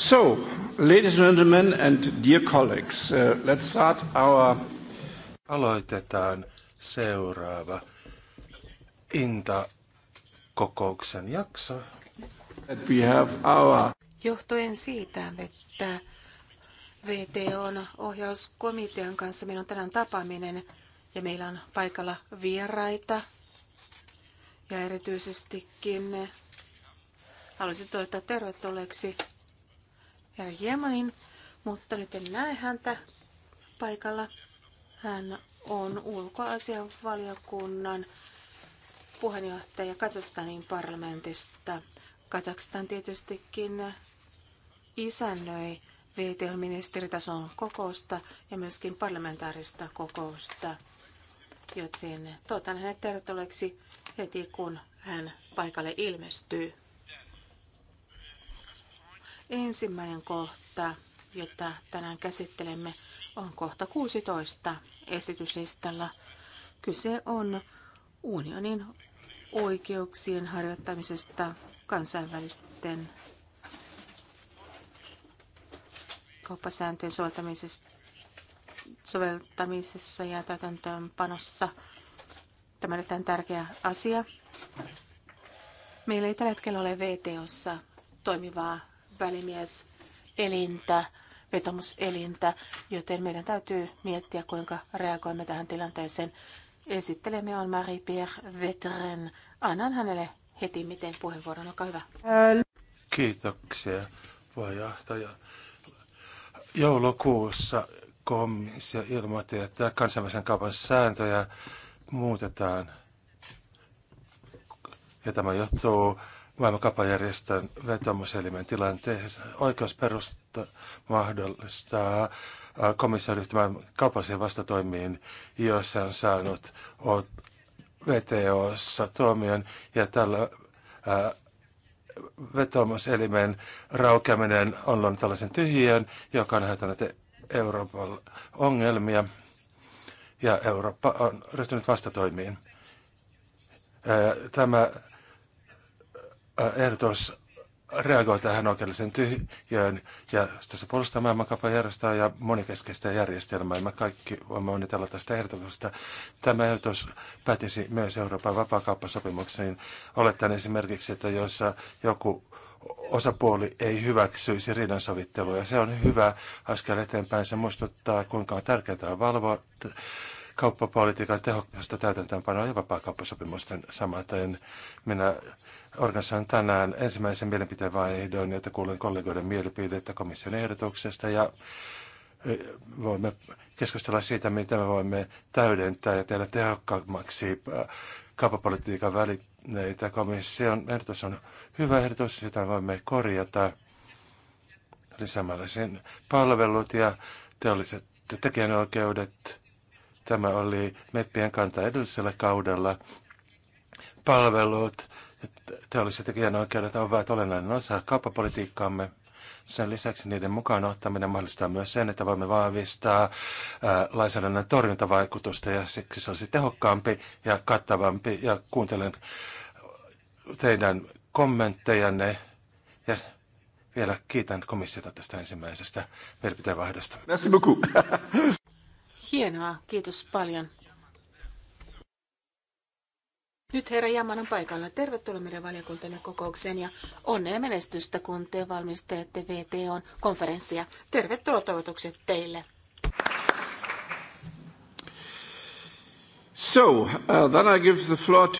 So, ladies and gentlemen and dear colleagues, uh, let's start our... Aloitetaan seuraava Inta-kokouksen jakso. That we have our... Johtuen siitä, että VTOn ohjauskomitean kanssa meillä on tänään tapaaminen ja meillä on paikalla vieraita ja erityisestikin haluaisin toivottaa tervetulleeksi herra Jemanin, mutta nyt en näe häntä paikalla. Hän on ulkoasianvaliokunnan puheenjohtaja Kazakstanin parlamentista. Kazakstan tietystikin isännöi VTL-ministeritason kokousta ja myöskin parlamentaarista kokousta. Joten tuotan hänet tervetulleeksi heti, kun hän paikalle ilmestyy. Ensimmäinen kohta, jota tänään käsittelemme, on kohta 16 esityslistalla. Kyse on unionin oikeuksien harjoittamisesta kansainvälisten kauppasääntöjen soveltamisessa ja täytäntöönpanossa. Tämä on erittäin tärkeä asia. Meillä ei tällä hetkellä ole VTOssa toimivaa välimies elintä, vetomuselintä, joten meidän täytyy miettiä, kuinka reagoimme tähän tilanteeseen. Esittelemme on Marie-Pierre Vetren. Annan hänelle heti miten puheenvuoron. Olkaa hyvä. Kiitoksia, puheenjohtaja. Joulukuussa komissio ilmoitti, että kansainvälisen kaupan sääntöjä muutetaan. Ja tämä johtuu maailmankapajärjestön vetomuselimen tilanteessa. Oikeusperusta mahdollistaa komission ryhtymään kaupallisiin vastatoimiin, joissa on saanut VTOssa tuomion ja tällä ää, vetomuselimen raukeaminen on luonut tällaisen tyhjön, joka on aiheuttanut Euroopan ongelmia ja Eurooppa on ryhtynyt vastatoimiin. tämä Äh, ehdotus reagoi tähän oikeudelliseen tyhjöön ja tässä puolustaa maailmankaupan järjestää ja monikeskeistä järjestelmää. Me kaikki voimme onnitella tästä ehdotuksesta. Tämä ehdotus päätisi myös Euroopan vapaakauppasopimuksiin. Olettaen esimerkiksi, että jos joku osapuoli ei hyväksyisi riidansovittelua. Se on hyvä askel eteenpäin. Se muistuttaa, kuinka on tärkeää valvoa kauppapolitiikan tehokkaasta täytäntöönpanoa ja vapaakauppasopimusten samaten. Minä Organisoin tänään ensimmäisen mielipiteen vaihdon, jota kuulen kollegoiden mielipiteitä komission ehdotuksesta ja eh, voimme keskustella siitä, mitä me voimme täydentää ja tehdä tehokkaammaksi eh, kauppapolitiikan välineitä. Komission ehdotus on hyvä ehdotus, jota voimme korjata lisäämällä sen palvelut ja teolliset tekijänoikeudet. Tämä oli meppien kanta edellisellä kaudella. Palvelut, teolliset tekijänoikeudet ovat olennainen osa kauppapolitiikkaamme. Sen lisäksi niiden mukaan ottaminen mahdollistaa myös sen, että voimme vahvistaa ää, lainsäädännön torjuntavaikutusta ja siksi se olisi tehokkaampi ja kattavampi. Ja kuuntelen teidän kommenttejanne ja vielä kiitän komissiota tästä ensimmäisestä mielipiteenvaihdosta. Merci beaucoup. Hienoa, kiitos paljon. Nyt herra Jamman on paikalla. Tervetuloa meidän valiokuntamme kokoukseen ja onnea menestystä, kun te valmistajatte VTOn konferenssia. Tervetuloa toivotukset teille. So, uh, then I give the floor to...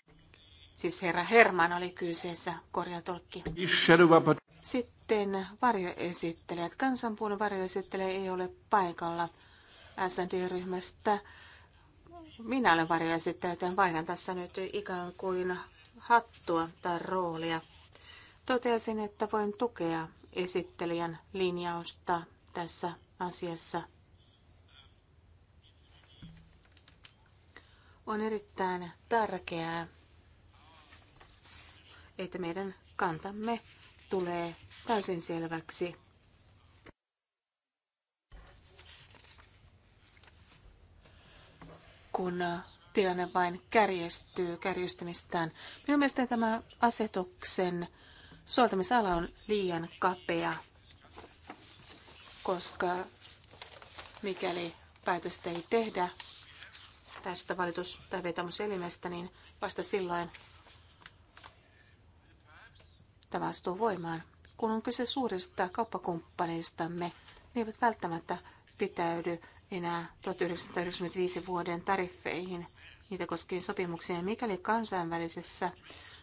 Siis herra Herman oli kyseessä, korjatolkki. Sitten varjoesittelijät. Kansanpuolen varjoesittelijä ei ole paikalla. SND-ryhmästä minä olen varjoesittäjä, joten vaihdan tässä nyt ikään kuin hattua tai roolia. Toteasin, että voin tukea esittelijän linjausta tässä asiassa. On erittäin tärkeää, että meidän kantamme tulee täysin selväksi kun äh, tilanne vain kärjestyy kärjistymistään. Minun mielestäni tämä asetuksen soveltamisala on liian kapea, koska mikäli päätöstä ei tehdä tästä valitus- tai vetomuselimestä, niin vasta silloin tämä astuu voimaan. Kun on kyse suurista kauppakumppaneistamme, ne eivät välttämättä pitäydy enää 1995 vuoden tariffeihin niitä koskien sopimuksiin. Mikäli kansainvälisessä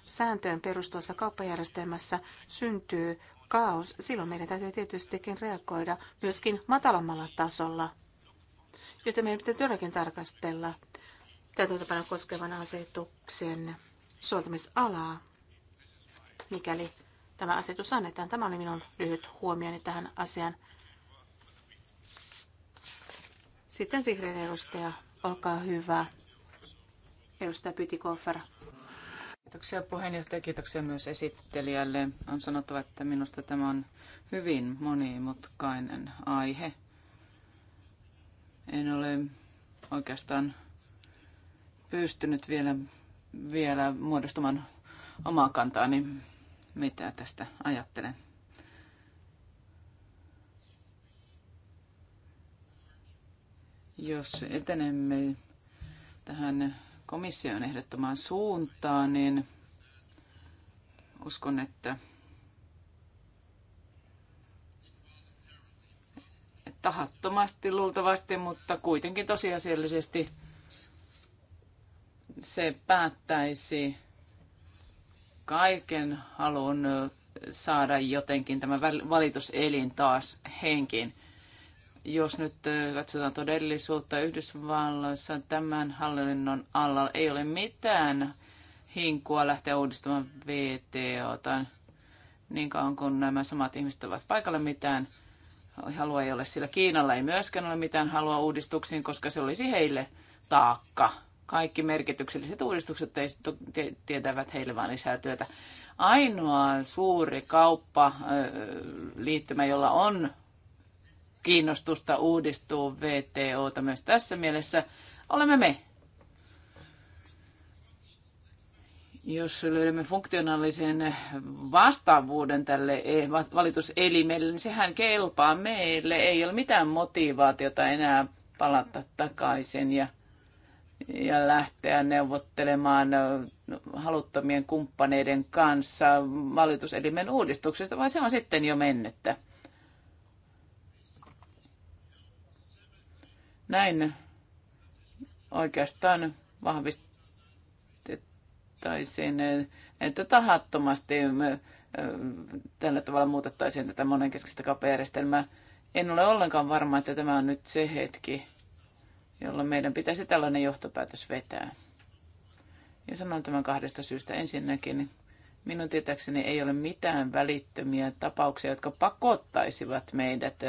sääntöön perustuvassa kauppajärjestelmässä syntyy kaos, silloin meidän täytyy tietystikin reagoida myöskin matalammalla tasolla, joten meidän pitää todellakin tarkastella täytäntöpano koskevan asetuksen soveltamisalaa, mikäli tämä asetus annetaan. Tämä oli minun lyhyt huomioni tähän asiaan. Sitten vihreän edustaja, olkaa hyvä. Edustaja Pytikoffer. Kiitoksia puheenjohtaja, kiitoksia myös esittelijälle. On sanottava, että minusta tämä on hyvin monimutkainen aihe. En ole oikeastaan pystynyt vielä, vielä muodostamaan omaa kantaani, mitä tästä ajattelen. Jos etenemme tähän komission ehdottomaan suuntaan, niin uskon, että tahattomasti luultavasti, mutta kuitenkin tosiasiallisesti se päättäisi kaiken halun saada jotenkin tämä valituselin taas henkiin. Jos nyt katsotaan todellisuutta, Yhdysvalloissa tämän hallinnon alla ei ole mitään hinkua lähteä uudistamaan VTOta niin kauan kuin nämä samat ihmiset ovat paikalla mitään halua ei ole sillä. Kiinalla ei myöskään ole mitään halua uudistuksiin, koska se olisi heille taakka. Kaikki merkitykselliset uudistukset tietävät heille vain lisää työtä. Ainoa suuri kauppa liittymä, jolla on kiinnostusta uudistuu VTOta myös tässä mielessä, olemme me. Jos löydämme funktionaalisen vastaavuuden tälle e- valituselimelle, niin sehän kelpaa meille. Ei ole mitään motivaatiota enää palata takaisin ja, ja lähteä neuvottelemaan haluttomien kumppaneiden kanssa valituselimen uudistuksesta, vaan se on sitten jo mennyttä. Näin oikeastaan vahvistettaisiin, että tahattomasti tällä tavalla muutettaisiin tätä monenkeskistä kapajärjestelmää. En ole ollenkaan varma, että tämä on nyt se hetki, jolloin meidän pitäisi tällainen johtopäätös vetää. Ja sanon tämän kahdesta syystä. Ensinnäkin minun tietääkseni ei ole mitään välittömiä tapauksia, jotka pakottaisivat meidät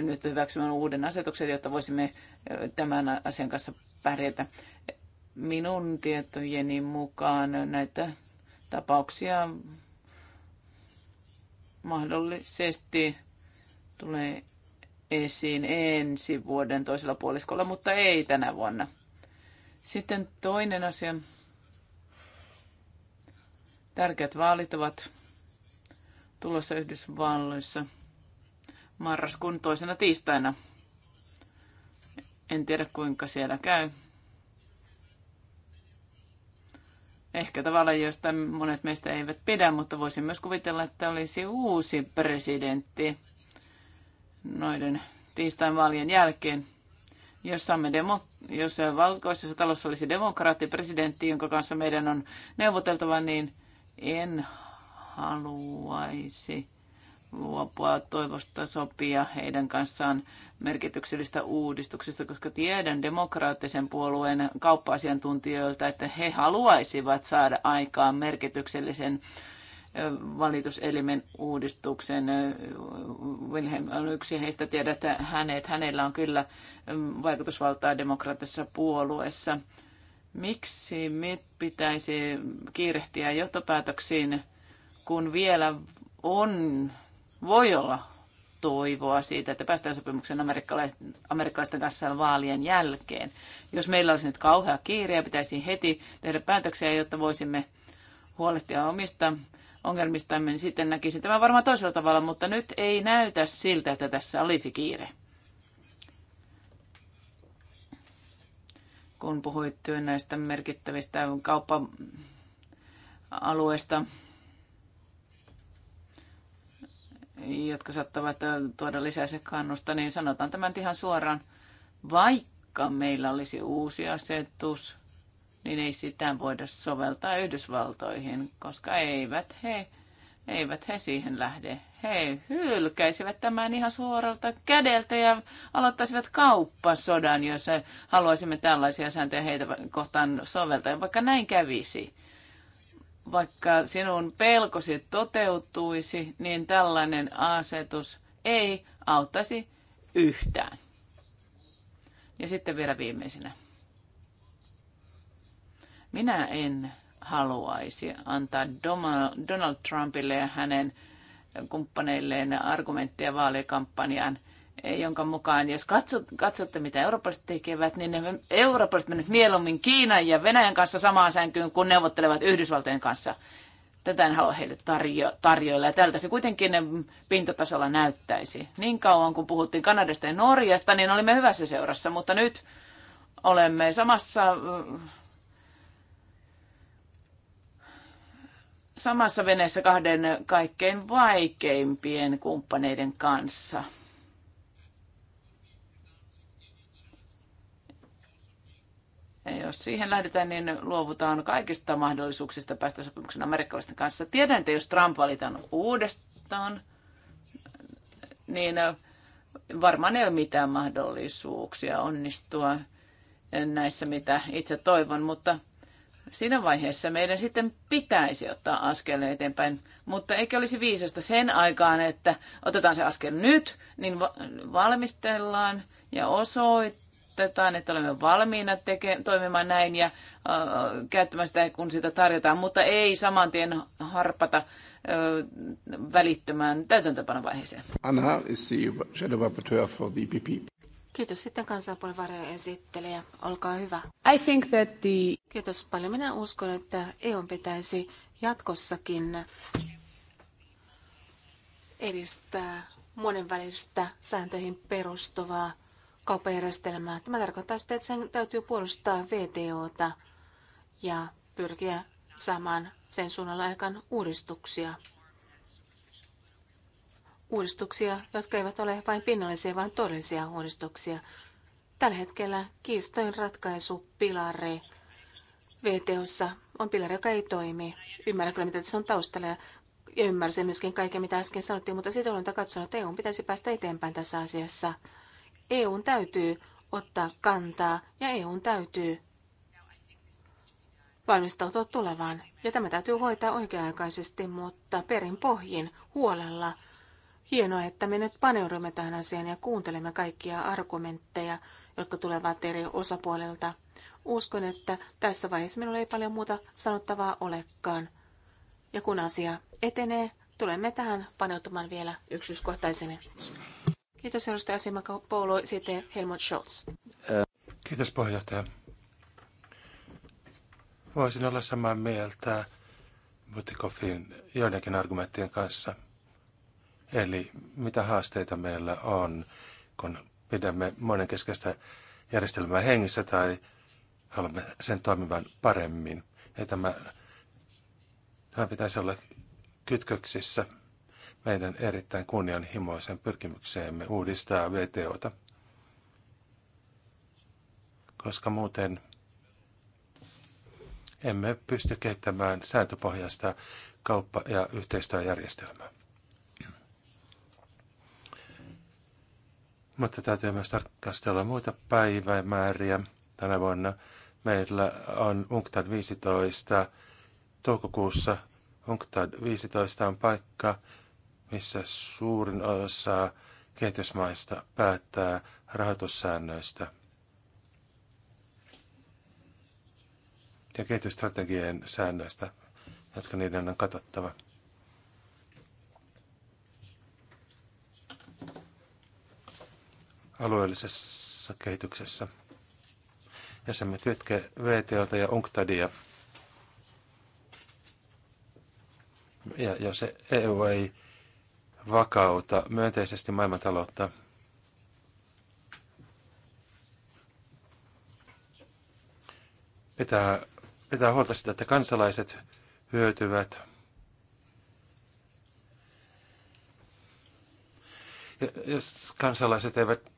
nyt hyväksymään uuden asetuksen, jotta voisimme tämän asian kanssa pärjätä. Minun tietojeni mukaan näitä tapauksia mahdollisesti tulee esiin ensi vuoden toisella puoliskolla, mutta ei tänä vuonna. Sitten toinen asia. Tärkeät vaalit ovat tulossa Yhdysvalloissa – marraskuun toisena tiistaina. En tiedä kuinka siellä käy. Ehkä tavallaan, josta monet meistä eivät pidä, mutta voisin myös kuvitella, että olisi uusi presidentti noiden tiistain vaalien jälkeen, jos, saamme demo, jos valkoisessa talossa olisi demokraatti presidentti, jonka kanssa meidän on neuvoteltava, niin en haluaisi luopua toivosta sopia heidän kanssaan merkityksellistä uudistuksista, koska tiedän demokraattisen puolueen kauppa-asiantuntijoilta, että he haluaisivat saada aikaan merkityksellisen valituselimen uudistuksen. Wilhelm on yksi heistä, tiedä, että hänet. Hänellä on kyllä vaikutusvaltaa demokraattisessa puolueessa. Miksi mit pitäisi kiirehtiä johtopäätöksiin, kun vielä on voi olla toivoa siitä, että päästään sopimuksen amerikkalaisten kanssa vaalien jälkeen. Jos meillä olisi nyt kauhea kiire ja pitäisi heti tehdä päätöksiä, jotta voisimme huolehtia omista ongelmistamme, niin sitten näkisin tämä varmaan toisella tavalla, mutta nyt ei näytä siltä, että tässä olisi kiire. Kun puhuit näistä merkittävistä kauppa-alueista, jotka saattavat tuoda lisää sekannusta, niin sanotaan tämän ihan suoraan. Vaikka meillä olisi uusi asetus, niin ei sitä voida soveltaa Yhdysvaltoihin, koska eivät he, eivät he siihen lähde. He hylkäisivät tämän ihan suoralta kädeltä ja aloittaisivat kauppasodan, jos haluaisimme tällaisia sääntöjä heitä kohtaan soveltaa, vaikka näin kävisi vaikka sinun pelkosi toteutuisi, niin tällainen asetus ei auttaisi yhtään. Ja sitten vielä viimeisenä. Minä en haluaisi antaa Donald Trumpille ja hänen kumppaneilleen argumentteja vaalikampanjaan – jonka mukaan, jos katsot, katsotte, mitä eurooppalaiset tekevät, niin ne eurooppalaiset menevät mieluummin Kiinan ja Venäjän kanssa samaan sänkyyn, kun neuvottelevat Yhdysvaltojen kanssa. Tätä en halua heille tarjo- tarjoilla. Ja tältä se kuitenkin ne pintatasolla näyttäisi. Niin kauan, kun puhuttiin Kanadasta ja Norjasta, niin olimme hyvässä seurassa, mutta nyt olemme samassa samassa veneessä kahden kaikkein vaikeimpien kumppaneiden kanssa. Ja jos siihen lähdetään, niin luovutaan kaikista mahdollisuuksista päästä sopimuksen amerikkalaisten kanssa. Tiedän, että jos Trump valitaan uudestaan, niin varmaan ei ole mitään mahdollisuuksia onnistua näissä, mitä itse toivon, mutta siinä vaiheessa meidän sitten pitäisi ottaa askel eteenpäin. Mutta eikö olisi viisasta sen aikaan, että otetaan se askel nyt, niin valmistellaan ja osoit, ilmoitetaan, että olemme valmiina teke- toimimaan näin ja äh, käyttämään sitä, kun sitä tarjotaan, mutta ei saman tien harpata äh, välittömään vaiheeseen. Anna is for the EPP. Kiitos. Sitten kansanpuolivarjojen esittelijä. Olkaa hyvä. I think that the... Kiitos paljon. Minä uskon, että EU pitäisi jatkossakin edistää monenvälistä sääntöihin perustuvaa kauppajärjestelmää. Tämä tarkoittaa sitä, että sen täytyy puolustaa VTOta ja pyrkiä saamaan sen suunnalla aikaan uudistuksia. Uudistuksia, jotka eivät ole vain pinnallisia, vaan todellisia uudistuksia. Tällä hetkellä kiistojen ratkaisu pilari VTOssa on pilari, joka ei toimi. Ymmärrän kyllä, mitä tässä on taustalla ja ymmärsin myöskin kaiken, mitä äsken sanottiin, mutta siitä olen katsonut, että EU pitäisi päästä eteenpäin tässä asiassa. EUn täytyy ottaa kantaa ja EUn täytyy valmistautua tulevaan. Ja tämä täytyy hoitaa oikea-aikaisesti, mutta perin pohjin huolella. Hienoa, että me nyt paneudumme tähän asiaan ja kuuntelemme kaikkia argumentteja, jotka tulevat eri osapuolelta. Uskon, että tässä vaiheessa minulla ei paljon muuta sanottavaa olekaan. Ja kun asia etenee, tulemme tähän paneutumaan vielä yksityiskohtaisemmin. Kiitos edustaja Simaka Poulo, sitten Helmut Scholz. Kiitos puheenjohtaja. Voisin olla samaa mieltä Butikofin joidenkin argumenttien kanssa. Eli mitä haasteita meillä on, kun pidämme monenkeskeistä järjestelmää hengissä tai haluamme sen toimivan paremmin. Ja tämä, tämä pitäisi olla kytköksissä – meidän erittäin kunnianhimoisen pyrkimykseemme uudistaa VTOta. Koska muuten emme pysty kehittämään sääntöpohjaista kauppa- ja yhteistyöjärjestelmää. Mutta täytyy myös tarkastella muita päivämääriä tänä vuonna. Meillä on UNCTAD 15 toukokuussa. UNCTAD 15 on paikka, missä suurin osa kehitysmaista päättää rahoitussäännöistä ja kehitysstrategien säännöistä, jotka niiden on katsottava. alueellisessa kehityksessä. Ja se me kytkee VTOta ja UNCTADia. Ja jos EU ei vakauta myönteisesti maailmantaloutta. Pitää, pitää huolta sitä, että kansalaiset hyötyvät. Ja jos kansalaiset eivät,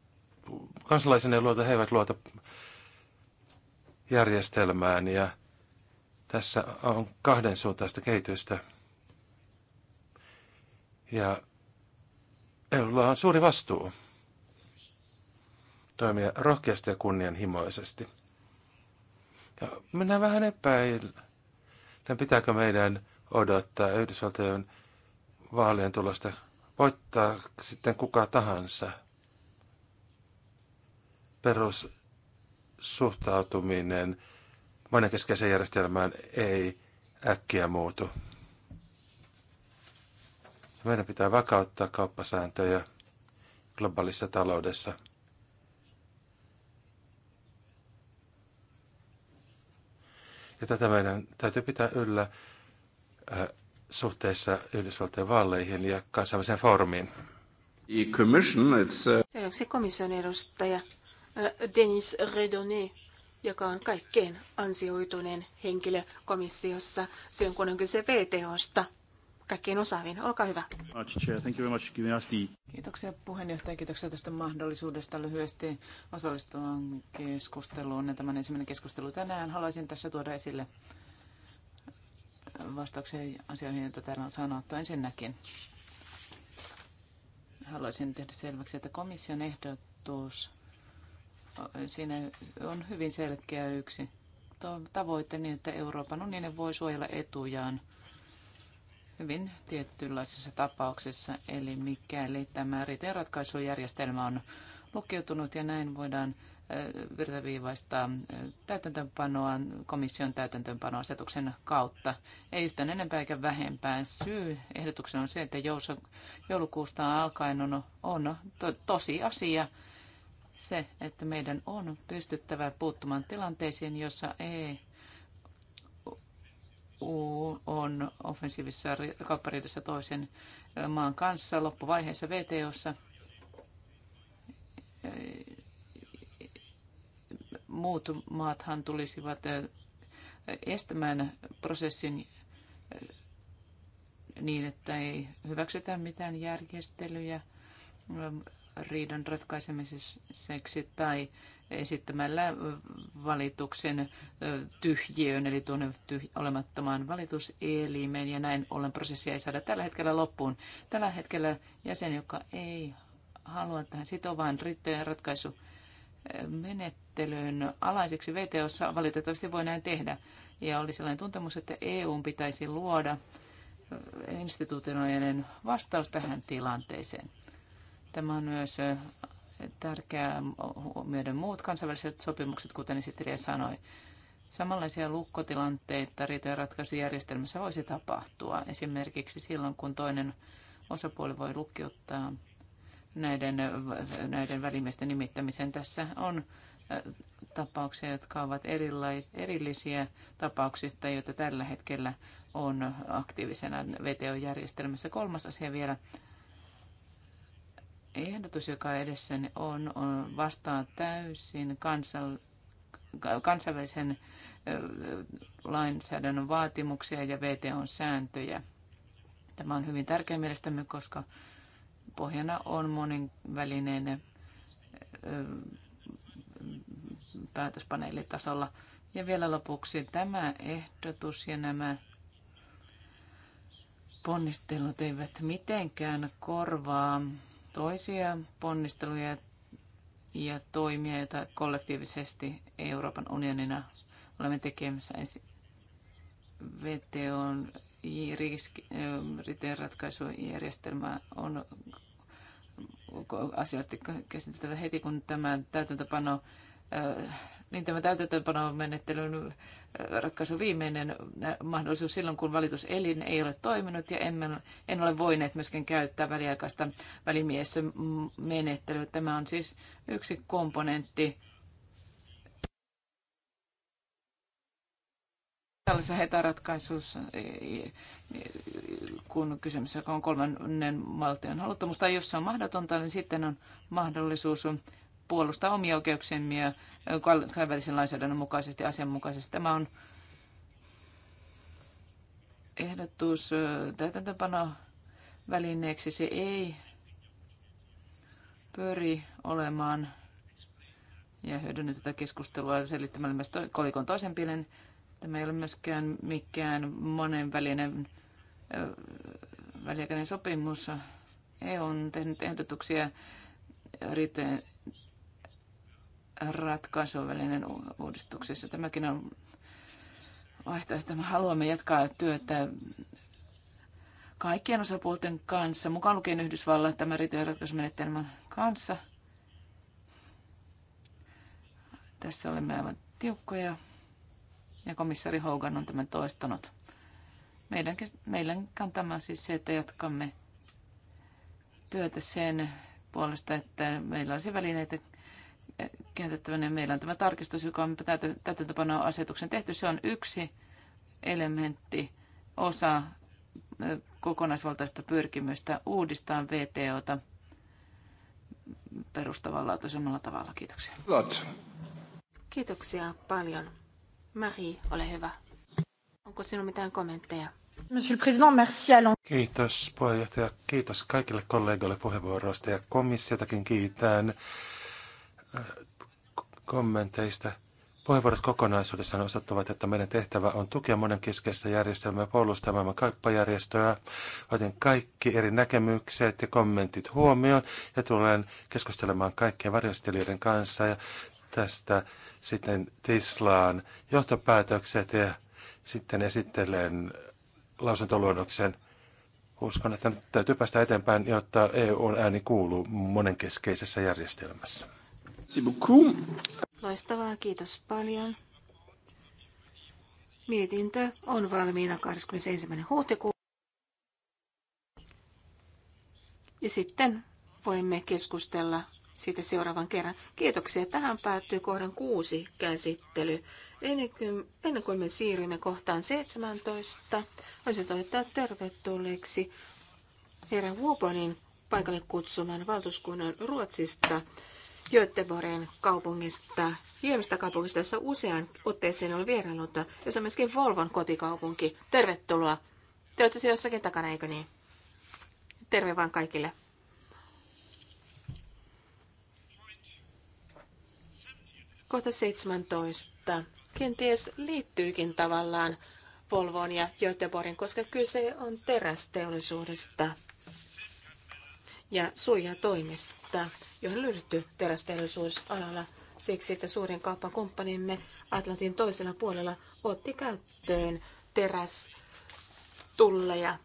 kansalaisen ei luota, he eivät luota järjestelmään ja tässä on kahden suuntaista kehitystä. Ja EUlla on suuri vastuu toimia rohkeasti ja kunnianhimoisesti. Ja minä vähän epäilen, pitääkö meidän odottaa Yhdysvaltojen vaalien tulosta voittaa sitten kuka tahansa. Perussuhtautuminen monenkeskeiseen järjestelmään ei äkkiä muutu. Meidän pitää vakauttaa kauppasääntöjä globaalissa taloudessa. Ja tätä meidän täytyy pitää yllä suhteessa Yhdysvaltojen vaaleihin ja kansainväliseen foorumiin. Uh, Seuraavaksi komission edustaja Denis Redonet, joka on kaikkein ansioituneen henkilö komissiossa silloin, kun on kyse VTOsta kaikkein osaaviin. Olkaa hyvä. Kiitoksia puheenjohtaja, kiitoksia tästä mahdollisuudesta lyhyesti osallistua keskusteluun. tämä ensimmäinen keskustelu tänään haluaisin tässä tuoda esille vastauksia asioihin, joita täällä on sanottu. Ensinnäkin haluaisin tehdä selväksi, että komission ehdotus, siinä on hyvin selkeä yksi tavoite niin, että Euroopan unionin voi suojella etujaan – hyvin tietynlaisissa tapauksissa. Eli mikäli tämä riiteenratkaisujärjestelmä on lukeutunut ja näin voidaan virtaviivaistaa täytäntöönpanoa komission täytäntöönpanoasetuksen kautta. Ei yhtään enempää eikä vähempää. Syy ehdotuksen on se, että joulukuusta alkaen on, on to, tosi asia se, että meidän on pystyttävä puuttumaan tilanteisiin, jossa ei EU on offensiivisessa kauppariidassa toisen maan kanssa loppuvaiheessa VTOssa. Muut maathan tulisivat estämään prosessin niin, että ei hyväksytä mitään järjestelyjä riidan ratkaisemiseksi tai esittämällä valituksen tyhjiöön, eli tuonne tyh- olemattomaan valituselimeen, ja näin ollen prosessia ei saada tällä hetkellä loppuun. Tällä hetkellä jäsen, joka ei halua tähän sitovaan riittojen ratkaisu menettelyyn alaiseksi VTOssa valitettavasti voi näin tehdä. Ja oli sellainen tuntemus, että EU pitäisi luoda instituutioiden vastaus tähän tilanteeseen. Tämä on myös tärkeää huomioida muut kansainväliset sopimukset, kuten esittelijä sanoi. Samanlaisia lukkotilanteita ratkaisujärjestelmässä voisi tapahtua, esimerkiksi silloin, kun toinen osapuoli voi lukkiuttaa näiden, näiden välimiesten nimittämisen. Tässä on tapauksia, jotka ovat erilais, erillisiä tapauksista, joita tällä hetkellä on aktiivisena VTO-järjestelmässä. Kolmas asia vielä ehdotus, joka edessäni on, on vastaa täysin kansal, kansainvälisen lainsäädännön vaatimuksia ja VTOn sääntöjä. Tämä on hyvin tärkeä mielestämme, koska pohjana on monenvälinen päätöspaneelitasolla. Ja vielä lopuksi tämä ehdotus ja nämä ponnistelut eivät mitenkään korvaa toisia ponnisteluja ja toimia, joita kollektiivisesti Euroopan unionina olemme tekemässä on VTOn ratkaisujärjestelmä on asiallisesti käsiteltävä heti, kun tämä täytäntöpano niin tämä täytäntöönpanomenettelyn ratkaisu viimeinen mahdollisuus silloin, kun valituselin ei ole toiminut ja emme, en ole voineet myöskään käyttää väliaikaista välimiesmenettelyä. Tämä on siis yksi komponentti tällaisessa hetaratkaisussa, e, e, kun kysymys on kolmannen valtion haluttomuus, tai jos se on mahdotonta, niin sitten on mahdollisuus puolustaa omia oikeuksiamme kansainvälisen lainsäädännön mukaisesti asianmukaisesti. Tämä on ehdotus täytäntöpano välineeksi. Se ei pyri olemaan ja hyödynnyt tätä keskustelua selittämällä myös kolikon toisen pilen. Tämä ei ole myöskään mikään monen välinen väliaikainen sopimus. EU on tehnyt ehdotuksia riittäen ratkaisuvälinen uudistuksessa. Tämäkin on vaihtoehto. Me haluamme jatkaa työtä kaikkien osapuolten kanssa, mukaan lukien Yhdysvallat tämän riitojen ratkaisumenetelmän kanssa. Tässä olemme aivan tiukkoja ja komissari Hogan on tämän toistanut. Meidän, meidän kantama on siis se, että jatkamme työtä sen puolesta, että meillä olisi välineitä käytettävänä. Meillä on tämä tarkistus, joka on täytäntöpanoasetuksen tehty. Se on yksi elementti, osa kokonaisvaltaista pyrkimystä uudistaa VTOta perustavanlaatuisemmalla tavalla. Kiitoksia. Lot. Kiitoksia paljon. Marie, ole hyvä. Onko sinulla mitään kommentteja? Monsieur le Président, merci Alain. Kiitos puheenjohtaja. Kiitos kaikille kollegoille puheenvuoroista ja komissiotakin kiitän kommenteista. Puheenvuorot kokonaisuudessaan osoittavat, että meidän tehtävä on tukea monen keskeistä järjestelmää puolustamaan kauppajärjestöä. Otin kaikki eri näkemykset ja kommentit huomioon ja tulen keskustelemaan kaikkien varjostelijoiden kanssa ja tästä sitten tislaan johtopäätökset ja sitten esittelen lausuntoluonnoksen. Uskon, että nyt täytyy päästä eteenpäin, jotta EUn ääni kuuluu monenkeskeisessä järjestelmässä. Loistavaa, kiitos paljon. Mietintö on valmiina 21. huhtikuuta. Ja sitten voimme keskustella siitä seuraavan kerran. Kiitoksia. Tähän päättyy kohdan kuusi käsittely. Ennen kuin, ennen kuin me siirrymme kohtaan 17, voisin toivottaa tervetulleeksi herra Wuoponin paikalle kutsuman valtuuskunnan Ruotsista Göteborgin kaupungista, hienosta kaupungista, jossa usean otteeseen on vieraillut, se on myöskin Volvon kotikaupunki. Tervetuloa. Te olette siellä jossakin takana, eikö niin? Terve vaan kaikille. Kohta 17. Kenties liittyykin tavallaan Volvoon ja Göteborgin, koska kyse on terästeollisuudesta ja suojatoimista, johon löydetty terästeollisuusalalla siksi, että suurin kauppakumppanimme Atlantin toisella puolella otti käyttöön terästulleja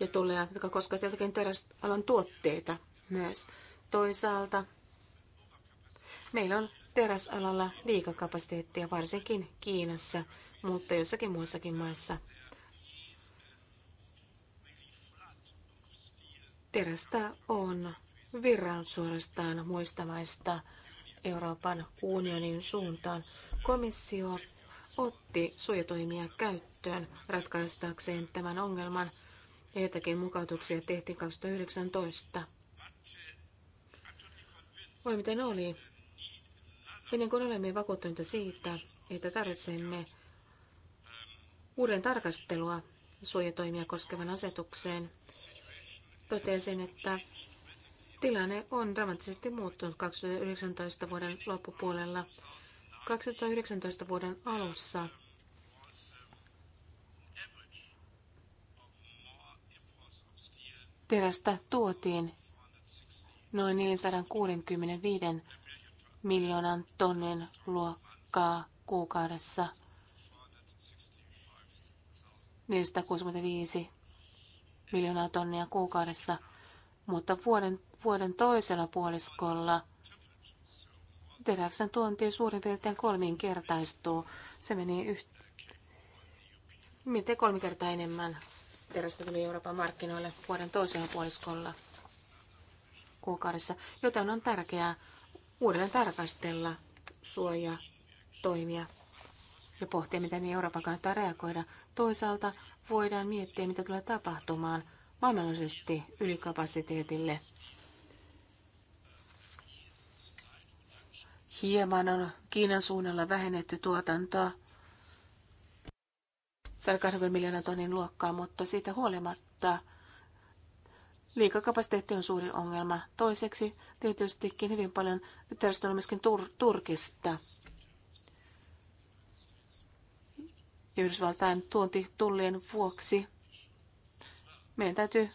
ja tulleja, jotka koskevat jotakin teräsalan tuotteita myös. Toisaalta meillä on teräsalalla liikakapasiteettia, varsinkin Kiinassa, mutta jossakin muissakin maissa – Terästä on virran suorastaan muista maista Euroopan unionin suuntaan. Komissio otti suojatoimia käyttöön ratkaistakseen tämän ongelman Heitäkin mukautuksia tehtiin 2019. Voi miten oli. Ennen kuin olemme vakuuttuneita siitä, että tarvitsemme uuden tarkastelua suojatoimia koskevan asetukseen, totesin, että tilanne on dramaattisesti muuttunut 2019 vuoden loppupuolella. 2019 vuoden alussa terästä tuotiin noin 465 miljoonan tonnin luokkaa kuukaudessa. 465 miljoonaa tonnia kuukaudessa, mutta vuoden, vuoden toisella puoliskolla teräksen tuonti suurin piirtein kolminkertaistuu. Se meni yht... miltei kolme kertaa enemmän terästä tuli Euroopan markkinoille vuoden toisella puoliskolla kuukaudessa, joten on tärkeää uudelleen tarkastella suojatoimia ja pohtia, miten Euroopan kannattaa reagoida. Toisaalta voidaan miettiä, mitä tulee tapahtumaan maailmanlaajuisesti ylikapasiteetille. Hieman on Kiinan suunnalla vähennetty tuotantoa 120 miljoonaa tonnin luokkaa, mutta siitä huolimatta liikakapasiteetti on suuri ongelma. Toiseksi tietystikin hyvin paljon tervetuloa myöskin Tur- Turkista. ja Yhdysvaltain tuontitullien vuoksi meidän täytyy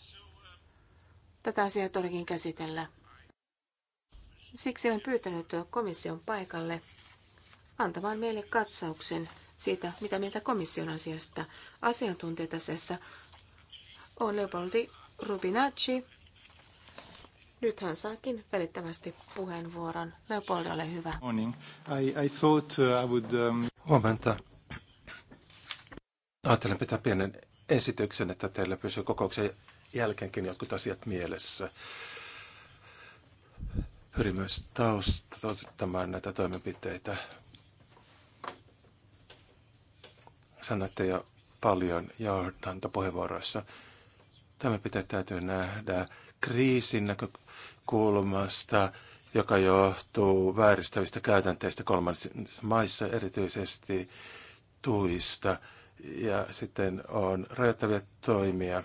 tätä asiaa todellakin käsitellä. Siksi olen pyytänyt komission paikalle antamaan meille katsauksen siitä, mitä mieltä komission asiasta asiantuntijat asiassa on Leopoldi Rubinacci. Nyt hän saakin välittömästi puheenvuoron. Leopoldi, ole hyvä. Morning. I, I thought uh, I would, um... Huomenta. Ajattelen pitää pienen esityksen, että teillä pysyy kokouksen jälkeenkin jotkut asiat mielessä. Pyrin myös taustoittamaan näitä toimenpiteitä. Sanoitte jo paljon johdantopuheenvuoroissa. Toimenpiteet täytyy nähdä kriisin näkökulmasta, joka johtuu vääristävistä käytänteistä kolmansissa maissa, erityisesti tuista – ja sitten on rajoittavia toimia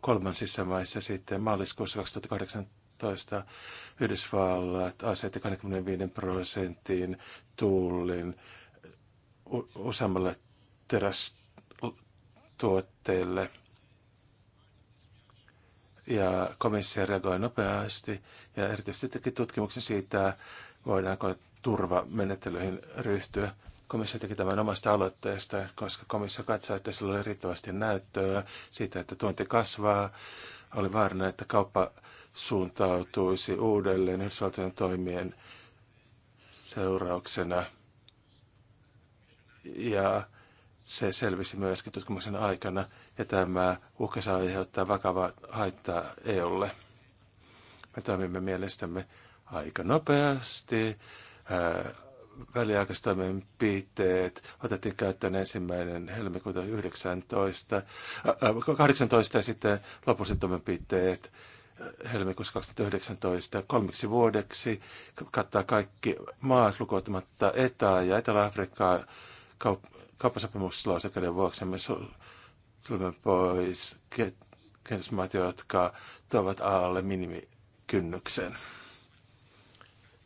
kolmansissa maissa. Sitten maaliskuussa 2018 Yhdysvallat asetti 25 prosentin tullin useammalle terästuotteelle. Ja komissio reagoi nopeasti ja erityisesti teki tutkimuksen siitä, voidaanko turvamenettelyihin ryhtyä. Komissio teki tämän omasta aloitteesta, koska komissio katsoi, että sillä oli riittävästi näyttöä siitä, että tuonti kasvaa. Oli vaarana, että kauppa suuntautuisi uudelleen Yhdysvaltojen toimien seurauksena. Ja se selvisi myöskin tutkimuksen aikana, ja tämä uhka saa aiheuttaa vakavaa haittaa EUlle. Me toimimme mielestämme aika nopeasti väliaikaistoimenpiteet otettiin käyttöön ensimmäinen helmikuuta 19, äh, 18 ja sitten lopulliset toimenpiteet helmikuussa 2019 kolmeksi vuodeksi, kattaa kaikki maat lukuottamatta Etä- ja Etelä-Afrikkaa kaup- kauppasopimuslausekkeiden vuoksi. Me sulemme pois kehitysmaat, jotka tuovat alle minimikynnyksen.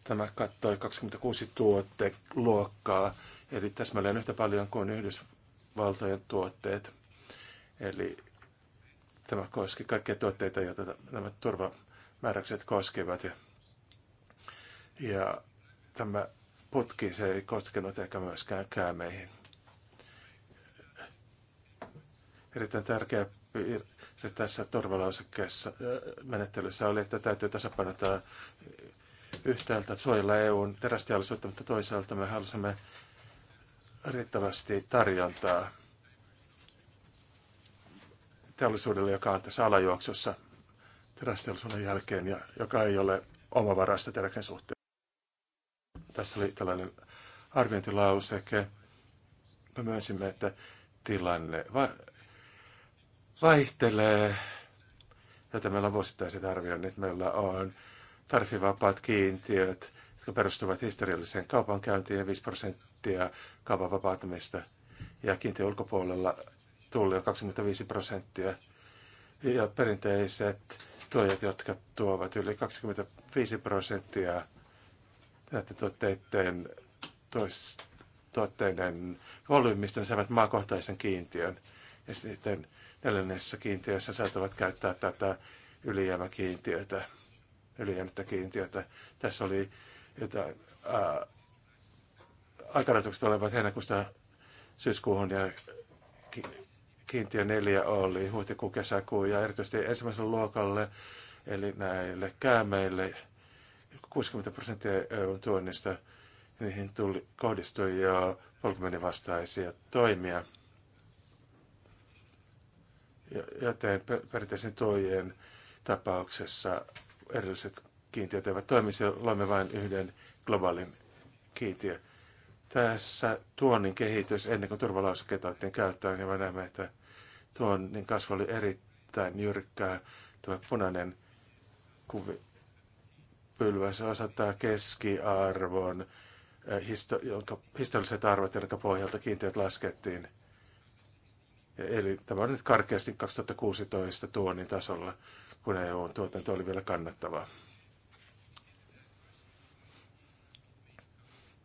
Tämä kattoi 26 tuoteluokkaa, eli täsmälleen yhtä paljon kuin Yhdysvaltojen tuotteet. Eli tämä koski kaikkia tuotteita, joita nämä turvamääräykset koskevat. Ja, ja tämä putki se ei koskenut eikä myöskään käämeihin. Erittäin tärkeä piirre tässä turvalausekkeessa äh, menettelyssä oli, että täytyy tasapainottaa yhtäältä suojella EUn terästeollisuutta, mutta toisaalta me halusimme riittävästi tarjontaa teollisuudelle, joka on tässä alajuoksussa terästeollisuuden jälkeen ja joka ei ole omavaraista teräksen suhteen. Tässä oli tällainen arviointilauseke. Me myönsimme, että tilanne vaihtelee, joten meillä on vuosittaiset arvioinnit. Meillä on tarfivapaat kiintiöt, jotka perustuvat historialliseen kaupankäyntiin ja 5 prosenttia kaupan vapautumista. Ja kiintiön ulkopuolella tulli on 25 prosenttia. Ja perinteiset tuojat, jotka tuovat yli 25 prosenttia näiden tuotteiden, tois, tuotteiden volyymista, ne saavat maakohtaisen kiintiön. Ja sitten neljännessä kiintiössä saatavat käyttää tätä ylijäämäkiintiötä ylijäänyttä kiintiötä. Tässä oli jotain ää, aikarajoitukset olevat heinäkuusta syyskuuhun ja ki, kiintiö neljä oli huhtikuun, kesäkuun ja erityisesti ensimmäiselle luokalle, eli näille käämeille 60 prosenttia EUn tuonnista niihin tuli, kohdistui jo polkumenivastaisia toimia. Joten perinteisen tuojien tapauksessa erilliset kiintiöt eivät toimisi, loimme vain yhden globaalin kiintiö. Tässä tuonnin kehitys ennen kuin turvalausekkeita otettiin käyttöön, niin me näemme, että tuonnin kasvu oli erittäin jyrkkää. Tämä punainen kuvi, pylvä, se osoittaa keskiarvon, eh, histo, jonka, historialliset arvot, jonka pohjalta kiintiöt laskettiin. Eli tämä on nyt karkeasti 2016 tuonnin tasolla kun EU-tuotanto oli vielä kannattavaa.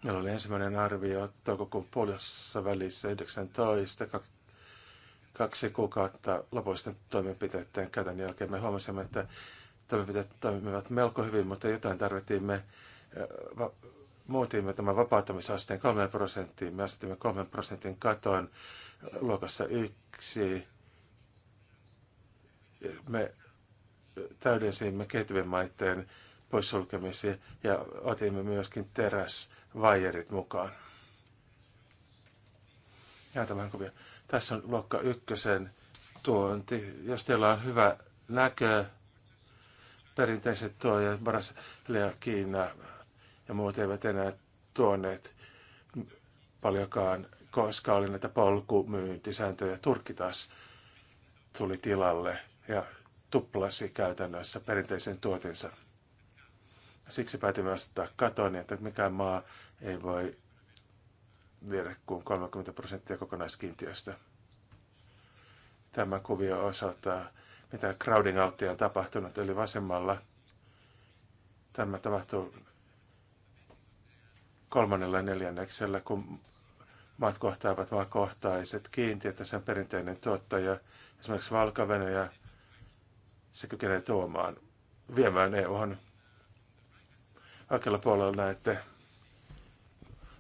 Meillä oli ensimmäinen arvio toukokuun puolessa välissä 19, kaksi kuukautta lopuisten toimenpiteiden käytön jälkeen. Me huomasimme, että toimenpiteet toimivat melko hyvin, mutta jotain tarvittiin me va- muutimme tämän vapauttamisasteen 3 prosenttiin. Me asetimme 3 prosentin katon luokassa yksi. Me täydensimme kehittyvien poissulkemisia ja otimme myöskin teräsvaijerit mukaan. Tässä on luokka ykkösen tuonti. Jos teillä on hyvä näkö, perinteiset tuojat, Brasilia, Kiina ja muut eivät enää tuoneet paljonkaan, koska oli näitä polkumyyntisääntöjä. Turkki taas tuli tilalle ja tuplasi käytännössä perinteisen tuotensa. Siksi päätimme asettaa katon, että mikään maa ei voi viedä kuin 30 prosenttia kokonaiskiintiöstä. Tämä kuvio osoittaa, mitä crowding outia on tapahtunut, eli vasemmalla tämä tapahtuu kolmannella ja neljänneksellä, kun maat kohtaavat maakohtaiset kiintiöt tässä sen perinteinen tuottaja, esimerkiksi valko ja se kykenee tuomaan, viemään EUhun. Oikealla puolella näette,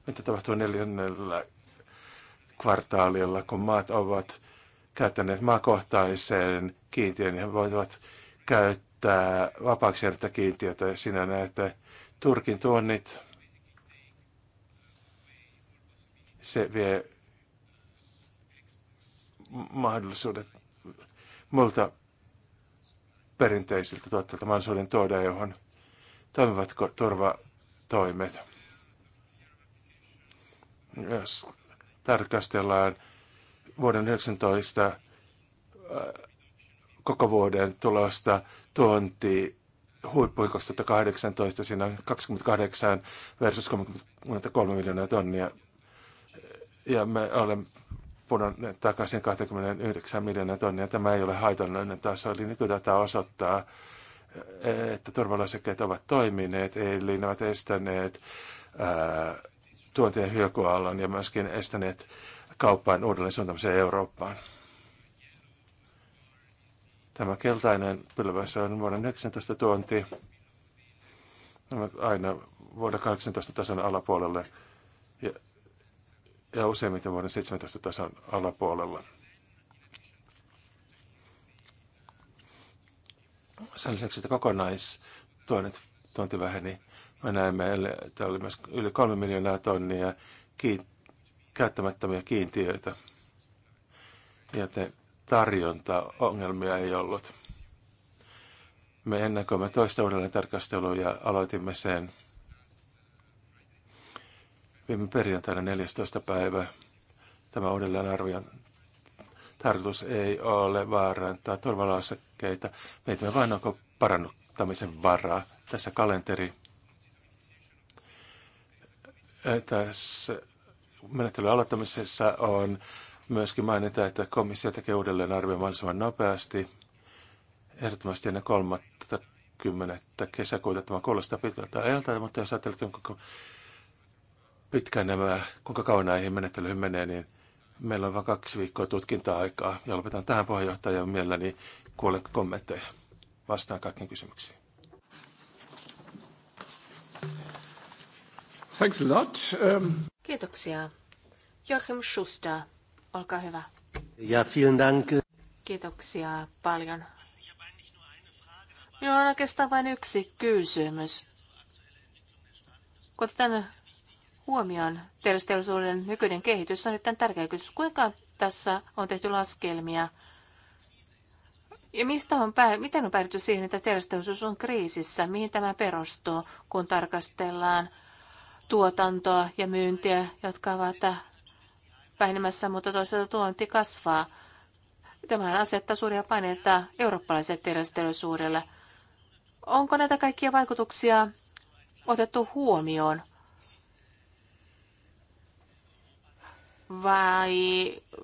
mitä tapahtuu neljännellä kvartaalilla, kun maat ovat käyttäneet maakohtaiseen kiintiön ja niin voivat käyttää vapaaksi jäänyttä kiintiötä. Ja sinä näette Turkin tuonnit. Se vie mahdollisuudet multa perinteisiltä tuotteilta mahdollisuuden tuoda, johon toimivatko turvatoimet. Jos tarkastellaan vuoden 19 äh, koko vuoden tulosta tuonti huippui 2018, siinä on 28 versus 33 miljoonaa tonnia. Ja me olemme punon takaisin 29 miljoonaa tonnia. Tämä ei ole haitallinen taso, eli nykydata osoittaa, että turvalausekkeet ovat toimineet, eli ne ovat estäneet tuotien hyökyaallon ja myöskin estäneet kauppaan uudelleen suuntaamisen Eurooppaan. Tämä keltainen pylväs on vuoden 19 tuonti, aina vuoden 18 tason alapuolelle ja useimmiten vuoden 17 tasan alapuolella. Sen lisäksi, että kokonaistuonnit väheni, me näemme, että oli myös yli kolme miljoonaa tonnia kiin- käyttämättömiä kiintiöitä, joten tarjontaongelmia ei ollut. Me ennakoimme toista uudelleen tarkastelua ja aloitimme sen viime perjantaina 14. päivä. Tämä uudelleen arvion tarkoitus ei ole vaarantaa turvalausekkeita. Mietimme vain, onko parannuttamisen varaa. Tässä kalenteri. Eh, tässä menettelyn aloittamisessa on myöskin mainita, että komissio tekee uudelleen arvion mahdollisimman nopeasti. Ehdottomasti ennen 30. kesäkuuta tämä kuulostaa pitkältä ajalta, mutta jos ajattelet, että pitkään nämä, kuinka kauan näihin menettelyihin menee, niin meillä on vain kaksi viikkoa tutkinta-aikaa. Ja lopetan tähän puheenjohtajan mielelläni kuulen kommentteja. Vastaan kaikkiin kysymyksiin. Thanks a lot. Um... Kiitoksia. Joachim Schuster, olkaa hyvä. Ja vielen dank. Kiitoksia paljon. Minulla on oikeastaan vain yksi kysymys. Kun tämän huomioon terästeollisuuden nykyinen kehitys, on nyt tärkeä kysymys. Kuinka tässä on tehty laskelmia? Ja mistä on pää, miten on päädytty siihen, että terästeollisuus on kriisissä? Mihin tämä perustuu, kun tarkastellaan tuotantoa ja myyntiä, jotka ovat vähenemässä, mutta toisaalta tuonti kasvaa? Tämähän asettaa suuria paineita eurooppalaiselle terästeollisuudelle. Onko näitä kaikkia vaikutuksia otettu huomioon vai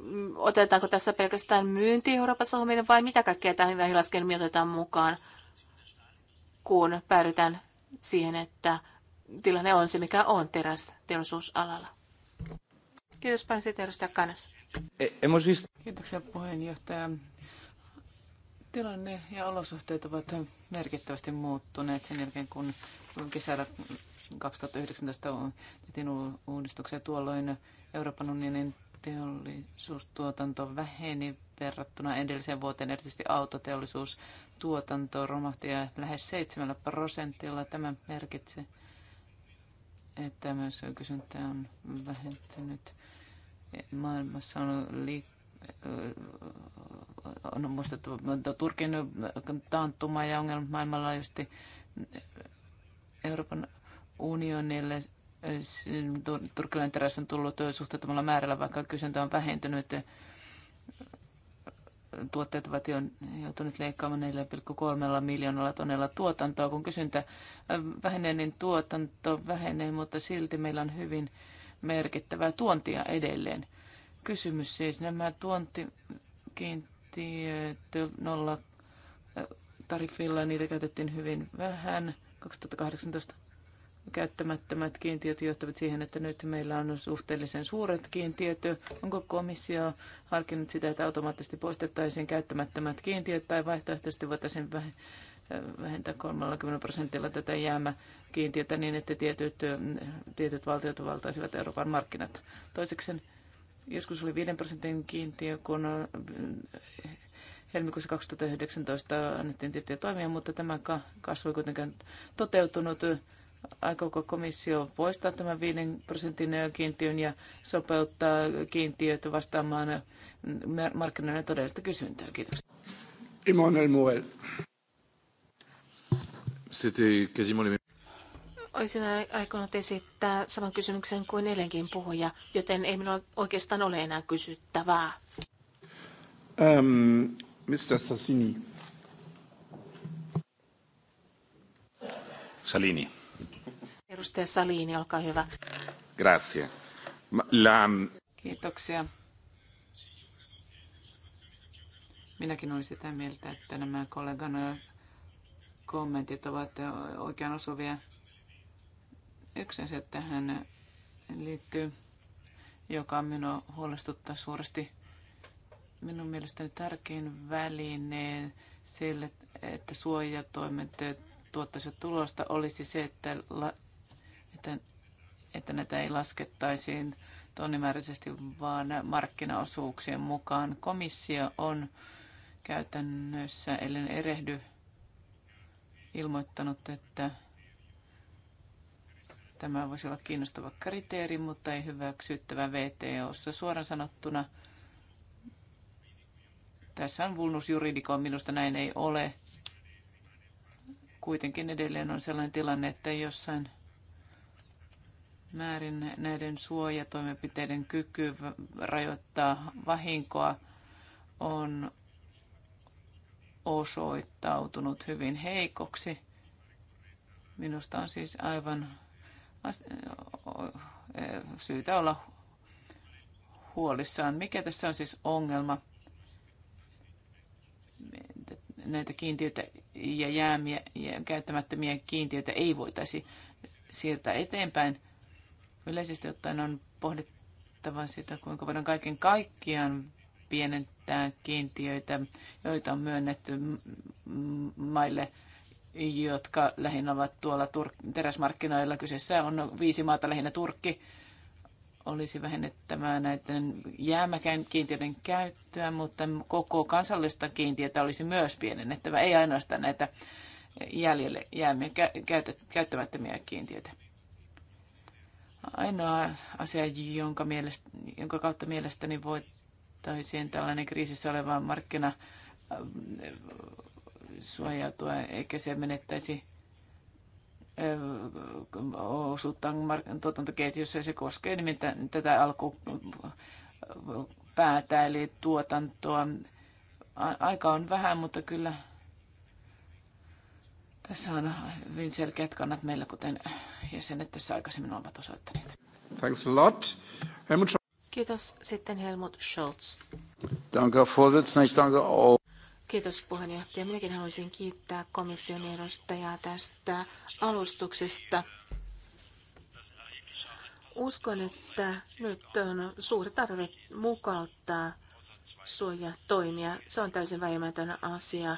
mm, otetaanko tässä pelkästään myynti Euroopassa huomioon vai mitä kaikkea tähän näihin laskelmiin otetaan mukaan, kun päädytään siihen, että tilanne on se, mikä on teräs teollisuusalalla. Kiitos paljon siitä, edustaja Kanas. E, siis- Kiitoksia puheenjohtaja. Tilanne ja olosuhteet ovat merkittävästi muuttuneet sen jälkeen, kun kesällä 2019 tehtiin uudistuksia tuolloin Euroopan unionin teollisuustuotanto väheni verrattuna edelliseen vuoteen. Erityisesti autoteollisuustuotanto romahti ja lähes 7 prosentilla. Tämä merkitsee, että myös kysyntä on vähentynyt. Maailmassa on liik on muistettava Turkin taantuma ja ongelmat maailmanlaajuisesti Euroopan unionille Turkilainen teräs on tullut suhteettomalla määrällä, vaikka kysyntä on vähentynyt. Tuotteet ovat jo joutuneet leikkaamaan 4,3 miljoonalla tonnella tuotantoa. Kun kysyntä vähenee, niin tuotanto vähenee, mutta silti meillä on hyvin merkittävää tuontia edelleen. Kysymys siis, nämä tuontikiintiöt nolla tariffilla, niitä käytettiin hyvin vähän 2018 käyttämättömät kiintiöt johtavat siihen, että nyt meillä on suhteellisen suuret kiintiöt. Onko komissio harkinnut sitä, että automaattisesti poistettaisiin käyttämättömät kiintiöt tai vaihtoehtoisesti voitaisiin äh, vähentää 30 prosentilla tätä jäämäkiintiötä niin, että tietyt, äh, tietyt valtiot valtaisivat Euroopan markkinat. Toiseksi joskus oli 5 prosentin kiintiö, kun äh, helmikuussa 2019 annettiin tiettyjä toimia, mutta tämä kasvu ei kuitenkaan toteutunut aikooko komissio poistaa tämän 5 prosentin kiintiön ja sopeuttaa kiintiöt vastaamaan markkinoiden todellista kysyntää? Kiitos. Emmanuel Mouel. Olisin aikonut esittää saman kysymyksen kuin eilenkin puhuja, joten ei minulla oikeastaan ole enää kysyttävää. Um, ähm, Mr. Sassini. Salini. Edustaja Salini, olkaa hyvä. Grazie. La... Kiitoksia. Minäkin olen sitä mieltä, että nämä kollegan kommentit ovat oikean osuvia. Yksi asia tähän liittyy, joka minua huolestuttaa suuresti. Minun mielestäni tärkein väline sille, että suojatoimet tuottaisivat tulosta, olisi se, että että, että näitä ei laskettaisiin tonnimääräisesti, vaan markkinaosuuksien mukaan. Komissio on käytännössä, ellen erehdy, ilmoittanut, että tämä voisi olla kiinnostava kriteeri, mutta ei hyväksyttävä VTOssa. Suoraan sanottuna tässä on vulnus juridiko, minusta näin ei ole. Kuitenkin edelleen on sellainen tilanne, että jossain määrin näiden suojatoimenpiteiden kyky rajoittaa vahinkoa on osoittautunut hyvin heikoksi. Minusta on siis aivan syytä olla huolissaan. Mikä tässä on siis ongelma? Näitä kiintiöitä ja jäämiä, ja käyttämättömiä kiintiöitä ei voitaisi siirtää eteenpäin. Yleisesti ottaen on pohdittava sitä, kuinka voidaan kaiken kaikkiaan pienentää kiintiöitä, joita on myönnetty maille, jotka lähinnä ovat tuolla Tur- teräsmarkkinoilla. Kyseessä on viisi maata, lähinnä Turkki. Olisi vähennettävä näiden jäämäkään kiintiöiden käyttöä, mutta koko kansallista kiintiötä olisi myös pienennettävä, ei ainoastaan näitä jäljelle jäämiä käyttämättömiä kiintiöitä ainoa asia, jonka, mielestä, jonka kautta mielestäni voitaisiin tällainen kriisissä oleva markkina ähm, suojautua, eikä se menettäisi äh, osuutta tuotantoketjussa ja se koskee nimittäin tätä alkupäätä äh, eli tuotantoa. Aika on vähän, mutta kyllä tässä on hyvin selkeät kannat meillä, kuten jäsenet tässä aikaisemmin ovat osoittaneet. Thanks a lot. Helmut Kiitos. Sitten Helmut Scholz. Danke, Vorsitzender. danke auch. Kiitos puheenjohtaja. Minäkin haluaisin kiittää komission edustajaa tästä alustuksesta. Uskon, että nyt on suuri tarve mukauttaa suojatoimia. Se on täysin väimätön asia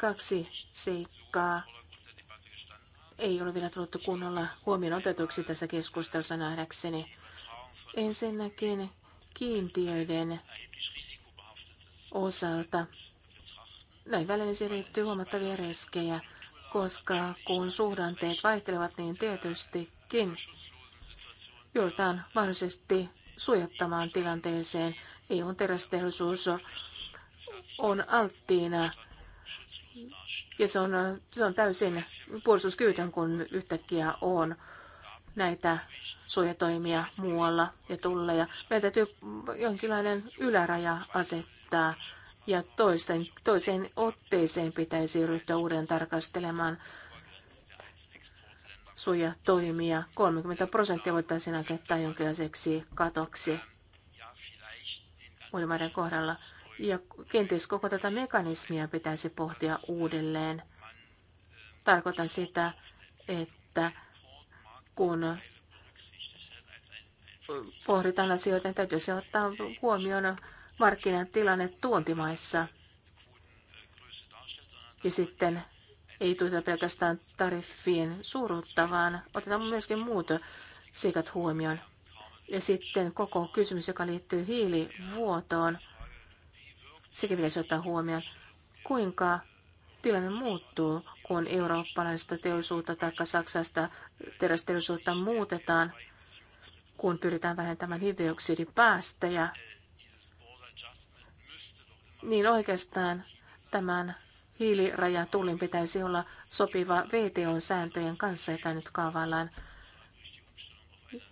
Kaksi seikkaa ei ole vielä tullut kunnolla huomioon otetuksi tässä keskustelussa nähdäkseni. Ensinnäkin kiintiöiden osalta. Näin välineisiin liittyy huomattavia riskejä, koska kun suhdanteet vaihtelevat, niin tietystikin joudutaan mahdollisesti suojattamaan tilanteeseen. eu terästeollisuus on alttiina ja se on, se on täysin puolustuskyytön, kun yhtäkkiä on näitä suojatoimia muualla ja tulleja. Meidän täytyy jonkinlainen yläraja asettaa ja toisten, toiseen otteeseen pitäisi ryhtyä uuden tarkastelemaan suojatoimia. 30 prosenttia voitaisiin asettaa jonkinlaiseksi katoksi muiden maiden kohdalla. Ja kenties koko tätä mekanismia pitäisi pohtia uudelleen. Tarkoitan sitä, että kun pohditaan asioita, niin se ottaa huomioon markkinatilanne tuontimaissa. Ja sitten ei tuota pelkästään tariffien suuruutta, vaan otetaan myöskin muut seikat huomioon. Ja sitten koko kysymys, joka liittyy hiilivuotoon – Sekin pitäisi ottaa huomioon, kuinka tilanne muuttuu, kun eurooppalaista teollisuutta tai Saksasta terästeollisuutta muutetaan, kun pyritään vähentämään hiilidioksidipäästöjä. Niin oikeastaan tämän hiilirajatullin pitäisi olla sopiva VTO-sääntöjen kanssa, jota nyt kaavaillaan.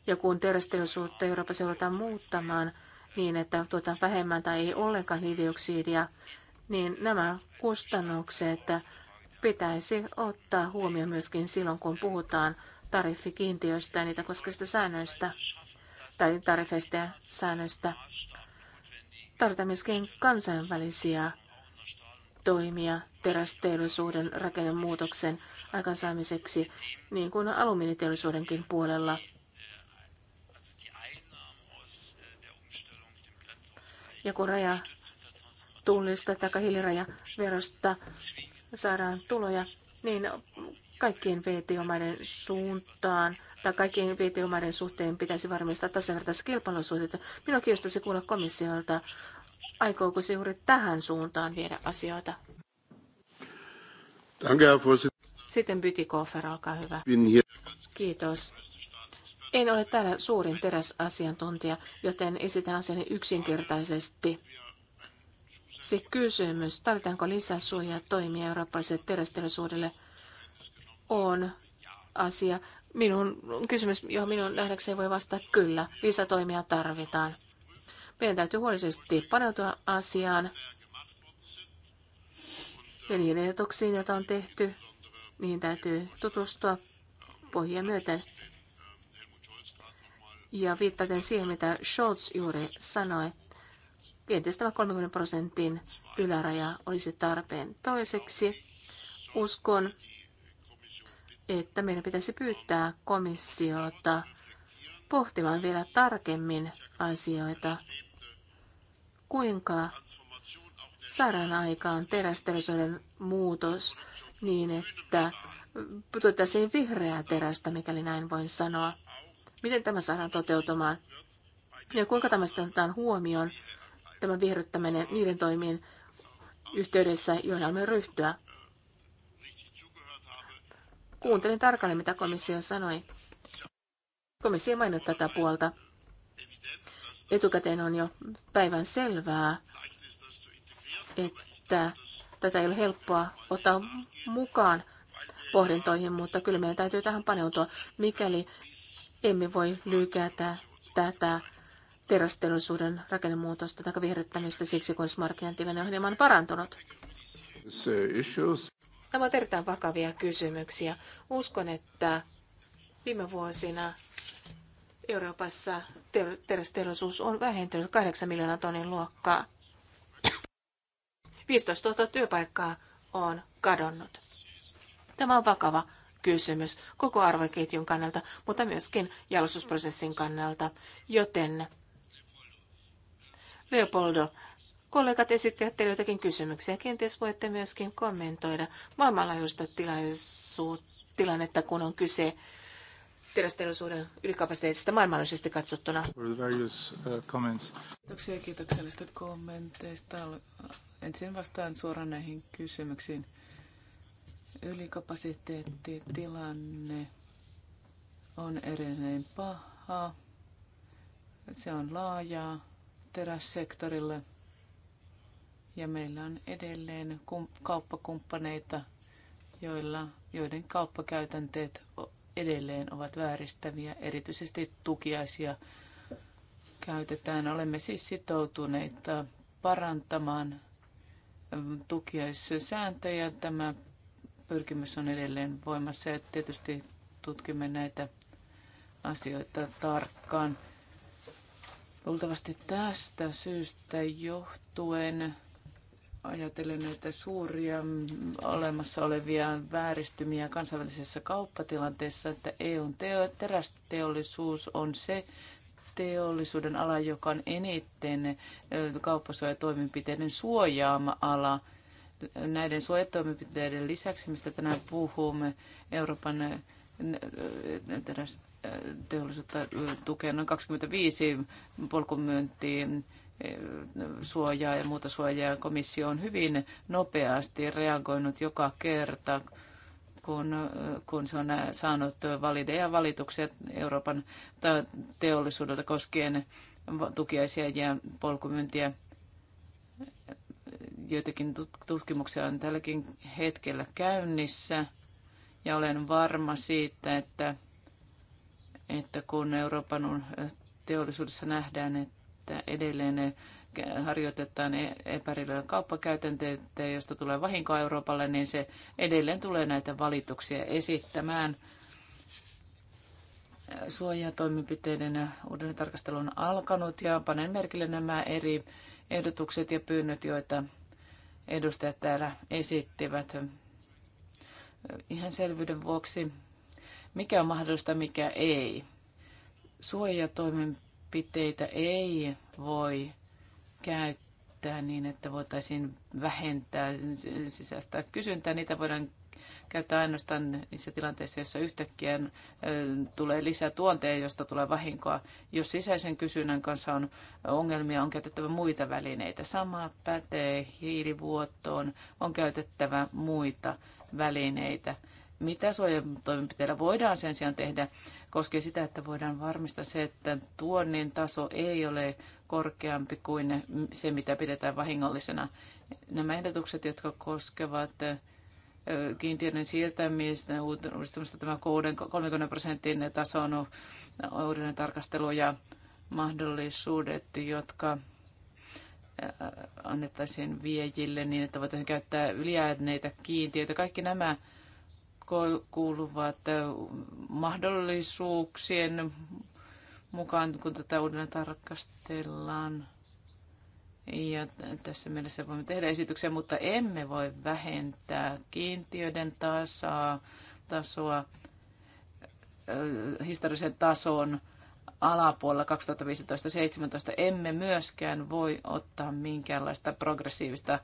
Ja kun terästeollisuutta Euroopassa joudutaan muuttamaan, niin, että tuotaan vähemmän tai ei ollenkaan hiilidioksidia, niin nämä kustannukset pitäisi ottaa huomioon myöskin silloin, kun puhutaan tariffikiintiöistä ja niitä koskevista säännöistä tai tariffeista ja säännöistä. Tarvitaan myöskin kansainvälisiä toimia terästeollisuuden rakennemuutoksen aikaansaamiseksi, niin kuin alumiiniteollisuudenkin puolella – joku raja tullista tai hiilirajaverosta saadaan tuloja, niin kaikkien VTO-maiden suuntaan tai kaikkien VTO-maiden suhteen pitäisi varmistaa tasavertaiset kilpailusuhteet. Minua kiinnostaisi kuulla komissiolta, aikooko se juuri tähän suuntaan viedä asioita. Sitten Bytikofer, olkaa hyvä. Kiitos. En ole täällä suurin teräsasiantuntija, joten esitän asiani yksinkertaisesti. Se kysymys, tarvitaanko lisäsuojaa toimia eurooppalaiselle terästeollisuudelle, on asia. Minun kysymys, johon minun nähdäkseni voi vastata kyllä. Lisätoimia tarvitaan. Meidän täytyy huolellisesti paneutua asiaan ja niihin ehdotuksiin, joita on tehty. Niihin täytyy tutustua pohjia myöten. Ja viittaten siihen, mitä Scholz juuri sanoi, kenties tämä 30 prosentin yläraja olisi tarpeen. Toiseksi uskon, että meidän pitäisi pyytää komissiota pohtimaan vielä tarkemmin asioita, kuinka saadaan aikaan terästeollisuuden muutos niin, että tuotaisiin vihreää terästä, mikäli näin voin sanoa. Miten tämä saadaan toteutumaan? Ja kuinka tämä sitten otetaan huomioon tämän viherryttäminen niiden toimien yhteydessä, joihin haluamme ryhtyä? Kuuntelin tarkalleen, mitä komissio sanoi. Komissio ei maininnut tätä puolta. Etukäteen on jo päivän selvää, että tätä ei ole helppoa ottaa mukaan pohdintoihin, mutta kyllä meidän täytyy tähän paneutua, mikäli emme voi lykätä tätä terästeollisuuden rakennemuutosta tai viherryttämistä siksi, kun markkinatilanne on hieman parantunut. Nämä ovat erittäin vakavia kysymyksiä. Uskon, että viime vuosina Euroopassa ter- terästeollisuus on vähentynyt 8 miljoonaa tonnin luokkaa. 15 000 työpaikkaa on kadonnut. Tämä on vakava kysymys koko arvoketjun kannalta, mutta myöskin jalostusprosessin kannalta. Joten Leopoldo, kollegat esittävät teille jotakin kysymyksiä. Kenties voitte myöskin kommentoida maailmanlaajuista tilannetta, kun on kyse terästeollisuuden ylikapasiteetista maailmanlaajuisesti katsottuna. Uh, Kiitoksia kiitoksellisista kommenteista. Ensin vastaan suoraan näihin kysymyksiin. Ylikapasiteettitilanne on edelleen paha. Se on laajaa terässektorille ja meillä on edelleen kauppakumppaneita, joilla, joiden kauppakäytänteet edelleen ovat vääristäviä, erityisesti tukiaisia käytetään. Olemme siis sitoutuneita parantamaan tukiaissääntöjä. Tämä pyrkimys on edelleen voimassa ja tietysti tutkimme näitä asioita tarkkaan. Luultavasti tästä syystä johtuen ajatellen näitä suuria olemassa olevia vääristymiä kansainvälisessä kauppatilanteessa, että EUn terästeollisuus on se teollisuuden ala, joka on eniten kauppasuojatoimenpiteiden suojaama ala – näiden suojatoimenpiteiden lisäksi, mistä tänään puhumme, Euroopan äh, äh, teollisuutta äh, tukee noin 25 polkumyöntiin suojaa ja muuta suojaa. Komissio on hyvin nopeasti reagoinut joka kerta, kun, kun se on saanut valideja valituksia Euroopan teollisuudelta koskien tukiaisia ja polkumyyntiä Joitakin tutkimuksia on tälläkin hetkellä käynnissä ja olen varma siitä, että, että kun Euroopan teollisuudessa nähdään, että edelleen harjoitetaan e- epärillä kauppakäytänteitä, josta tulee vahinkoa Euroopalle, niin se edelleen tulee näitä valituksia esittämään. Suojatoimenpiteiden uuden tarkastelu on alkanut ja panen merkille nämä eri ehdotukset ja pyynnöt, joita edustajat täällä esittivät. Ihan selvyyden vuoksi, mikä on mahdollista, mikä ei. Suojatoimenpiteitä ei voi käyttää niin, että voitaisiin vähentää sisäistä kysyntää. Niitä voidaan käyttää ainoastaan niissä tilanteissa, joissa yhtäkkiä tulee lisää tuonteja, josta tulee vahinkoa. Jos sisäisen kysynnän kanssa on ongelmia, on käytettävä muita välineitä. Sama pätee hiilivuottoon, on käytettävä muita välineitä. Mitä suojatoimenpiteillä voidaan sen sijaan tehdä, koskee sitä, että voidaan varmistaa se, että tuonnin taso ei ole korkeampi kuin se, mitä pidetään vahingollisena. Nämä ehdotukset, jotka koskevat kiintiöiden siirtämistä, uudistamista tämä 30 prosentin tason uudelleen tarkastelu ja mahdollisuudet, jotka äh, annettaisiin viejille niin, että voitaisiin käyttää ylijääneitä kiintiöitä. Kaikki nämä kuuluvat äh, mahdollisuuksien mukaan, kun tätä uudelleen tarkastellaan. Ja tässä mielessä voimme tehdä esityksiä, mutta emme voi vähentää kiintiöiden tasaa, tasoa historiallisen tason alapuolella 2015-2017 emme myöskään voi ottaa minkäänlaista progressiivista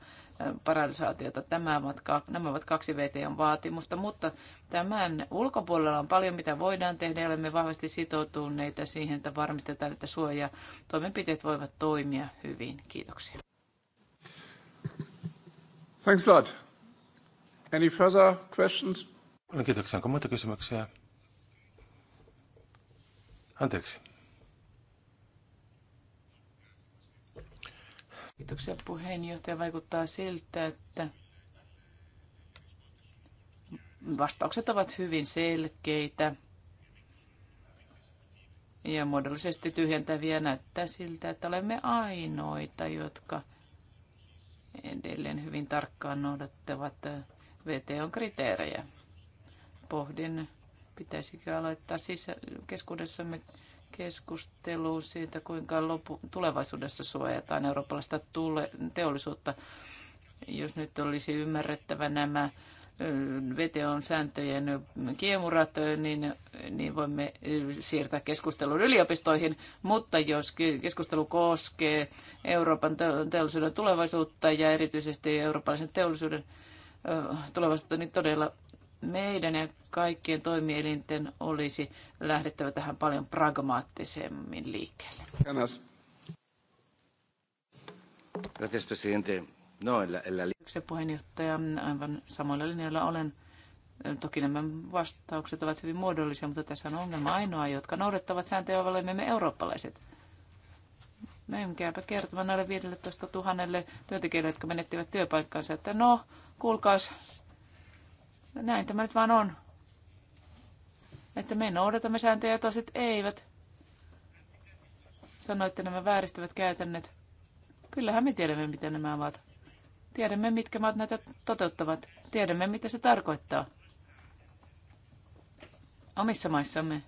paralysaatiota. Tämä matka, nämä ovat kaksi VTOn vaatimusta, mutta tämän ulkopuolella on paljon, mitä voidaan tehdä, ja olemme vahvasti sitoutuneita siihen, että varmistetaan, että suoja toimenpiteet voivat toimia hyvin. Kiitoksia. Thanks a lot. Any further questions? No, kiitoksia. Onko muita kysymyksiä? Anteeksi. Kiitoksia puheenjohtaja. Vaikuttaa siltä, että vastaukset ovat hyvin selkeitä ja muodollisesti tyhjentäviä. Näyttää siltä, että olemme ainoita, jotka edelleen hyvin tarkkaan noudattavat VTOn kriteerejä. Pohdin, pitäisikö aloittaa sisä- keskuudessamme keskustelu siitä, kuinka lopu, tulevaisuudessa suojataan eurooppalaista tule, teollisuutta. Jos nyt olisi ymmärrettävä nämä VTOn sääntöjen kiemurat, niin, niin voimme siirtää keskustelun yliopistoihin. Mutta jos keskustelu koskee Euroopan teollisuuden tulevaisuutta ja erityisesti eurooppalaisen teollisuuden tulevaisuutta, niin todella meidän ja kaikkien toimielinten olisi lähdettävä tähän paljon pragmaattisemmin liikkeelle. Kanas. Gracias, presidente. No, en la, en la... puheenjohtaja, aivan samoilla linjoilla olen. Toki nämä vastaukset ovat hyvin muodollisia, mutta tässä on ongelma ainoa, jotka noudattavat sääntöjä, olemme me eurooppalaiset. Menkääpä kertomaan näille 15 000 työntekijöille, jotka menettivät työpaikkansa, että no, kuulkaas, näin tämä nyt vaan on. Että me noudatamme sääntöjä ja toiset eivät. Sanoitte nämä vääristävät käytännöt. Kyllähän me tiedämme, mitä nämä ovat. Tiedämme, mitkä maat näitä toteuttavat. Tiedämme, mitä se tarkoittaa. Omissa maissamme,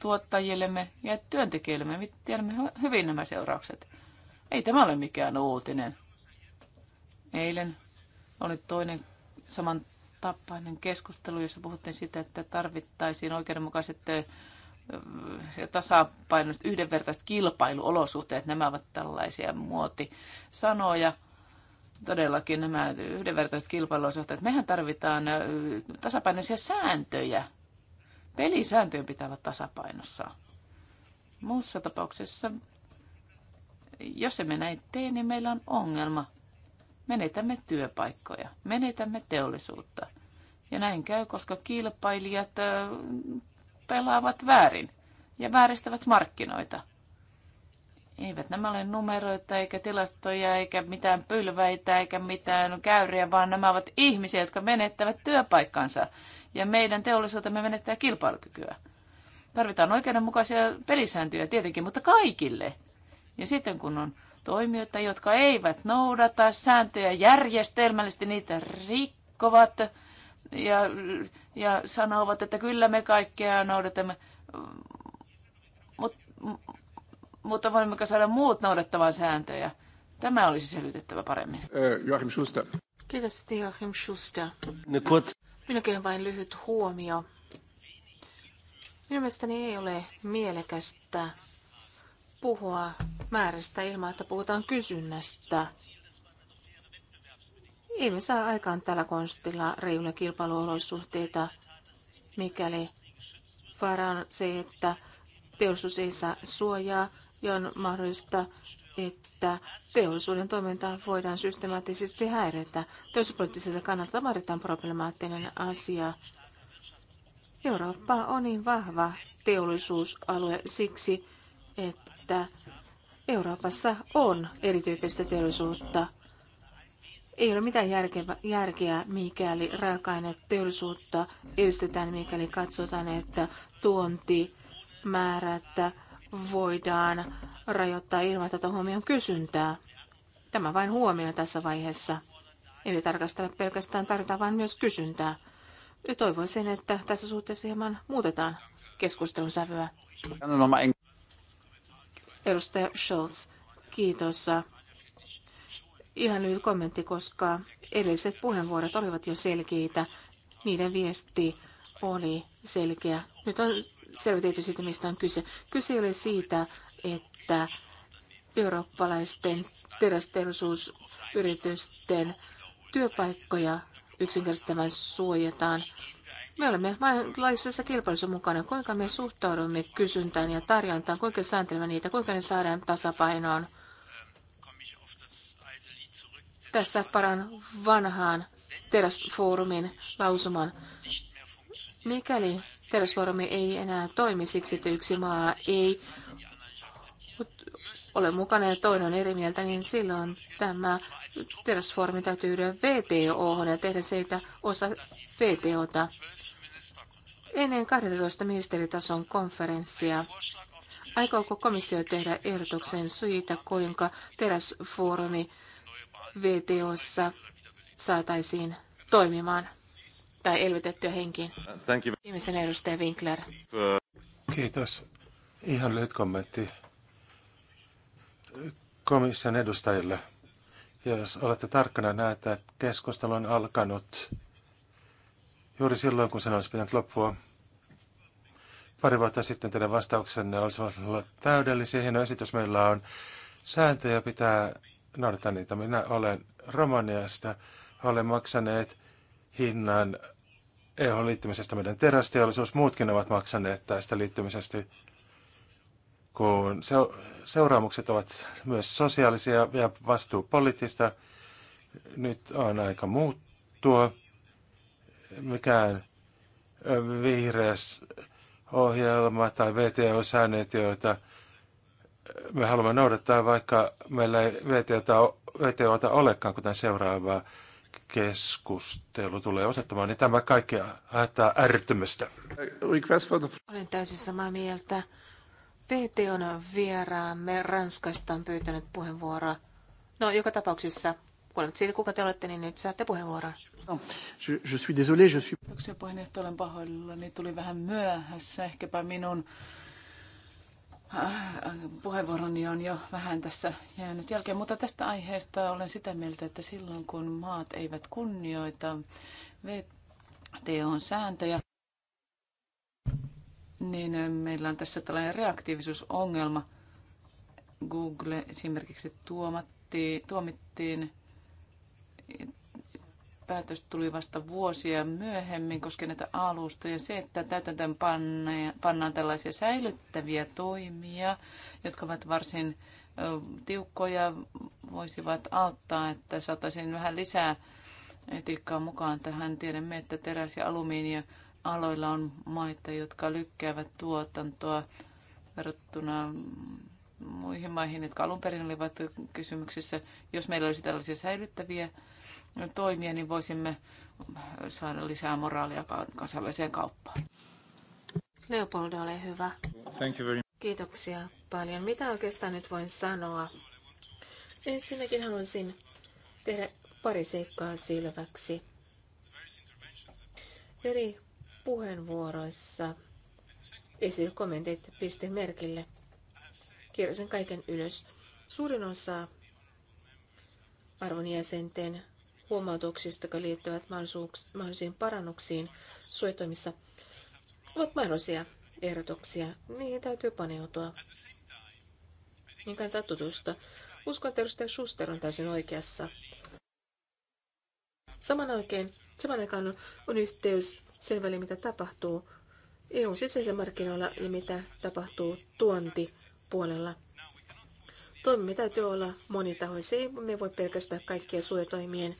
tuottajillemme ja työntekijöillemme me tiedämme hyvin nämä seuraukset. Ei tämä ole mikään uutinen. Eilen oli toinen saman tapainen keskustelu, jossa puhuttiin siitä, että tarvittaisiin oikeudenmukaiset ja tasapainoiset yhdenvertaiset kilpailuolosuhteet. Nämä ovat tällaisia muotisanoja. Todellakin nämä yhdenvertaiset kilpailuolosuhteet. Mehän tarvitaan tasapainoisia sääntöjä. Pelisääntöjen pitää olla tasapainossa. Muussa tapauksessa, jos emme näin tee, niin meillä on ongelma menetämme työpaikkoja, menetämme teollisuutta. Ja näin käy, koska kilpailijat pelaavat väärin ja vääristävät markkinoita. Eivät nämä ole numeroita, eikä tilastoja, eikä mitään pylväitä, eikä mitään käyriä, vaan nämä ovat ihmisiä, jotka menettävät työpaikkansa. Ja meidän teollisuutemme menettää kilpailukykyä. Tarvitaan oikeudenmukaisia pelisääntöjä tietenkin, mutta kaikille. Ja sitten kun on toimijoita, jotka eivät noudata sääntöjä järjestelmällisesti, niitä rikkovat ja, ja sanovat, että kyllä me kaikkea noudatamme. mutta mutta voimmeko saada muut noudattamaan sääntöjä? Tämä olisi selvitettävä paremmin. Joachim Schuster. Kiitos, Joachim Schuster. Minäkin vain lyhyt huomio. Minun mielestäni ei ole mielekästä puhua määrästä ilman, että puhutaan kysynnästä. Ei me saa aikaan tällä konstilla reiluja kilpailuolosuhteita, mikäli vaara on se, että teollisuus ei saa suojaa ja on mahdollista, että teollisuuden toimintaa voidaan systemaattisesti häiritä. Teollisuuspoliittiselta kannalta vaaditaan problemaattinen asia. Eurooppa on niin vahva teollisuusalue siksi, että että Euroopassa on erityyppistä teollisuutta. Ei ole mitään järkevä, järkeä, mikäli raaka teollisuutta edistetään, mikäli katsotaan, että tuontimäärät voidaan rajoittaa ilman tätä huomion kysyntää. Tämä vain huomio tässä vaiheessa. Eli tarkastella pelkästään, tarvitaan vain myös kysyntää. Ja toivoisin, että tässä suhteessa hieman muutetaan keskustelun sävyä. Edustaja Scholz, kiitos. Ihan lyhyt kommentti, koska edelliset puheenvuorot olivat jo selkeitä. Niiden viesti oli selkeä. Nyt on selvitetty siitä, mistä on kyse. Kyse oli siitä, että eurooppalaisten terästeollisuusyritysten työpaikkoja yksinkertaisesti suojataan me olemme maailmanlaisessa kilpailussa mukana. Kuinka me suhtaudumme kysyntään ja tarjontaan? Kuinka sääntelemme niitä? Kuinka ne saadaan tasapainoon? Tässä paran vanhaan terasfoorumin lausuman. Mikäli terasfoorumi ei enää toimi siksi, että yksi maa ei ole mukana ja toinen on eri mieltä, niin silloin tämä terasfoorumi täytyy yhdyä VTO ja tehdä seitä osa VTOta. Ennen 12 ministeritason konferenssia aikooko komissio tehdä ehdotuksen siitä, kuinka teräsfoorumi VTOssa saataisiin toimimaan tai elvytettyä henkiin? Viimeisen edustaja Winkler. Kiitos. Ihan lyhyt kommentti komission edustajille. Jos olette tarkkana, näette, että keskustelu on alkanut juuri silloin, kun sen olisi pitänyt loppua pari vuotta sitten teidän vastauksenne olisi ollut täydellisiä. Hieno esitys meillä on. Sääntöjä pitää noudattaa niitä. Minä olen Romaniasta. Olen maksaneet hinnan eu liittymisestä meidän terästeollisuus. Muutkin ovat maksaneet tästä liittymisestä, kun seuraamukset ovat myös sosiaalisia ja vastuu poliittista. Nyt on aika muuttua. Mikään vihreässä ohjelma tai VTO-säännöt, joita me haluamme noudattaa, vaikka meillä ei VTOta, VTOta olekaan, kuten seuraava keskustelu tulee osoittamaan, niin tämä kaikki haittaa ärtymystä. Olen täysin samaa mieltä. VTOn vieraamme Ranskasta on pyytänyt puheenvuoroa. No, joka tapauksessa, kuulemat siitä, kuka te olette, niin nyt saatte puheenvuoron. Je, je suis désolé, je suis... Kiitoksia puheenjohtaja, olen pahoillani. Tuli vähän myöhässä. Ehkäpä minun äh, puheenvuoroni on jo vähän tässä jäänyt jälkeen, mutta tästä aiheesta olen sitä mieltä, että silloin kun maat eivät kunnioita VTOn sääntöjä, niin äh, meillä on tässä tällainen reaktiivisuusongelma. Google esimerkiksi tuomattiin, tuomittiin päätös tuli vasta vuosia myöhemmin koska näitä alustoja. Se, että täytäntöön pannaan tällaisia säilyttäviä toimia, jotka ovat varsin tiukkoja, voisivat auttaa, että saataisiin vähän lisää etiikkaa mukaan tähän. Tiedämme, että teräs- ja alumiinialoilla on maita, jotka lykkäävät tuotantoa verrattuna muihin maihin, jotka alun perin olivat kysymyksessä. Jos meillä olisi tällaisia säilyttäviä toimia, niin voisimme saada lisää moraalia kansainväliseen kauppaan. Leopold, ole hyvä. Thank you very Kiitoksia paljon. Mitä oikeastaan nyt voin sanoa? Ensinnäkin haluaisin tehdä pari seikkaa silväksi. Eri puheenvuoroissa esille kommentit pistin merkille. Kirjoisin kaiken ylös. Suurin osa arvon jäsenten huomautuksista, jotka liittyvät mahdollisiin parannuksiin suojatoimissa, ovat mahdollisia ehdotuksia. Niihin täytyy paneutua. Niin kannattaa tutusta. Uskon, että edustaja Schuster on täysin oikeassa. Saman, oikein, saman aikaan on, yhteys sen väliin, mitä tapahtuu EUn sisäisillä markkinoilla ja mitä tapahtuu tuontipuolella. Toimimme täytyy olla monitahoisia. Me voi pelkästään kaikkia suojatoimien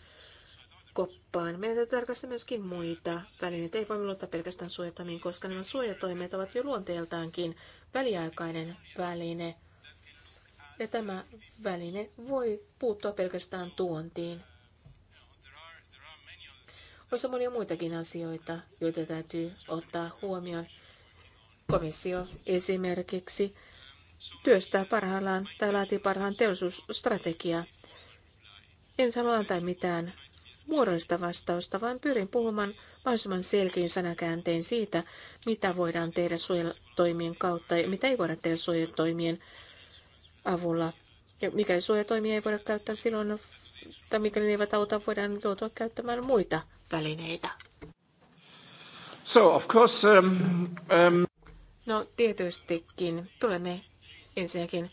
koppaan. Meidän täytyy tarkastaa myöskin muita välineitä. Ei voi luottaa pelkästään suojatoimiin, koska nämä suojatoimet ovat jo luonteeltaankin väliaikainen väline. Ja tämä väline voi puuttua pelkästään tuontiin. On monia muitakin asioita, joita täytyy ottaa huomioon. Komissio esimerkiksi työstää parhaillaan tai laatii parhaan teollisuusstrategiaa. En halua antaa mitään muodollista vastausta, vaan pyrin puhumaan mahdollisimman selkein sanakääntein siitä, mitä voidaan tehdä suojatoimien kautta ja mitä ei voida tehdä suojatoimien avulla. Ja mikäli suojatoimia ei voida käyttää silloin, tai mikäli ne eivät auta, voidaan joutua käyttämään muita välineitä. So, of course, um, um... No tietystikin tulemme ensinnäkin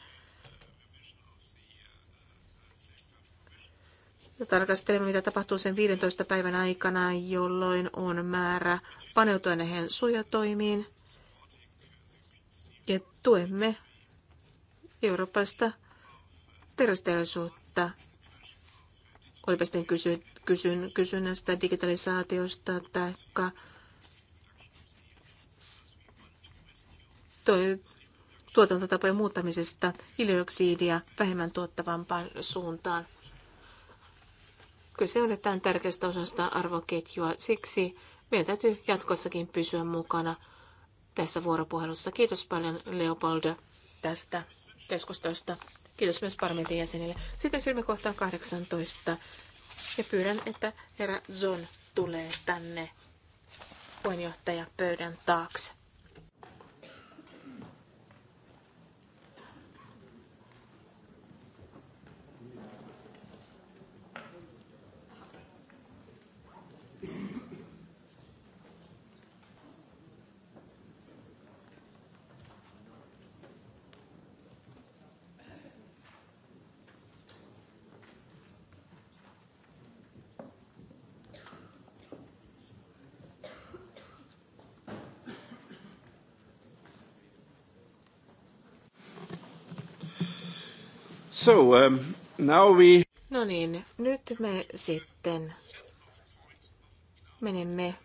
tarkastelemme, mitä tapahtuu sen 15 päivän aikana, jolloin on määrä paneutua näihin suojatoimiin. Ja tuemme eurooppalaista terveysteollisuutta. Olipa sitten kysy, kysyn, kysynnästä, digitalisaatiosta tai tuotantotapojen muuttamisesta hiilidioksidia vähemmän tuottavampaan suuntaan. Kyse on erittäin tärkeästä osasta arvoketjua, siksi meidän täytyy jatkossakin pysyä mukana tässä vuoropuhelussa. Kiitos paljon Leopold tästä keskustelusta. Kiitos myös parlamentin jäsenille. Sitten siirrymme kohtaan 18 ja pyydän, että herra Zon tulee tänne puheenjohtaja pöydän taakse. So, um, now we... No niin, nyt me sitten menemme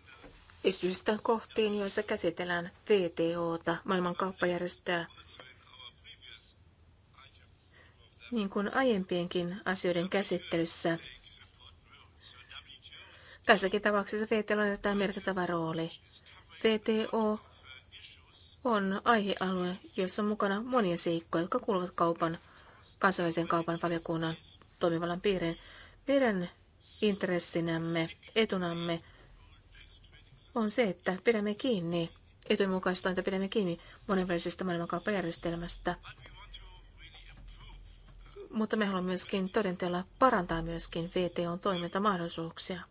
esitysten kohtiin, joissa käsitellään VTOta, kauppajärjestöä. Niin kuin aiempienkin asioiden käsittelyssä, tässäkin tapauksessa VTO on jotain merkittävä rooli. VTO on aihealue, jossa on mukana monia seikkoja, jotka kuuluvat kaupan kansainvälisen kaupan valiokunnan toimivallan piiriin. Meidän intressinämme, etunamme on se, että pidämme kiinni etujen mukaista, että pidämme kiinni monenvälisestä maailmankauppajärjestelmästä. Mutta me haluamme myöskin todentella parantaa myöskin VTOn toimintamahdollisuuksia.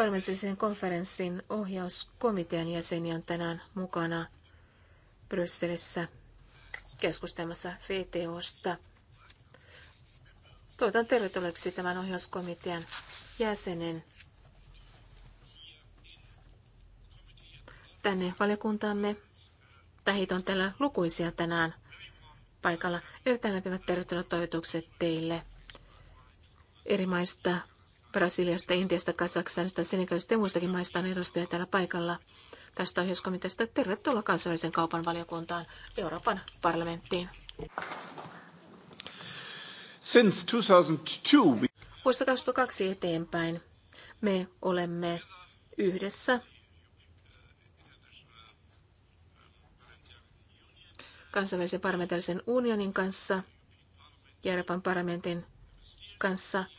Parlamentaarisen konferenssin ohjauskomitean jäseniä on tänään mukana Brysselissä keskustelmassa VTOsta. Toivotan tervetulleeksi tämän ohjauskomitean jäsenen tänne valiokuntaamme. Tähit on täällä lukuisia tänään paikalla. Erittäin lämpimät tervetuloa toivotukset teille eri maista Brasiliasta, Intiasta, Kazakstanista, Senegalista ja muistakin maista on edustajia täällä paikalla tästä ohjauskomiteasta. Tervetuloa kansainvälisen kaupan valiokuntaan Euroopan parlamenttiin. Since 2002... Vuodesta 2002 eteenpäin me olemme yhdessä kansainvälisen parlamentaarisen unionin kanssa ja Euroopan parlamentin kanssa –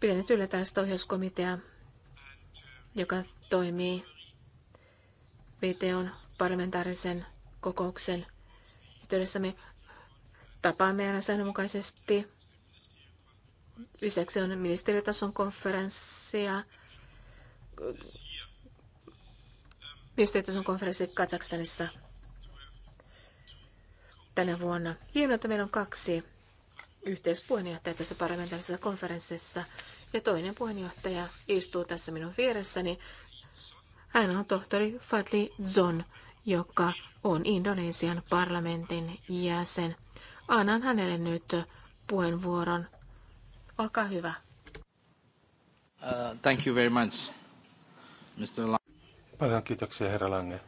pitänyt yllä tällaista ohjauskomitea, joka toimii VTOn parlamentaarisen kokouksen yhteydessä. Me tapaamme aina säännönmukaisesti. Lisäksi on ministeritason konferenssia. Ministeritason konferenssi Kazakstanissa tänä vuonna. Hienoa, että meillä on kaksi yhteispuheenjohtaja tässä parlamentaarisessa konferenssissa. Ja toinen puheenjohtaja istuu tässä minun vieressäni. Hän on tohtori Fadli Zon, joka on Indonesian parlamentin jäsen. Annan hänelle nyt puheenvuoron. Olkaa hyvä. Uh, thank you very much, Mr. Lange. Paljon kiitoksia, herra Lange.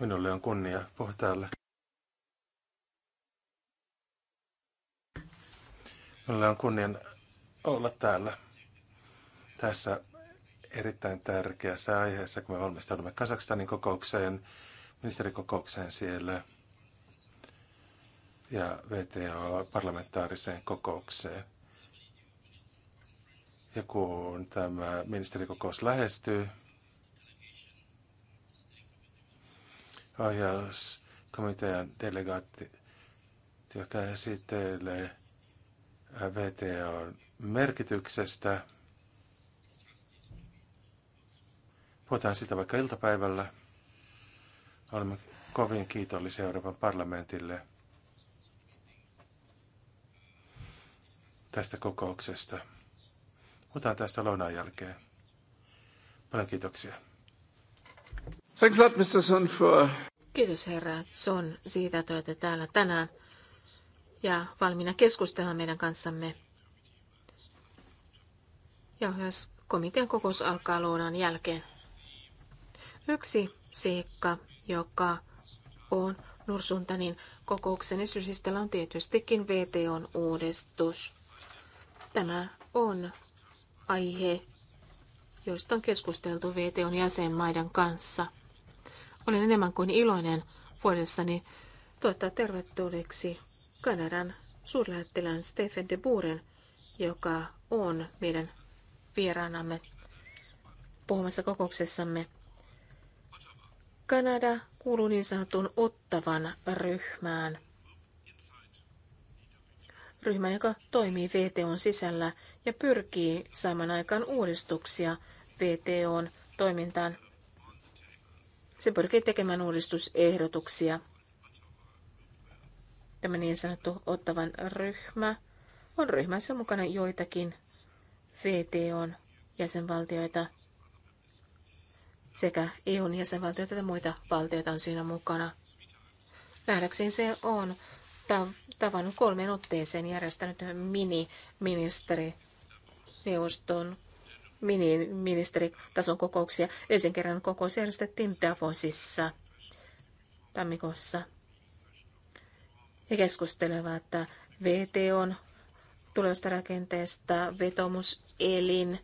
Minulle on kunnia puhua täällä. Minulla on kunnian olla täällä tässä erittäin tärkeässä aiheessa, kun me valmistaudumme Kasakstanin kokoukseen, ministerikokoukseen siellä ja VTO-parlamentaariseen kokoukseen. Ja kun tämä ministerikokous lähestyy, ohjauskomitean delegaatti, joka esittelee VTOn merkityksestä. Puhutaan sitä vaikka iltapäivällä. Olemme kovin kiitollisia Euroopan parlamentille tästä kokouksesta. Puhutaan tästä lounaan jälkeen. Paljon kiitoksia. Thanks a lot, Mr. Sun for... Kiitos herra Son siitä, että olette täällä tänään ja valmiina keskustelemaan meidän kanssamme. Ja myös komitean kokous alkaa lounan jälkeen. Yksi seikka, joka on Nursuntanin kokouksen esityslistalla on tietystikin VTOn uudistus. Tämä on aihe, josta on keskusteltu VTOn jäsenmaiden kanssa. Olen enemmän kuin iloinen vuodessani tuottaa tervetulleeksi Kanadan suurlähettilään Stephen de Buren, joka on meidän vieraanamme puhumassa kokouksessamme. Kanada kuuluu niin sanotun ottavan ryhmään. Ryhmä, joka toimii VTOn sisällä ja pyrkii saamaan aikaan uudistuksia VTOn toimintaan. Se pyrkii tekemään uudistusehdotuksia Tämä niin sanottu ottavan ryhmä on ryhmässä mukana joitakin VTOn jäsenvaltioita sekä EUn jäsenvaltioita ja muita valtioita on siinä mukana. Nähdäkseni se on tavannut kolmeen otteeseen järjestänyt mini-ministeri neuvoston mini-ministeritason kokouksia. Ensin kerran kokous järjestettiin Davosissa tammikuussa ja keskustelevat VTOn tulevasta rakenteesta, vetomuselin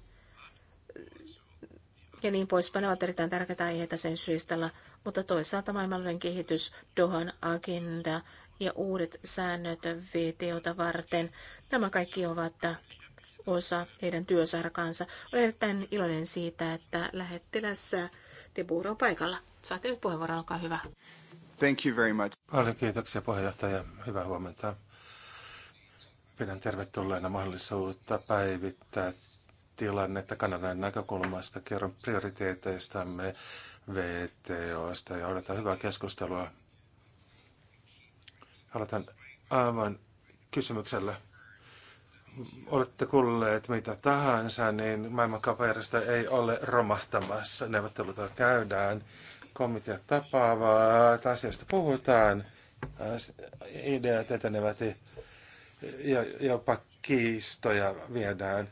ja niin poispäin. Ne ovat erittäin tärkeitä aiheita sen syistalla, mutta toisaalta maailmanlainen kehitys, Dohan agenda ja uudet säännöt VTOta varten, nämä kaikki ovat osa heidän työsarkaansa. Olen erittäin iloinen siitä, että lähettilässä Tibur on paikalla. Saatte nyt puheenvuoron, olkaa hyvä. Thank you very much. Paljon kiitoksia puheenjohtaja. Hyvää huomenta. Pidän tervetulleena mahdollisuutta päivittää tilannetta Kanadan näkökulmasta. Kerron prioriteeteistamme VTOsta ja odotan hyvää keskustelua. Aloitan aivan kysymyksellä. Olette kuulleet mitä tahansa, niin maailmankaupajärjestö ei ole romahtamassa. neuvotteluta käydään Komitea tapaavat, asiasta puhutaan, ideat etenevät ja jopa kiistoja viedään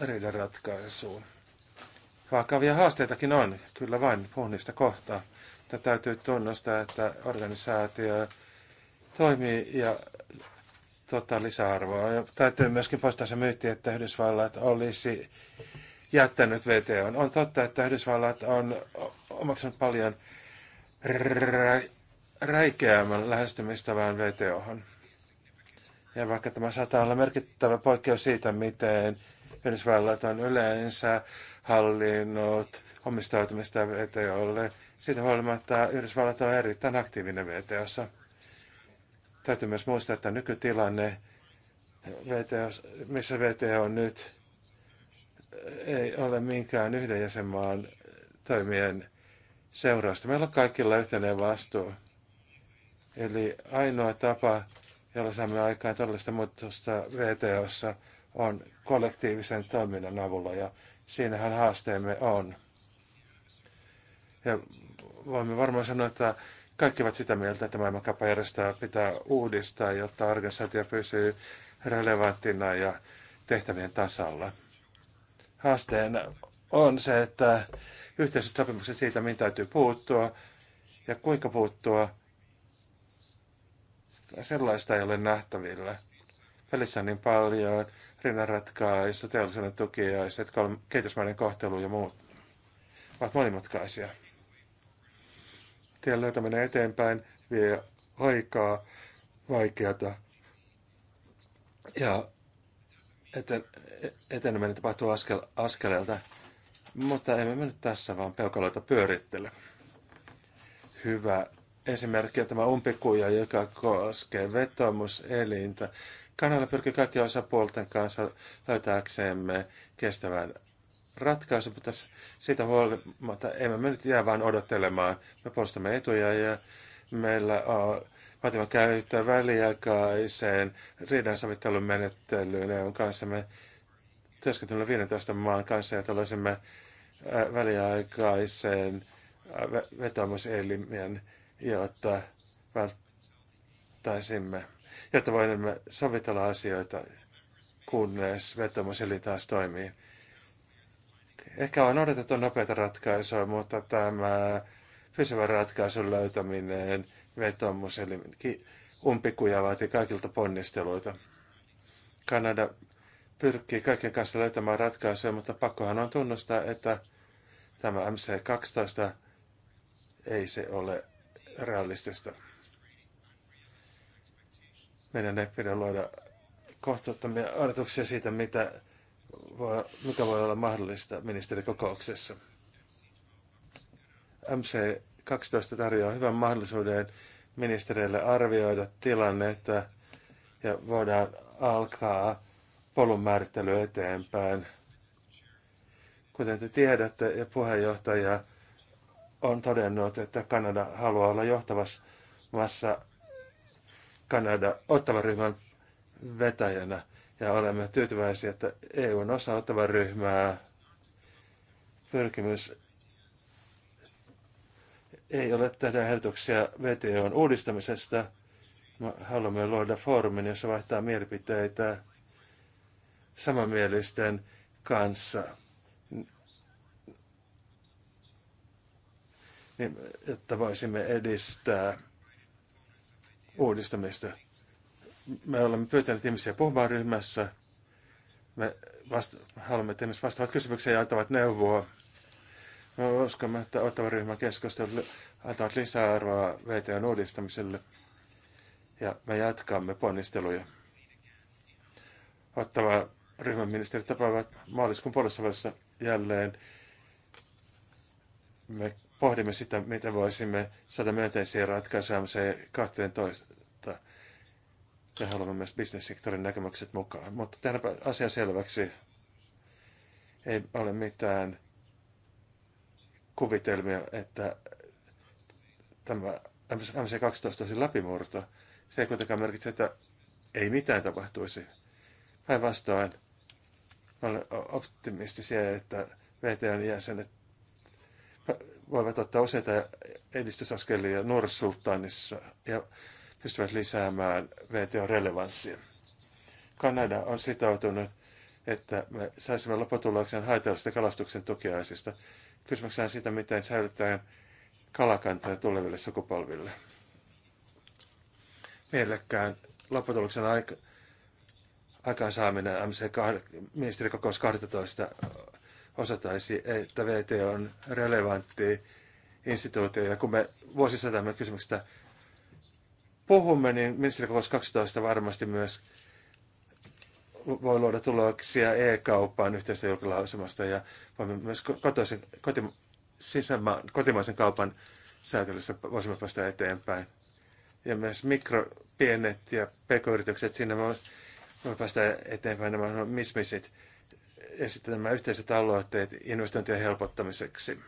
riidan ratkaisuun. Vakavia haasteitakin on, kyllä vain puhunnista kohtaa. Mutta täytyy tunnustaa, että organisaatio toimii ja tuottaa lisäarvoa. Ja täytyy myöskin poistaa se myytti, että Yhdysvallat olisi jättänyt VTO On totta, että Yhdysvallat on omaksunut paljon rä- räikeämmän lähestymistavan VTOhan. Ja vaikka tämä saattaa olla merkittävä poikkeus siitä, miten Yhdysvallat on yleensä hallinnut omistautumista VTOlle, siitä huolimatta Yhdysvallat on erittäin aktiivinen VTOssa. Täytyy myös muistaa, että nykytilanne, VTO, missä VTO on nyt, ei ole minkään yhden jäsenmaan toimien seurausta. Meillä on kaikilla yhteinen vastuu. Eli ainoa tapa, jolla saamme aikaan tällaista muutosta VTOssa, on kollektiivisen toiminnan avulla, ja siinähän haasteemme on. Ja voimme varmaan sanoa, että kaikki ovat sitä mieltä, että maailmankapa pitää uudistaa, jotta organisaatio pysyy relevanttina ja tehtävien tasalla haasteena on se, että yhteiset sopimukset siitä, mihin täytyy puuttua ja kuinka puuttua, sellaista ei ole nähtävillä. Välissä on niin paljon rinnanratkaisu, teollisuuden tukiaiset, kehitysmaiden kohtelu ja muut ovat monimutkaisia. Tien löytäminen eteenpäin vie aikaa, vaikeata ja eten, eteneminen tapahtuu askel, askeleelta, mutta emme me nyt tässä vaan peukaloita pyörittele. Hyvä esimerkki on tämä umpikuja, joka koskee vetomuselintä. Kanalla pyrkii kaikki osapuolten kanssa löytääksemme kestävän ratkaisun, mutta siitä huolimatta emme me nyt jää vain odottelemaan. Me puolustamme etuja ja meillä on vaatima käyttää väliaikaiseen riidansovittelun menettelyyn EUn kanssa. Me työskentelemme 15 maan kanssa ja tällaisemme äh, väliaikaiseen äh, vetomuselimien, jotta välttäisimme, jotta voimme sovitella asioita, kunnes vetomuseli taas toimii. Ehkä on odotettu nopeita ratkaisuja, mutta tämä pysyvä ratkaisun löytäminen – vetomus, eli umpikuja vaatii kaikilta ponnisteluita. Kanada pyrkii kaiken kanssa löytämään ratkaisuja, mutta pakkohan on tunnustaa, että tämä MC12 ei se ole realistista. Meidän ei pidä luoda kohtuuttomia odotuksia siitä, mitä voi, mikä voi olla mahdollista ministerikokouksessa. MC 12 tarjoaa hyvän mahdollisuuden ministereille arvioida tilannetta ja voidaan alkaa polun määrittely eteenpäin. Kuten te tiedätte ja puheenjohtaja on todennut, että Kanada haluaa olla johtavassa Kanada ottavan ryhmän vetäjänä ja olemme tyytyväisiä, että EUn osa ottavan ryhmää pyrkimys ei ole tehdä ehdotuksia VTOn uudistamisesta. Me haluamme luoda foorumin, jossa vaihtaa mielipiteitä samanmielisten kanssa. Niin, että voisimme edistää uudistamista. Me olemme pyytäneet ihmisiä puhumaan ryhmässä. Me vasta- haluamme, että ihmiset vastaavat kysymyksiä ja antavat neuvoa me uskomme, että ottava ryhmän keskustelu antavat lisäarvoa VTN uudistamiselle ja me jatkamme ponnisteluja. Ottava ryhmän ministerit tapaavat maaliskuun puolessa välissä jälleen. Me pohdimme sitä, miten voisimme saada myönteisiä ratkaisuja 12. Me haluamme myös bisnessektorin näkemykset mukaan. Mutta tehdäänpä asia selväksi. Ei ole mitään kuvitelmia, että tämä MC12 olisi läpimurto. Se ei kuitenkaan merkitse, että ei mitään tapahtuisi. Päinvastoin olen optimistisia, että VTN jäsenet voivat ottaa useita edistysaskelia Nuorisultaanissa ja pystyvät lisäämään VTN relevanssia. Kanada on sitoutunut, että me saisimme lopputuloksen haitallisista kalastuksen tukiaisista Kysymyksenä on siitä, miten säilytetään kalakantaa tuleville sukupolville. Meillekään lopputuloksen aika, aikaansaaminen MC2, ministerikokous 12 osataisi, että VT on relevantti instituutio. Ja kun me vuosisatamme kysymyksestä puhumme, niin ministerikokous 12 varmasti myös voi luoda tuloksia e-kauppaan yhteistä julkilausumasta ja voimme myös kotoisen, kotima, sisämä, kotimaisen kaupan säätelyssä voisimme päästä eteenpäin. Ja myös mikropienet ja pk-yritykset, siinä voimme päästä eteenpäin nämä mismisit ja sitten nämä yhteiset aloitteet investointien helpottamiseksi.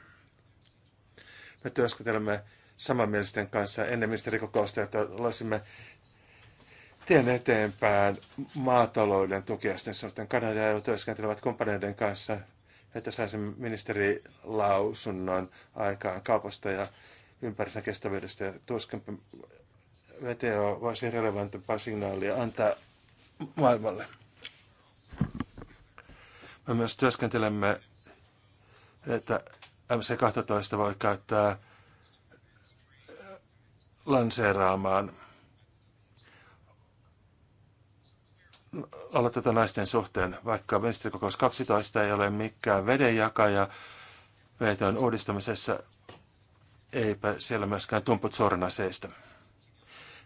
Me työskentelemme samanmielisten kanssa ennen ministerikokousta, että olisimme tien eteenpäin maatalouden tukiasten suhteen Kanadaan ja työskentelevät kumppaneiden kanssa, että ministeri lausunnon aikaan kaupasta ja ympäristön kestävyydestä. Ja tuskin VTO voisi relevantimpaa signaalia antaa maailmalle. Me myös työskentelemme, että MC12 voi käyttää lanseeraamaan – aloitetta naisten suhteen, vaikka ministerikokous 12 ei ole mikään vedenjakaja VTOn uudistamisessa, eipä siellä myöskään tumput suorana seistä.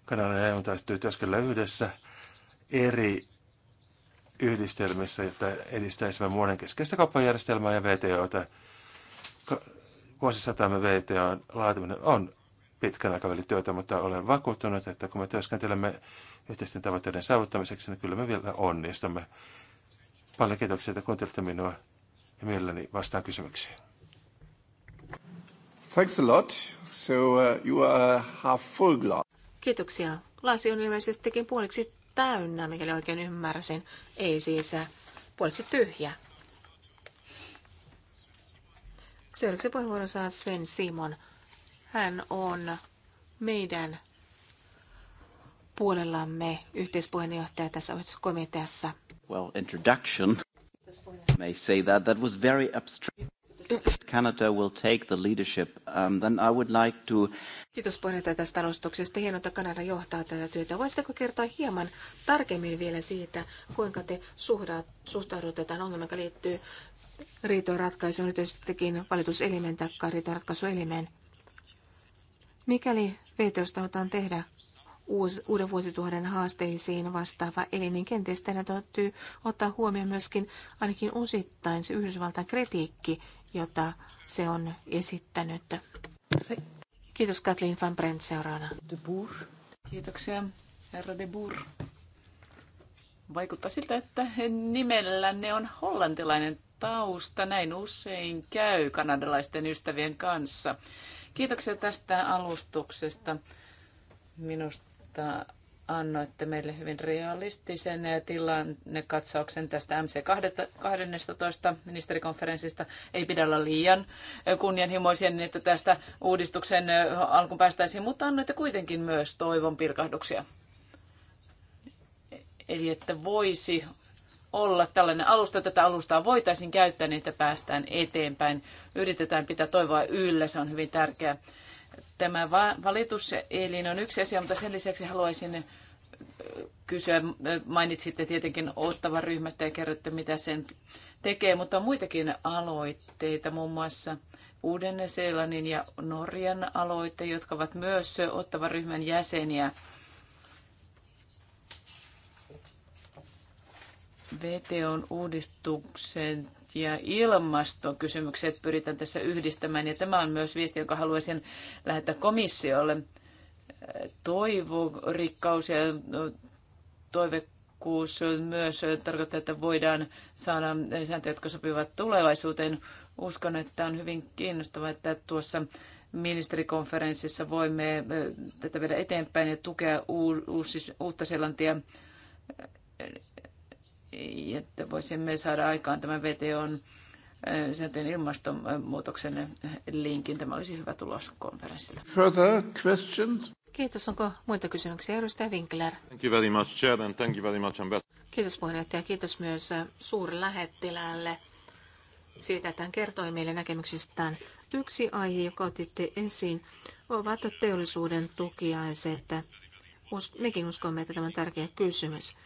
Kanada ja EU täytyy työskennellä yhdessä eri yhdistelmissä, jotta edistäisimme muoden keskeistä kauppajärjestelmää ja VTOta. Vuosisatamme VTOn laatiminen on pitkän aikavälin työtä, mutta olen vakuuttunut, että kun me työskentelemme yhteisten tavoitteiden saavuttamiseksi, niin kyllä me vielä onnistumme. Paljon kiitoksia, että kuuntelitte minua ja mielelläni vastaan kysymyksiin. Thanks a lot. So uh, you are half full glass. Kiitoksia. Lasi on ilmeisestikin puoliksi täynnä, mikäli oikein ymmärsin. Ei siis äh, puoliksi tyhjä. Seuraavaksi puheenvuoron saa Sven Simon. Hän on meidän puolellamme yhteispuheenjohtaja tässä komiteassa. Well, introduction. May say that that was very abstract. Canada will take the leadership. Um, then I would like to... Kiitos puheenjohtaja tästä alustuksesta. Hienoa, että Kanada johtaa tätä työtä. Voisitteko kertoa hieman tarkemmin vielä siitä, kuinka te suhtaudutte tähän ongelmaan, joka liittyy riitojen ratkaisuun, erityisestikin valituselimen tai riitojen ratkaisuelimen? Mikäli VTOsta halutaan tehdä uusi, uuden vuosituhannen haasteisiin vastaava eli, niin kenties tänä täytyy ottaa huomioon myöskin ainakin osittain se Yhdysvaltain kritiikki, jota se on esittänyt. Kiitos Katlin van Brent seuraavana. De Boer. Kiitoksia, herra de Boer. Vaikuttaa siltä, että nimellänne on hollantilainen tausta. Näin usein käy kanadalaisten ystävien kanssa. Kiitoksia tästä alustuksesta. Minusta annoitte meille hyvin realistisen tilannekatsauksen tästä MC12 ministerikonferenssista. Ei pidä olla liian kunnianhimoisia, niin että tästä uudistuksen alkuun päästäisiin, mutta annoitte kuitenkin myös toivon pilkahduksia. Eli että voisi olla tällainen alusta. Tätä alustaa voitaisiin käyttää niin, että päästään eteenpäin. Yritetään pitää toivoa yllä, se on hyvin tärkeää. Tämä valituselin on yksi asia, mutta sen lisäksi haluaisin kysyä. Mainitsitte tietenkin ottavan ryhmästä ja kerrotte, mitä sen tekee, mutta on muitakin aloitteita, muun muassa Uuden-Seelannin ja Norjan aloitteita, jotka ovat myös ottavan ryhmän jäseniä. VTOn uudistukset ja ilmastokysymykset pyritään tässä yhdistämään. Ja tämä on myös viesti, jonka haluaisin lähettää komissiolle. Toivo, rikkaus ja no, toivekkuus myös tarkoittaa, että voidaan saada sääntöjä, jotka sopivat tulevaisuuteen. Uskon, että on hyvin kiinnostavaa, että tuossa ministerikonferenssissa voimme tätä viedä eteenpäin ja tukea uutta Seelantia että voisimme saada aikaan tämän VTOn sen ilmastonmuutoksen linkin. Tämä olisi hyvä tulos konferenssille. Further questions? Kiitos. Onko muita kysymyksiä? Edustaja Winkler. Thank you very much, Chair, and thank you very much, Kiitos puheenjohtaja. Kiitos myös suurlähettiläälle siitä, että hän kertoi meille näkemyksistään. Yksi aihe, joka otitte esiin, ovat teollisuuden tukiaiset. Mekin uskomme, että tämä on tärkeä kysymys.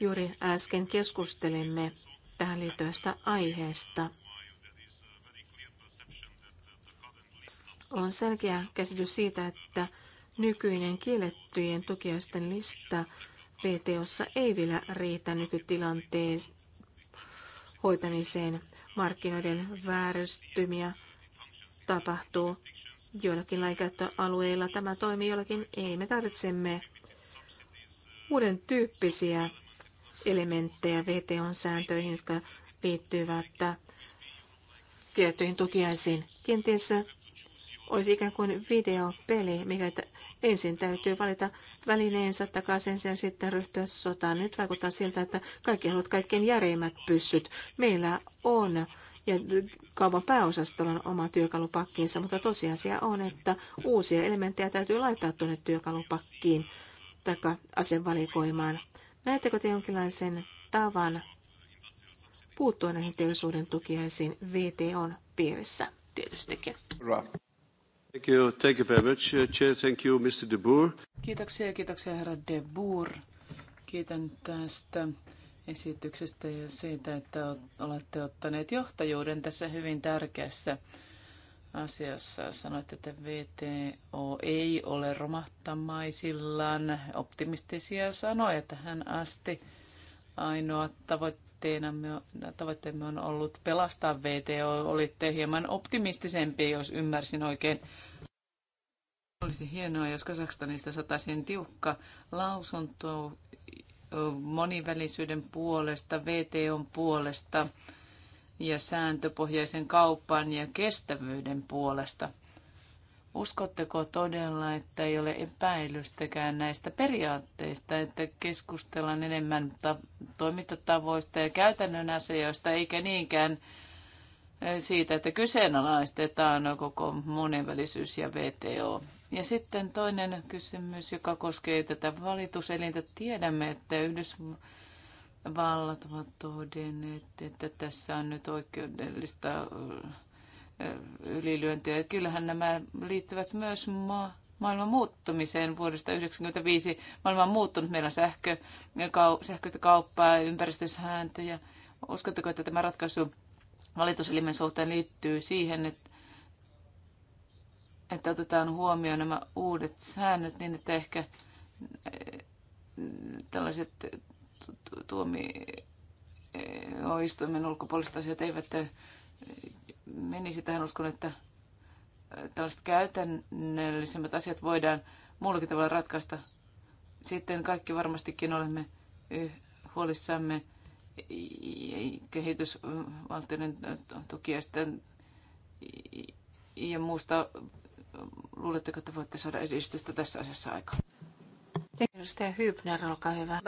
Juuri äsken keskustelimme tähän liittyvästä aiheesta. On selkeä käsitys siitä, että nykyinen kiellettyjen tukiaisten lista VTOssa ei vielä riitä nykytilanteen hoitamiseen. Markkinoiden vääristymiä tapahtuu joillakin lainkäyttöalueilla. Tämä toimii jollakin ei. Me tarvitsemme uuden tyyppisiä elementtejä VTOn sääntöihin jotka liittyvät tiettyihin tukiaisiin. Kenties olisi ikään kuin videopeli, mikä ensin täytyy valita välineensä takaisin ja sitten ryhtyä sotaan. Nyt vaikuttaa siltä, että kaikki haluat kaikkein järeimmät pyssyt. Meillä on ja kaupan pääosastolla on oma työkalupakkiinsa, mutta tosiasia on, että uusia elementtejä täytyy laittaa tuonne työkalupakkiin tai asevalikoimaan. Näettekö te jonkinlaisen tavan puuttua näihin teollisuuden tukiaisiin VTOn piirissä tietystikin? Thank you, thank you very much, uh, Chair. Thank you, Mr. De Boer. Kiitoksia, kiitoksia herra De Boer. Kiitän tästä esityksestä ja siitä, että olette ottaneet johtajuuden tässä hyvin tärkeässä asiassa. Sanoitte, että VTO ei ole romahtamaisillaan. Optimistisia sanoja että hän asti. Ainoa tavoitteemme on ollut pelastaa VTO. Olitte hieman optimistisempi, jos ymmärsin oikein. Olisi hienoa, jos Kasakstanista sataisiin tiukka lausunto monivälisyyden puolesta, VTOn puolesta ja sääntöpohjaisen kaupan ja kestävyyden puolesta. Uskotteko todella, että ei ole epäilystäkään näistä periaatteista, että keskustellaan enemmän ta- toimintatavoista ja käytännön asioista, eikä niinkään eh, siitä, että kyseenalaistetaan koko monenvälisyys ja VTO. Ja sitten toinen kysymys, joka koskee tätä valituselintä. Tiedämme, että Yhdysvallat vallat ovat todenneet, että tässä on nyt oikeudellista ylilyöntiä. Kyllähän nämä liittyvät myös ma- maailman muuttumiseen vuodesta 1995. Maailma on muuttunut, meillä on sähkö, kau, sähköistä kauppaa, ympäristösääntöjä. Uskotteko, että tämä ratkaisu valituselimen suhteen liittyy siihen, että, että otetaan huomioon nämä uudet säännöt niin, että ehkä tällaiset tuomioistuimen e, ulkopuoliset asiat eivät e, menisi tähän. Uskon, että e, tällaiset käytännöllisemmät asiat voidaan muullakin tavalla ratkaista. Sitten kaikki varmastikin olemme huolissamme kehitysvaltioiden tukiasta ja muusta. Luuletteko, että voitte saada esitystä tässä asiassa aikaan? Edustaja Hybner, olkaa hyvä.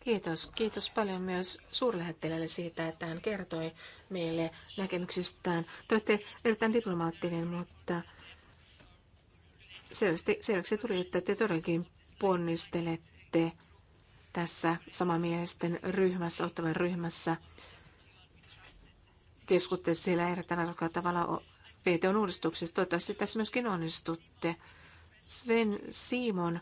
Kiitos. Kiitos paljon myös suurlähettilälle siitä, että hän kertoi meille näkemyksistään. Te olette erittäin diplomaattinen, mutta selvästi, selväksi tuli, että te todellakin ponnistelette tässä samamielisten ryhmässä, ottavan ryhmässä. Keskutte siellä erittäin arvokkaalla tavalla VTOn uudistuksessa Toivottavasti tässä myöskin onnistutte. Sven Simon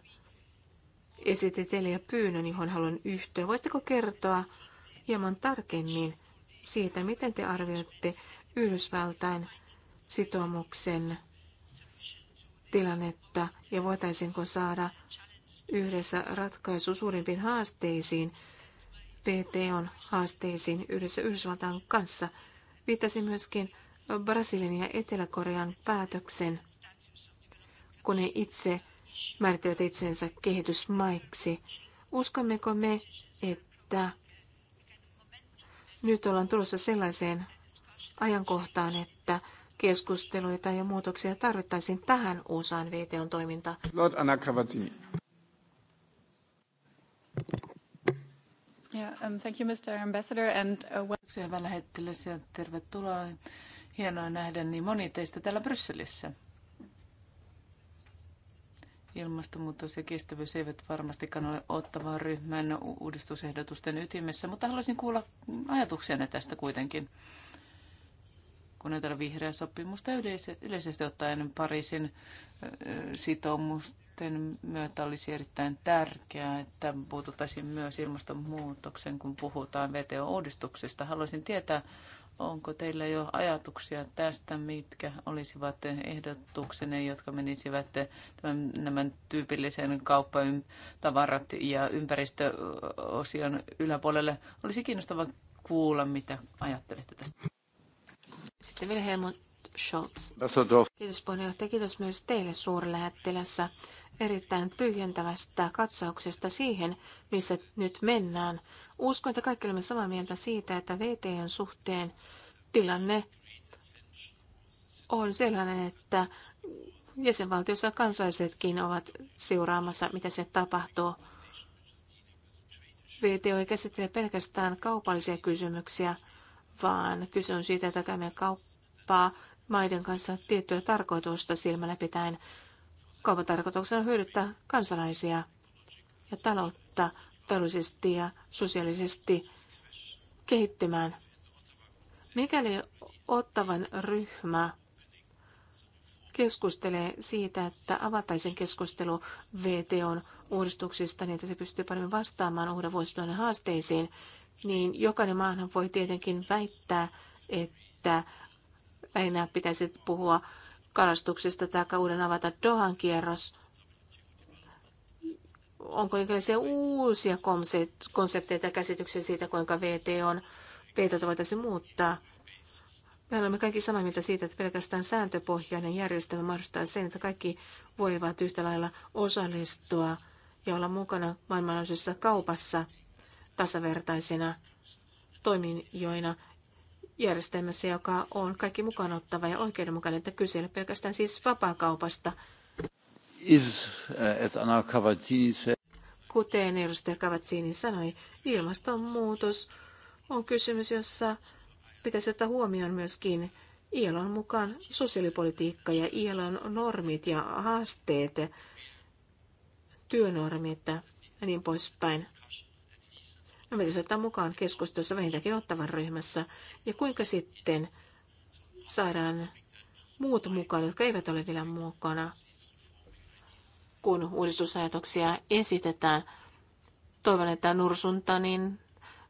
esitetelle ja pyynnön, johon haluan yhtyä. Voisitteko kertoa hieman tarkemmin siitä, miten te arvioitte Yhdysvaltain sitoumuksen tilannetta ja voitaisiinko saada yhdessä ratkaisu suurimpiin haasteisiin, VTOn haasteisiin yhdessä Yhdysvaltain kanssa. Viittasi myöskin Brasilian ja Etelä-Korean päätöksen, kun ne itse määrittelevät itsensä kehitysmaiksi. Uskommeko me, että nyt ollaan tulossa sellaiseen ajankohtaan, että keskusteluita ja muutoksia tarvittaisiin tähän uusaan VTOn toimintaan? Lord Anakavati. Yeah, um, thank you, Mr. Ambassador, and uh, Hyvä ja tervetuloa. Hienoa nähdä niin moni teistä täällä Brysselissä. Ilmastonmuutos ja kestävyys eivät varmastikaan ole ottavan ryhmän uudistusehdotusten ytimessä, mutta haluaisin kuulla ajatuksianne tästä kuitenkin. Kun näitä vihreää sopimusta yleisesti ottaen Pariisin sitoumusten myötä olisi erittäin tärkeää, että puututtaisiin myös ilmastonmuutoksen, kun puhutaan VTO-uudistuksesta. Haluaisin tietää, Onko teillä jo ajatuksia tästä, mitkä olisivat ehdotuksenne, jotka menisivät tämän, tämän tyypillisen kauppan tavarat ja ympäristöosion yläpuolelle? Olisi kiinnostava kuulla, mitä ajattelette tästä. Sitten vielä Helmut Scholz. Kiitos puheenjohtaja, kiitos myös teille suurlähettilässä erittäin tyhjentävästä katsauksesta siihen, missä nyt mennään Uskon, että kaikki olemme samaa mieltä siitä, että VTN suhteen tilanne on sellainen, että jäsenvaltiossa kansallisetkin ovat seuraamassa, mitä se tapahtuu. VTO ei käsittele pelkästään kaupallisia kysymyksiä, vaan kyse on siitä, että käymme kauppaa maiden kanssa tiettyä tarkoitusta silmällä pitäen. Kaupan tarkoituksena on hyödyttää kansalaisia ja taloutta taloudellisesti ja sosiaalisesti kehittymään. Mikäli ottavan ryhmä keskustelee siitä, että avataisiin keskustelu VTOn uudistuksista niin, että se pystyy paremmin vastaamaan uuden vuosituhannen haasteisiin, niin jokainen maahan voi tietenkin väittää, että lähinnä pitäisi puhua kalastuksesta tai uuden avata Dohan kierros – onko jonkinlaisia uusia konsepteita käsityksiä siitä, kuinka VT on, VTtä voitaisiin muuttaa. Me olemme kaikki samaa mieltä siitä, että pelkästään sääntöpohjainen järjestelmä mahdollistaa sen, että kaikki voivat yhtä lailla osallistua ja olla mukana maailmanlaajuisessa kaupassa tasavertaisina toimijoina järjestelmässä, joka on kaikki ottava ja oikeudenmukainen, että kyse ei ole pelkästään siis vapaakaupasta – Eh, Kuten edustaja Kavatsini sanoi, ilmastonmuutos on kysymys, jossa pitäisi ottaa huomioon myöskin ILOn mukaan sosiaalipolitiikka ja ILOn normit ja haasteet, työnormit ja niin poispäin. Me pitäisi ottaa mukaan keskustelussa vähintäänkin ottavan ryhmässä. Ja kuinka sitten saadaan muut mukaan, jotka eivät ole vielä mukana – kun uudistusajatuksia esitetään. Toivon, että Nursuntanin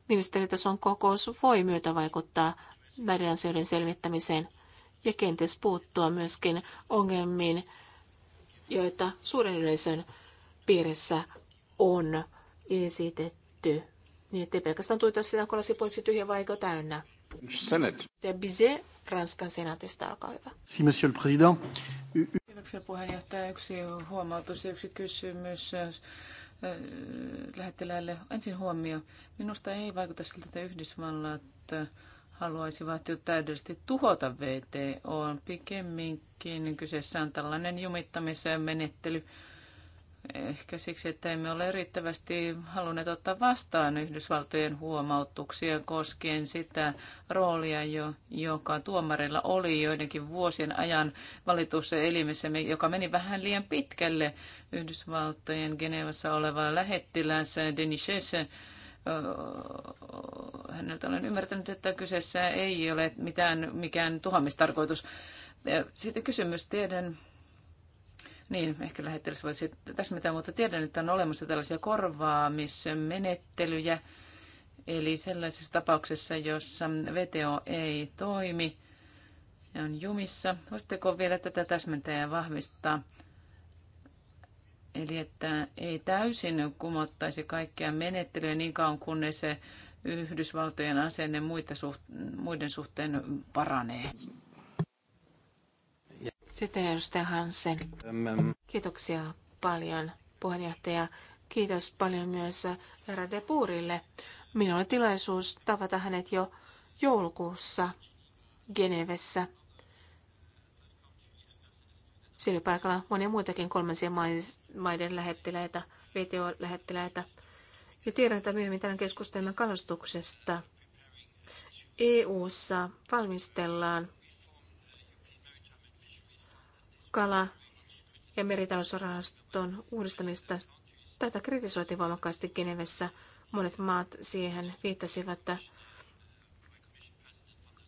ministeritason kokous voi myötä vaikuttaa näiden asioiden selvittämiseen ja kenties puuttua myöskin ongelmiin, joita suuren yleisön piirissä on esitetty. Niin ettei pelkästään tuita sitä, kun olisi puoliksi tyhjä vaiko täynnä. Senet. Bizet, Ranskan senaatista, alkaa hyvä. Si, monsieur le président. Kiitoksia puheenjohtaja. Yksi huomautus ja yksi kysymys äh, lähettiläälle. Ensin huomio. Minusta ei vaikuta siltä, että Yhdysvallat haluaisivat jo täydellisesti tuhota VTO. Pikemminkin kyseessä on tällainen jumittamisen menettely Ehkä siksi, että emme ole riittävästi halunneet ottaa vastaan Yhdysvaltojen huomautuksia koskien sitä roolia, jo, joka tuomarilla oli joidenkin vuosien ajan valitussa elimessä, joka meni vähän liian pitkälle. Yhdysvaltojen Genevassa oleva lähettiläs Denishes häneltä olen ymmärtänyt, että kyseessä ei ole mitään, mikään tuhamistarkoitus. Sitten kysymys tiedän, niin, ehkä lähettelyssä voisi täsmätä, mutta tiedän, että on olemassa tällaisia korvaamismenettelyjä. Eli sellaisessa tapauksessa, jossa VTO ei toimi ja on jumissa, voisitteko vielä tätä täsmentää ja vahvistaa? Eli että ei täysin kumottaisi kaikkia menettelyjä niin kauan, kunnes se Yhdysvaltojen asenne muita suht- muiden suhteen paranee. Sitten edustaja Hansen. Kiitoksia paljon puheenjohtaja. Kiitos paljon myös herra De Puurille. Minulla oli tilaisuus tavata hänet jo joulukuussa Genevessä. Sillä paikalla monia muitakin kolmansien maiden lähettiläitä, VTO-lähettiläitä. Ja tiedän, että myöhemmin tänään keskustellaan kalastuksesta. EU:ssa valmistellaan kala- ja meritalousrahaston uudistamista. Tätä kritisoitiin voimakkaasti Genevessä. Monet maat siihen viittasivat, että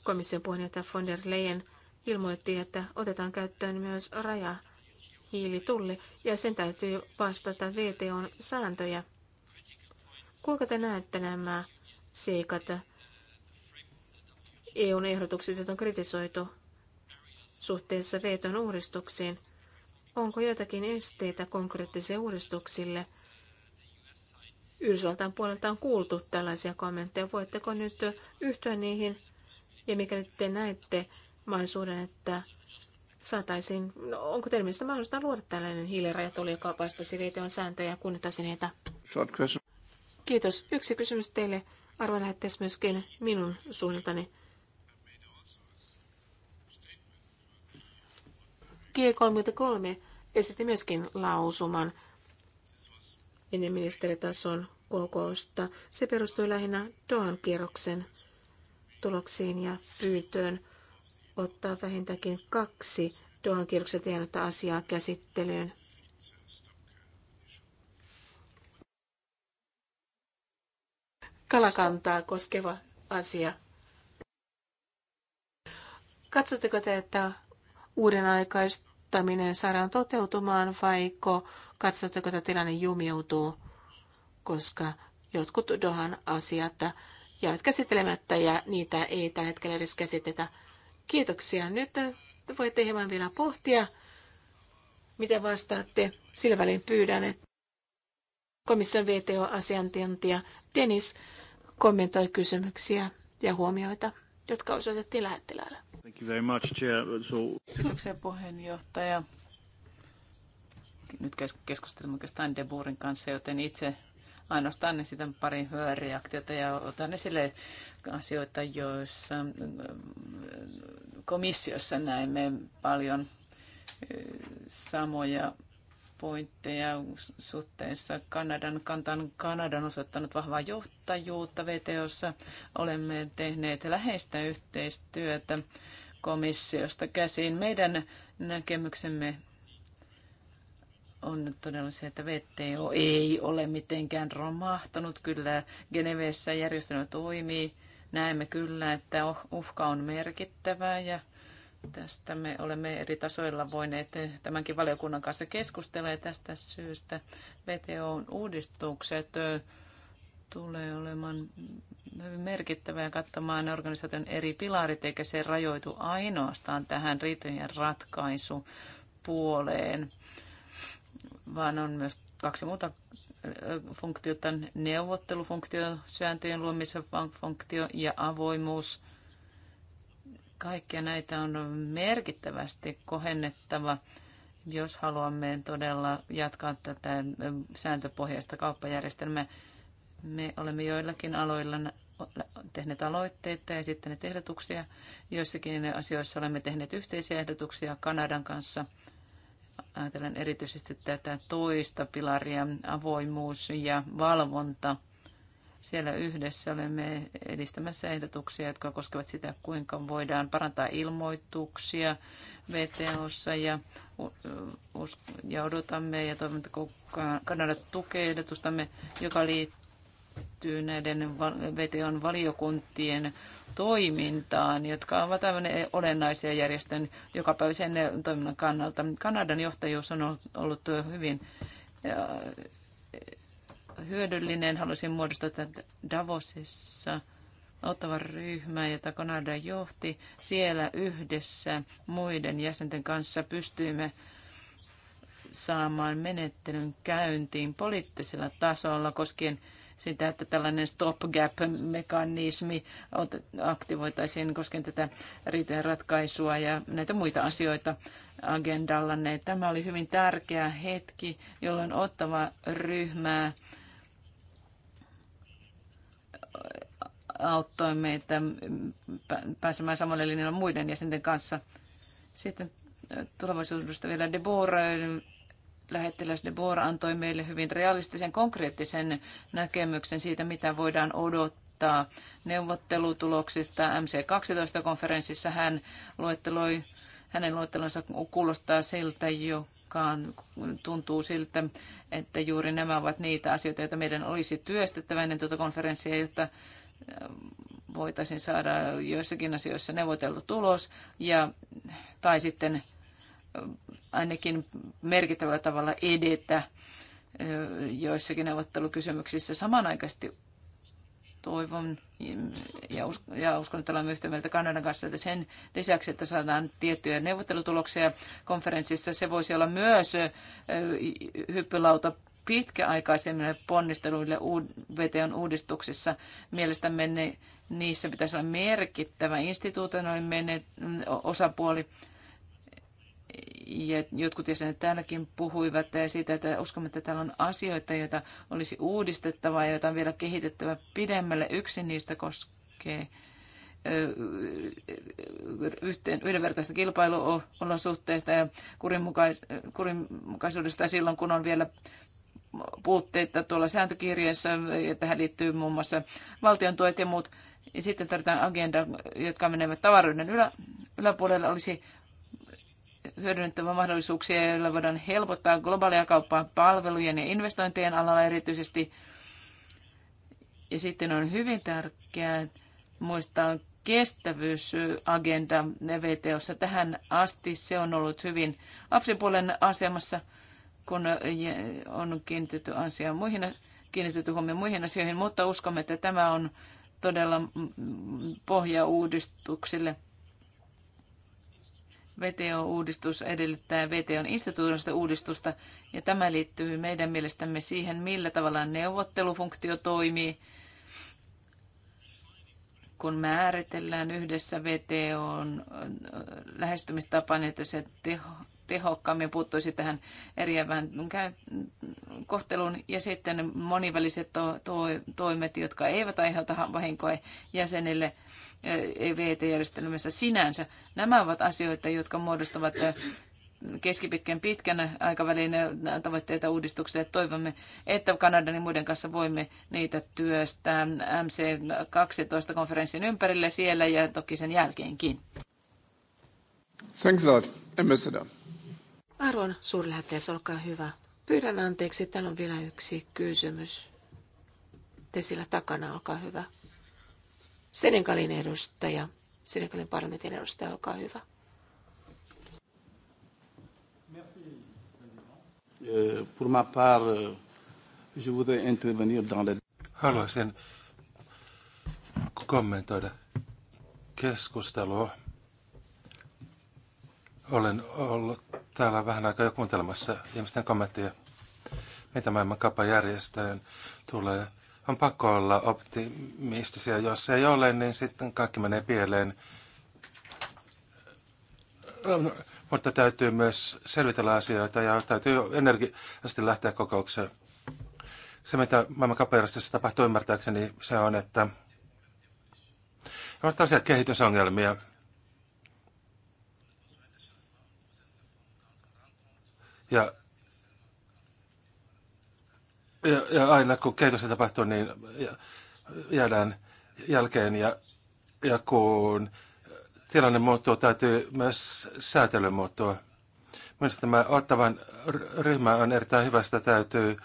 komission puheenjohtaja von der Leyen ilmoitti, että otetaan käyttöön myös raja hiilitulli, ja sen täytyy vastata VTOn sääntöjä. Kuinka te näette nämä seikat EUn ehdotukset, joita on kritisoitu suhteessa veton uudistuksiin. Onko jotakin esteitä konkreettisille uudistuksille? Yhdysvaltain puolelta on kuultu tällaisia kommentteja. Voitteko nyt yhtyä niihin? Ja mikäli te näette mahdollisuuden, että saataisiin, no, onko teidän mielestä mahdollista luoda tällainen hiilirajatuli, joka vastasi VTOn sääntöjä ja kunnittaisi niitä? Kiitos. Yksi kysymys teille, Arvo lähettäisi myöskin minun suunniltani. G33 esitti myöskin lausuman ennen ministeritason kokousta. Se perustui lähinnä Doan kierroksen tuloksiin ja pyyntöön ottaa vähintäänkin kaksi Dohan kierroksen tiedottaa asiaa käsittelyyn. Kalakantaa koskeva asia. Katsotteko te, että uuden aikaistaminen saadaan toteutumaan vaiko katsotteko, että tilanne jumiutuu, koska jotkut Dohan asiat jäävät käsittelemättä ja niitä ei tällä hetkellä edes käsitetä. Kiitoksia. Nyt voitte hieman vielä pohtia, mitä vastaatte. Sillä välin pyydän, että komission VTO-asiantuntija Dennis kommentoi kysymyksiä ja huomioita, jotka osoitettiin lähettiläällä. Thank you very much, Chair. So... Kiitoksia puheenjohtaja. Nyt keskustelen oikeastaan Deburin kanssa, joten itse ainoastaan esitän pari reaktiota ja otan esille asioita, joissa mm, mm, komissiossa näemme paljon mm, samoja pointteja suhteessa Kanadan kantaan. Kanadan osoittanut vahvaa johtajuutta VTOssa. Olemme tehneet läheistä yhteistyötä komissiosta käsiin. Meidän näkemyksemme on todella se, että VTO ei ole mitenkään romahtanut. Kyllä Genevessä järjestelmä toimii. Näemme kyllä, että uh-, uhka on merkittävä ja Tästä me olemme eri tasoilla voineet tämänkin valiokunnan kanssa keskustella ja tästä syystä VTOn uudistukset tulee olemaan hyvin merkittävä ja kattamaan organisaation eri pilarit, eikä se rajoitu ainoastaan tähän riitojen ratkaisupuoleen, vaan on myös kaksi muuta funktiota, neuvottelufunktio, sääntöjen luomisen funktio ja avoimuus – Kaikkia näitä on merkittävästi kohennettava, jos haluamme todella jatkaa tätä sääntöpohjaista kauppajärjestelmää. Me olemme joillakin aloilla tehneet aloitteita ja esittäneet ehdotuksia. Joissakin asioissa olemme tehneet yhteisiä ehdotuksia Kanadan kanssa. Ajatellen erityisesti tätä toista pilaria, avoimuus ja valvonta – siellä yhdessä olemme edistämässä ehdotuksia, jotka koskevat sitä, kuinka voidaan parantaa ilmoituksia VTOssa ja, ja odotamme ja toivomme, että Kanada tukee ehdotustamme, joka liittyy näiden VTOn valiokuntien toimintaan, jotka ovat aivan olennaisia järjestön jokapäiväisen toiminnan kannalta. Kanadan johtajuus on ollut hyvin hyödyllinen. Halusin muodostaa tämän Davosissa ottava ryhmä, jota Kanada johti. Siellä yhdessä muiden jäsenten kanssa pystyimme saamaan menettelyn käyntiin poliittisella tasolla koskien sitä, että tällainen stopgap-mekanismi aktivoitaisiin koskien tätä riitojen ratkaisua ja näitä muita asioita agendallanne. Tämä oli hyvin tärkeä hetki, jolloin ottava ryhmää auttoi meitä pääsemään samalle linjalle muiden jäsenten kanssa. Sitten tulevaisuudesta vielä Deborah, lähettiläs Deborah antoi meille hyvin realistisen, konkreettisen näkemyksen siitä, mitä voidaan odottaa neuvottelutuloksista. MC12-konferenssissa hän luetteloi, hänen luettelonsa kuulostaa siltä, jo aikaan tuntuu siltä, että juuri nämä ovat niitä asioita, joita meidän olisi työstettävä ennen tuota konferenssia, jotta voitaisiin saada joissakin asioissa neuvoteltu tulos ja, tai sitten ainakin merkittävällä tavalla edetä joissakin neuvottelukysymyksissä. Samanaikaisesti toivon ja, us, ja uskon, että olemme yhtä mieltä Kanadan kanssa, että sen lisäksi, että saadaan tiettyjä neuvottelutuloksia konferenssissa, se voisi olla myös hyppylauta pitkäaikaisemmille ponnisteluille VTOn uudistuksissa. Mielestämme ne, niissä pitäisi olla merkittävä instituutioiden osapuoli ja jotkut jäsenet täälläkin puhuivat siitä, että uskomme, että täällä on asioita, joita olisi uudistettava ja joita on vielä kehitettävä pidemmälle. Yksi niistä koskee yhteen, yhdenvertaista kilpailuolosuhteista ja kurinmukais, kurinmukaisuudesta silloin, kun on vielä puutteita tuolla sääntökirjassa, ja tähän liittyy muun muassa valtion tuet ja muut. Ja sitten tarvitaan agenda, jotka menevät tavaroiden ylä, yläpuolelle. Olisi hyödynnettävä mahdollisuuksia, joilla voidaan helpottaa globaalia kauppaa palvelujen ja investointien alalla erityisesti. Ja sitten on hyvin tärkeää muistaa kestävyysagenda VTOssa. Tähän asti se on ollut hyvin lapsipuolen asemassa, kun on kiinnitetty, asia muihin, kiinnitetty huomioon muihin asioihin, mutta uskomme, että tämä on todella pohja uudistuksille – VTO-uudistus edellyttää VTOn instituutioista uudistusta, ja tämä liittyy meidän mielestämme siihen, millä tavalla neuvottelufunktio toimii, kun määritellään yhdessä VTOn lähestymistapaan, että se teho, tehokkaammin puuttuisi tähän eriävään kohteluun. Ja sitten moniväliset to, to, toimet, jotka eivät aiheuta vahinkoa jäsenille – VT-järjestelmässä sinänsä. Nämä ovat asioita, jotka muodostavat keskipitkän pitkän aikavälin tavoitteita uudistuksia. Toivomme, että Kanadan ja muiden kanssa voimme niitä työstää MC12-konferenssin ympärille siellä ja toki sen jälkeenkin. Thanks a lot, ambassador. Arvon suurlähettäjäs, olkaa hyvä. Pyydän anteeksi, täällä on vielä yksi kysymys. Te sillä takana, olkaa hyvä. Senegalin edustaja, Senegalin parlamentin edustaja, olkaa hyvä. Euh, pour ma part, euh, je voudrais intervenir dans Haluaisin kommentoida keskustelua. Olen ollut täällä vähän aikaa jo kuuntelemassa ihmisten kommentteja, mitä maailmankaupan järjestöön tulee on pakko olla optimistisia. Jos ei ole, niin sitten kaikki menee pieleen. Ähm, mutta täytyy myös selvitellä asioita ja täytyy energiasti lähteä kokoukseen. Se, mitä maailman kapeerastossa tapahtuu ymmärtääkseni, se on, että on tällaisia kehitysongelmia. Ja ja, ja aina kun keitossa tapahtuu, niin jäädään jälkeen ja, ja kun tilanne muuttuu, täytyy myös säätely muuttua. Minusta tämä ottavan ryhmä on erittäin hyvä, sitä täytyy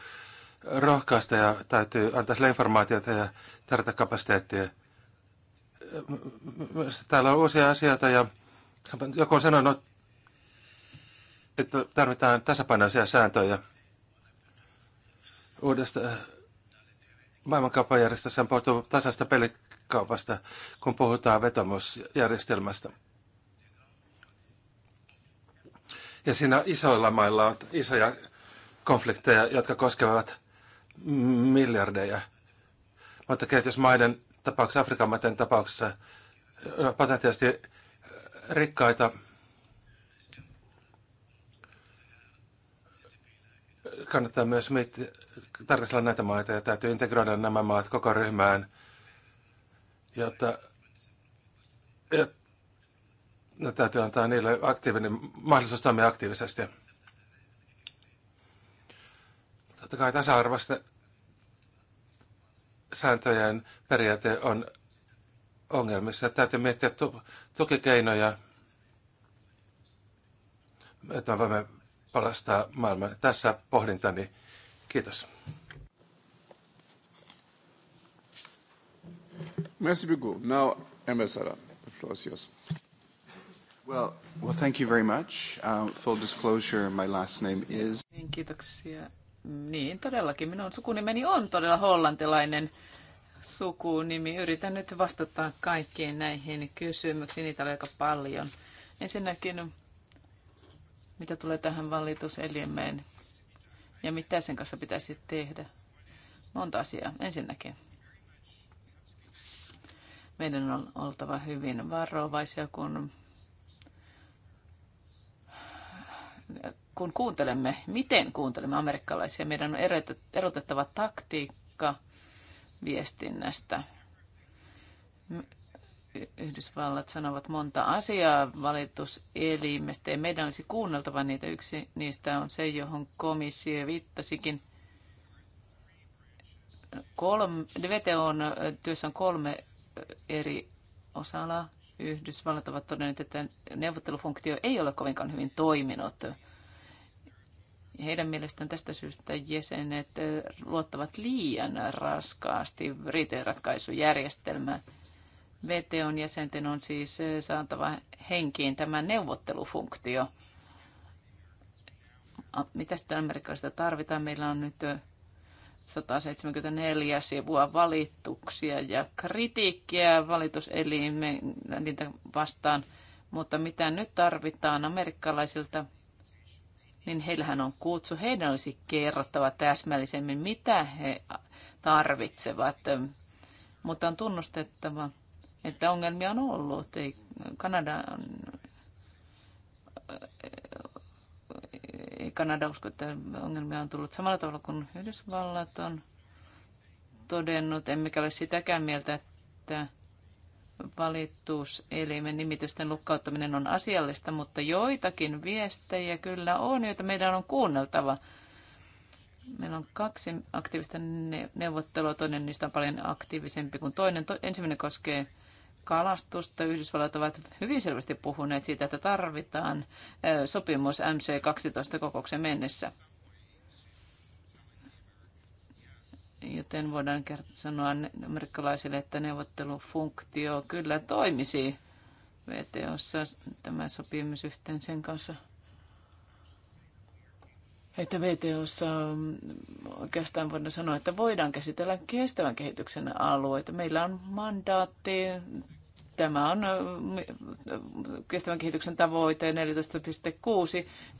rohkaista ja täytyy antaa sille informaatiota ja tarjota kapasiteettia. Minusta täällä on uusia asioita ja joku on sanonut, että tarvitaan tasapainoisia sääntöjä uudesta maailmankauppajärjestössä on puhuttu tasasta pelikaupasta, kun puhutaan vetomusjärjestelmästä. Ja siinä isoilla mailla on isoja konflikteja, jotka koskevat miljardeja. Mutta kehitysmaiden tapauksessa, Afrikan maiden tapauksessa, potentiaalisesti rikkaita kannattaa myös miettiä, tarkastella näitä maita ja täytyy integroida nämä maat koko ryhmään, jotta, jotta no, täytyy antaa niille aktiivinen, mahdollisuus toimia aktiivisesti. Totta kai tasa arvoista sääntöjen periaate on ongelmissa. Täytyy miettiä tu- tukikeinoja, että me voimme palastaa maailman. Tässä pohdintani. Kiitos. Merci beaucoup. Now, Ambassador, the floor is yours. Well, well, thank you very much. Uh, full disclosure, my last name is... Niin, kiitoksia. Niin, todellakin. Minun sukunimeni on todella hollantilainen sukunimi. Yritän nyt vastata kaikkiin näihin kysymyksiin. Niitä oli aika paljon. Ensinnäkin mitä tulee tähän valituselimeen ja mitä sen kanssa pitäisi tehdä. Monta asiaa. Ensinnäkin meidän on oltava hyvin varovaisia, kun, kun kuuntelemme, miten kuuntelemme amerikkalaisia. Meidän on erotettava taktiikka viestinnästä. Yhdysvallat sanovat monta asiaa valituselimestä ja meidän olisi kuunneltava niitä. Yksi niistä on se, johon komissio viittasikin. Kolme, VTOn työssä on kolme eri osa Yhdysvallat ovat todenneet, että neuvottelufunktio ei ole kovinkaan hyvin toiminut. Heidän mielestään tästä syystä jäsenet luottavat liian raskaasti riiteenratkaisujärjestelmään. ratkaisujärjestelmään VTOn jäsenten on siis eh, saatava henkiin tämä neuvottelufunktio. Mitä sitten amerikkalaisista tarvitaan? Meillä on nyt 174 eh, sivua valituksia ja kritiikkiä niitä vastaan. Mutta mitä nyt tarvitaan amerikkalaisilta, niin heillähän on kutsu. Heidän olisi kerrottava täsmällisemmin, mitä he tarvitsevat. Mutta on tunnustettava, että ongelmia on ollut. Ei, Kanada on, ei Kanada usko, että ongelmia on tullut samalla tavalla kuin Yhdysvallat on todennut. Emmekä ole sitäkään mieltä, että valituselimen nimitysten lukkauttaminen on asiallista, mutta joitakin viestejä kyllä on, joita meidän on kuunneltava. Meillä on kaksi aktiivista neuvottelua, toinen niistä on paljon aktiivisempi kuin toinen. ensimmäinen koskee kalastusta. Yhdysvallat ovat hyvin selvästi puhuneet siitä, että tarvitaan sopimus MC12 kokouksen mennessä. Joten voidaan sanoa amerikkalaisille, että neuvottelufunktio kyllä toimisi VTOssa tämä sopimus yhteen sen kanssa – että VTOssa mm, oikeastaan voidaan sanoa, että voidaan käsitellä kestävän kehityksen alueita. Meillä on mandaatti, tämä on mm, kestävän kehityksen tavoite 14.6.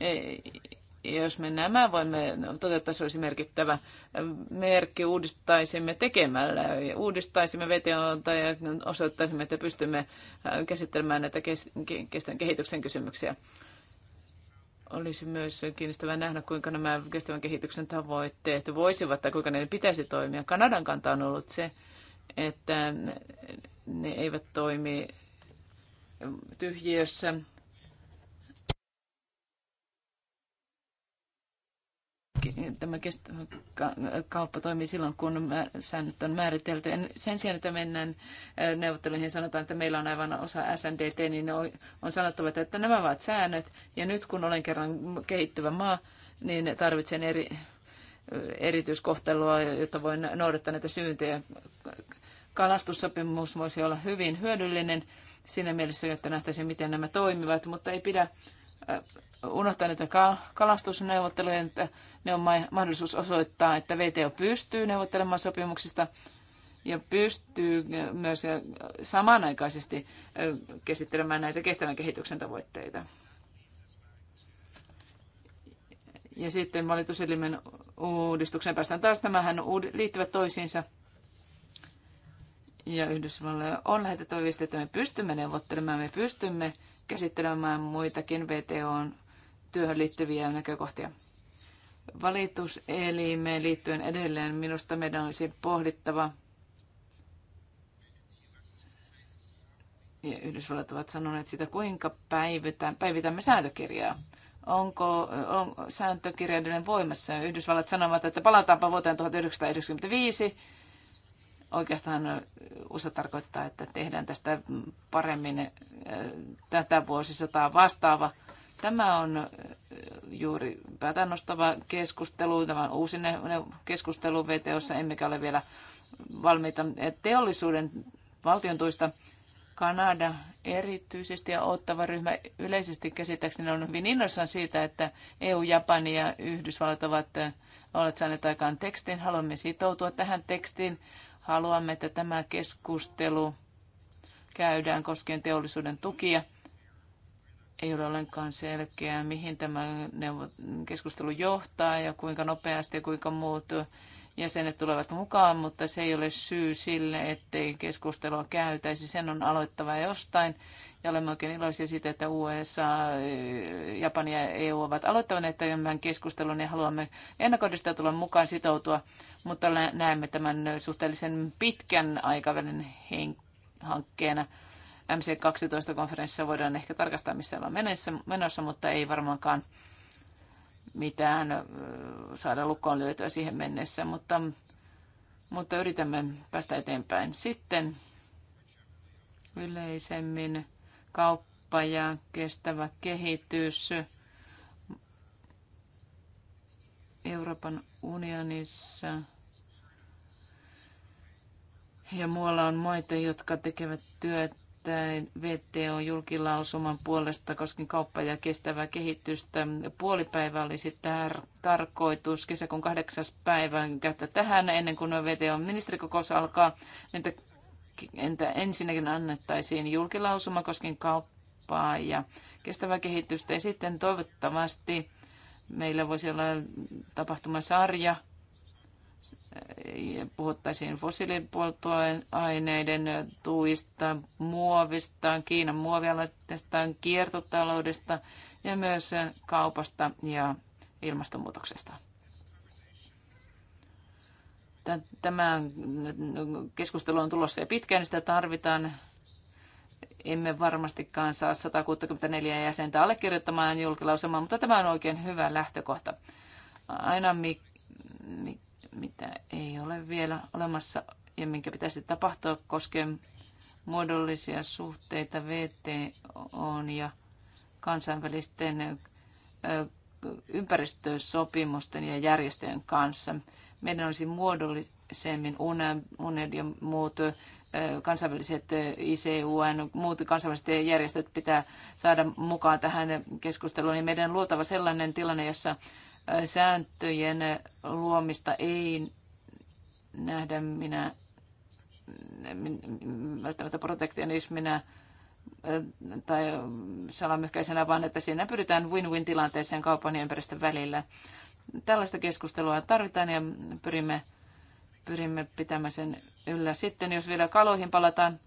E, jos me nämä voimme toteuttaa, se olisi merkittävä merkki. Uudistaisimme tekemällä, uudistaisimme VTOta ja osoittaisimme, että pystymme käsittelemään näitä kestävän kehityksen kysymyksiä. Olisi myös kiinnostavaa nähdä, kuinka nämä kestävän kehityksen tavoitteet voisivat tai kuinka ne pitäisi toimia. Kanadan kanta on ollut se, että ne eivät toimi tyhjiössä tämä kauppa toimii silloin, kun säännöt on määritelty. Sen sijaan, että mennään neuvotteluihin sanotaan, että meillä on aivan osa SNDT, niin on sanottava, että nämä ovat säännöt. Ja nyt kun olen kerran kehittyvä maa, niin tarvitsen eri, erityiskohtelua, jotta voin noudattaa näitä syyntejä. Kalastussopimus voisi olla hyvin hyödyllinen siinä mielessä, että nähtäisiin, miten nämä toimivat, mutta ei pidä unohtaa näitä kalastusneuvotteluja, että ne on mahdollisuus osoittaa, että VTO pystyy neuvottelemaan sopimuksista ja pystyy myös samanaikaisesti käsittelemään näitä kestävän kehityksen tavoitteita. Ja sitten valituselimen uudistuksen päästään taas. Nämähän liittyvät toisiinsa. Ja Yhdysvalloille on lähetettävä viesti, että me pystymme neuvottelemaan, me pystymme käsittelemään muitakin VTOn työhön liittyviä näkökohtia. Valituselimeen liittyen edelleen minusta meidän olisi pohdittava, ja Yhdysvallat ovat sanoneet sitä, kuinka päivitämme, päivitämme sääntökirjaa. Onko on, sääntökirja edelleen voimassa? Yhdysvallat sanovat, että palataanpa vuoteen 1995. Oikeastaan USA tarkoittaa, että tehdään tästä paremmin tätä vuosisataa vastaava – Tämä on äh, juuri päätään nostava keskustelu, tämä on uusi keskustelu VTOssa, emmekä ole vielä valmiita teollisuuden valtion tuista. Kanada erityisesti ja ottava ryhmä yleisesti käsittääkseni on hyvin innoissaan siitä, että EU, Japani ja Yhdysvallat ovat äh, olleet saaneet aikaan tekstin. Haluamme sitoutua tähän tekstiin. Haluamme, että tämä keskustelu käydään koskien teollisuuden tukia ei ole ollenkaan selkeää, mihin tämä keskustelu johtaa ja kuinka nopeasti ja kuinka muut jäsenet tulevat mukaan, mutta se ei ole syy sille, ettei keskustelua käytäisi. Sen on aloittava jostain. Ja olemme oikein iloisia siitä, että USA, e Japani ja EU ovat aloittaneet tämän keskustelun ja haluamme ennakoidusta tulla mukaan sitoutua, mutta näemme tämän suhteellisen pitkän aikavälin hankkeena. MC12-konferenssissa voidaan ehkä tarkastaa, missä ollaan menossa, menossa mutta ei varmaankaan mitään saada lukkoon löytyä siihen mennessä, mutta, mutta yritämme päästä eteenpäin. Sitten yleisemmin kauppa ja kestävä kehitys. Euroopan unionissa ja muualla on maita, jotka tekevät työtä nimittäin VTO julkilausuman puolesta koskien kauppaa ja kestävää kehitystä. Puolipäivä olisi tär- tarkoitus kesäkuun kahdeksas päivä käyttää tähän ennen kuin VTO ministerikokous alkaa. Entä, entä ensinnäkin annettaisiin julkilausuma koskien kauppaa ja kestävää kehitystä ja sitten toivottavasti meillä voisi olla tapahtumasarja puhuttaisiin fossiilipolttoaineiden tuista, muovista, Kiinan muovialoitteesta, kiertotaloudesta ja myös kaupasta ja ilmastonmuutoksesta. Tämä keskustelu on tulossa ja pitkään niin sitä tarvitaan. Emme varmastikaan saa 164 jäsentä allekirjoittamaan julkilausumaan, mutta tämä on oikein hyvä lähtökohta. Aina mi- mi- mitä ei ole vielä olemassa ja minkä pitäisi tapahtua koskien muodollisia suhteita VTOn ja kansainvälisten ympäristösopimusten ja järjestöjen kanssa. Meidän olisi muodollisemmin UNED ja muut kansainväliset ICUN, muut kansainväliset järjestöt pitää saada mukaan tähän keskusteluun. Meidän on luotava sellainen tilanne, jossa sääntöjen luomista ei nähdä minä välttämättä protektionismina äh, tai salamyhkäisenä, vaan että siinä pyritään win-win-tilanteeseen kaupan ja ympäristön välillä. Tällaista keskustelua tarvitaan ja pyrimme, pyrimme pitämään sen yllä. Sitten jos vielä kaloihin palataan,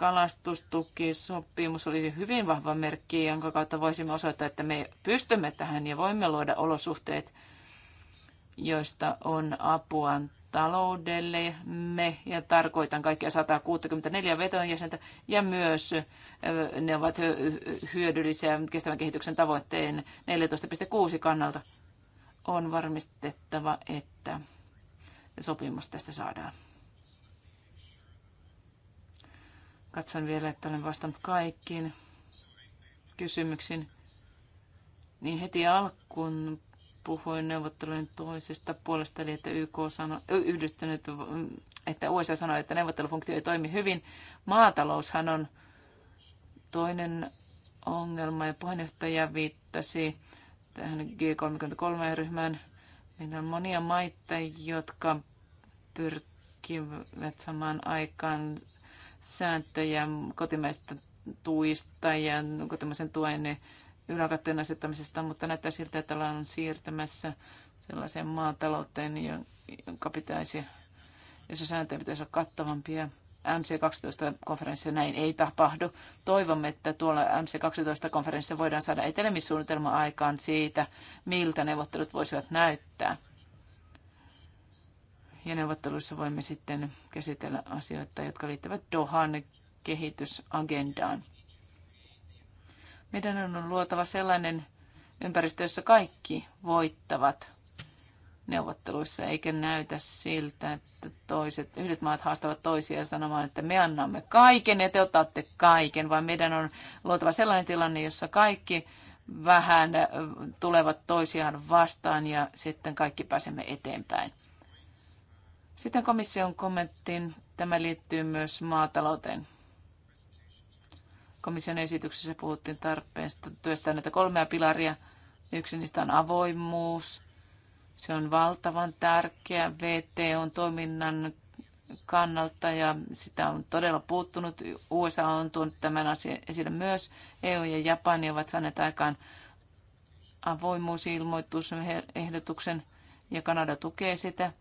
kalastustukisopimus oli hyvin vahva merkki, jonka kautta voisimme osoittaa, että me pystymme tähän ja voimme luoda olosuhteet, joista on apua taloudelle me, ja tarkoitan kaikkia 164 jäsentä ja myös ne ovat hyödyllisiä kestävän kehityksen tavoitteen 14.6 kannalta. On varmistettava, että sopimus tästä saadaan. Katson vielä, että olen vastannut kaikkiin kysymyksiin. Niin heti alkuun puhuin neuvottelujen toisesta puolesta, eli että YK sano, yhdistynyt, että USA sanoi, että neuvottelufunktio ei toimi hyvin. Maataloushan on toinen ongelma, ja puheenjohtaja viittasi tähän G33-ryhmään. Meillä on monia maita, jotka pyrkivät samaan aikaan sääntöjä kotimaista tuista ja kotimaisen tuen yläkattojen asettamisesta, mutta näyttää siltä, että ollaan siirtymässä sellaiseen maatalouteen, jonka pitäisi, jossa sääntöjä pitäisi olla kattavampia. MC12-konferenssissa näin ei tapahdu. Toivomme, että tuolla MC12-konferenssissa voidaan saada etenemissuunnitelma aikaan siitä, miltä neuvottelut voisivat näyttää ja neuvotteluissa voimme sitten käsitellä asioita, jotka liittyvät Dohan kehitysagendaan. Meidän on luotava sellainen ympäristö, jossa kaikki voittavat neuvotteluissa, eikä näytä siltä, että toiset, yhdet maat haastavat toisia sanomaan, että me annamme kaiken ja te otatte kaiken, vaan meidän on luotava sellainen tilanne, jossa kaikki vähän tulevat toisiaan vastaan ja sitten kaikki pääsemme eteenpäin. Sitten komission kommenttiin. Tämä liittyy myös maatalouteen. Komission esityksessä puhuttiin tarpeesta työstää näitä kolmea pilaria. Yksi niistä on avoimuus. Se on valtavan tärkeä on toiminnan kannalta ja sitä on todella puuttunut. USA on tuonut tämän asian esille myös. EU ja Japani ovat saaneet aikaan avoimuusilmoitusehdotuksen ja Kanada tukee sitä.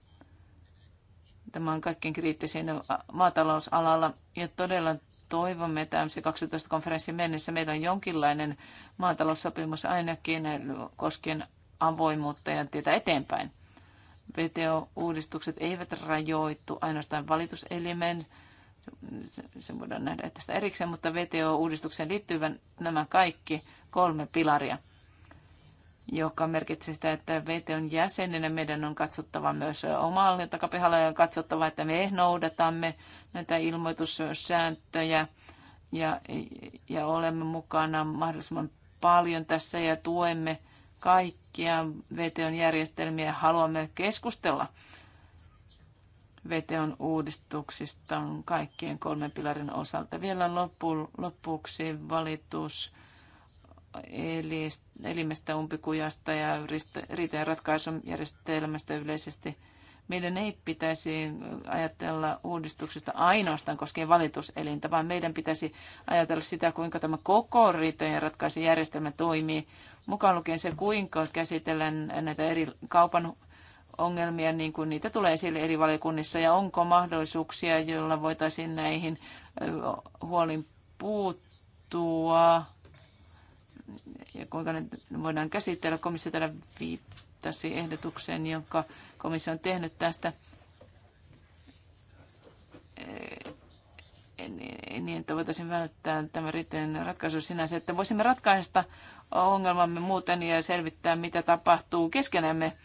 Tämä on kaikkein kriittisin maatalousalalla ja todella toivomme, että MC12-konferenssin mennessä meillä on jonkinlainen maataloussopimus ainakin koskien avoimuutta ja tietä eteenpäin. VTO-uudistukset eivät rajoittu ainoastaan valituselimen, se voidaan nähdä tästä erikseen, mutta VTO-uudistukseen liittyvän nämä kaikki kolme pilaria – joka merkitsee sitä, että VTOn jäsenenä meidän on katsottava myös omalle takapihalle ja katsottava, että me noudatamme näitä ilmoitussääntöjä ja, ja olemme mukana mahdollisimman paljon tässä ja tuemme kaikkia VTOn järjestelmiä ja haluamme keskustella VTOn uudistuksista kaikkien kolmen pilarin osalta. Vielä loppu, lopuksi valitus elimestä, umpikujasta ja riitojen ratkaisujärjestelmästä yleisesti. Meidän ei pitäisi ajatella uudistuksesta ainoastaan koskien valituselintä, vaan meidän pitäisi ajatella sitä, kuinka tämä koko riitojen ratkaisujärjestelmä toimii, mukaan lukien se, kuinka käsitellään näitä eri kaupan ongelmia, niin kuin niitä tulee esille eri valiokunnissa, ja onko mahdollisuuksia, joilla voitaisiin näihin huolin puuttua ja kuinka ne voidaan käsitellä. Komissio täällä viittasi ehdotukseen, jonka komissio on tehnyt tästä eh, niin, että voitaisiin välttää tämä riittävän ratkaisu sinänsä, että voisimme ratkaista ongelmamme muuten ja selvittää, mitä tapahtuu keskenämme.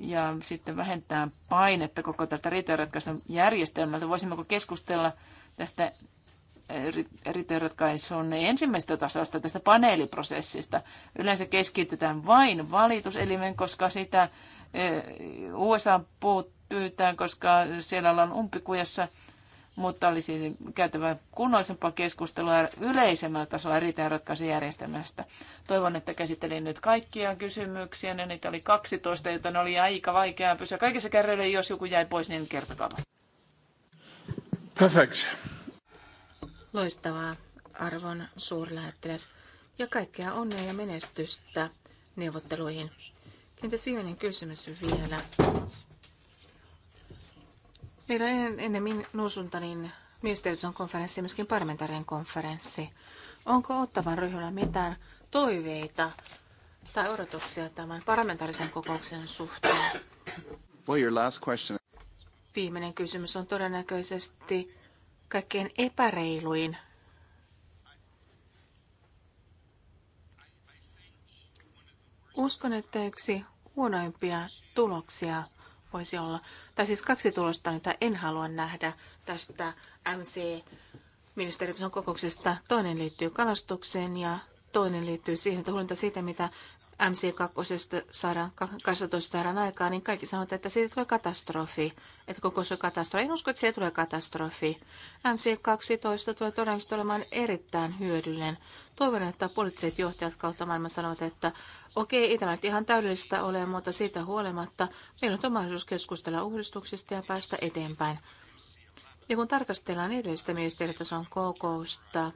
Ja sitten vähentää painetta koko tältä riitojenratkaisun järjestelmältä. Voisimmeko keskustella tästä kriteerit, kai on ensimmäistä tasosta tästä paneeliprosessista. Yleensä keskitytään vain valituselimen, koska sitä USA pyytää, koska siellä ollaan umpikujassa, mutta olisi käytävä kunnollisempaa keskustelua yleisemmällä tasolla riitajanratkaisujärjestelmästä. Toivon, että käsittelin nyt kaikkia kysymyksiä, ja niitä oli 12, joten oli aika vaikeaa pysyä kaikessa kärryillä. Jos joku jäi pois, niin kertokaa. Perfect. Loistavaa arvon suurlähettiläs ja kaikkea onnea ja menestystä neuvotteluihin. Kenties viimeinen kysymys vielä. Meillä en, nuusunta, niin ministeriön konferenssi ja myöskin parlamentaarinen konferenssi. Onko Ottavan ryhmällä mitään toiveita tai odotuksia tämän parlamentaarisen kokouksen suhteen? Well, your last question. Viimeinen kysymys on todennäköisesti kaikkein epäreiluin. Uskon, että yksi huonoimpia tuloksia voisi olla, tai siis kaksi tulosta, mitä en halua nähdä tästä MC ministeritason kokouksesta. Toinen liittyy kalastukseen ja toinen liittyy siihen, että huolimatta siitä, mitä MC2 saadaan, 12 saadaan aikaa, niin kaikki sanoivat, että siitä tulee katastrofi. Että koko se katastrofi. En usko, että siitä tulee katastrofi. MC12 tulee todennäköisesti olemaan erittäin hyödyllinen. Toivon, että poliittiset johtajat kautta maailman sanovat, että okei, ei tämä nyt ihan täydellistä ole, mutta siitä huolimatta meillä on mahdollisuus keskustella uudistuksista ja päästä eteenpäin. Ja kun tarkastellaan edellistä ministeritason kokousta,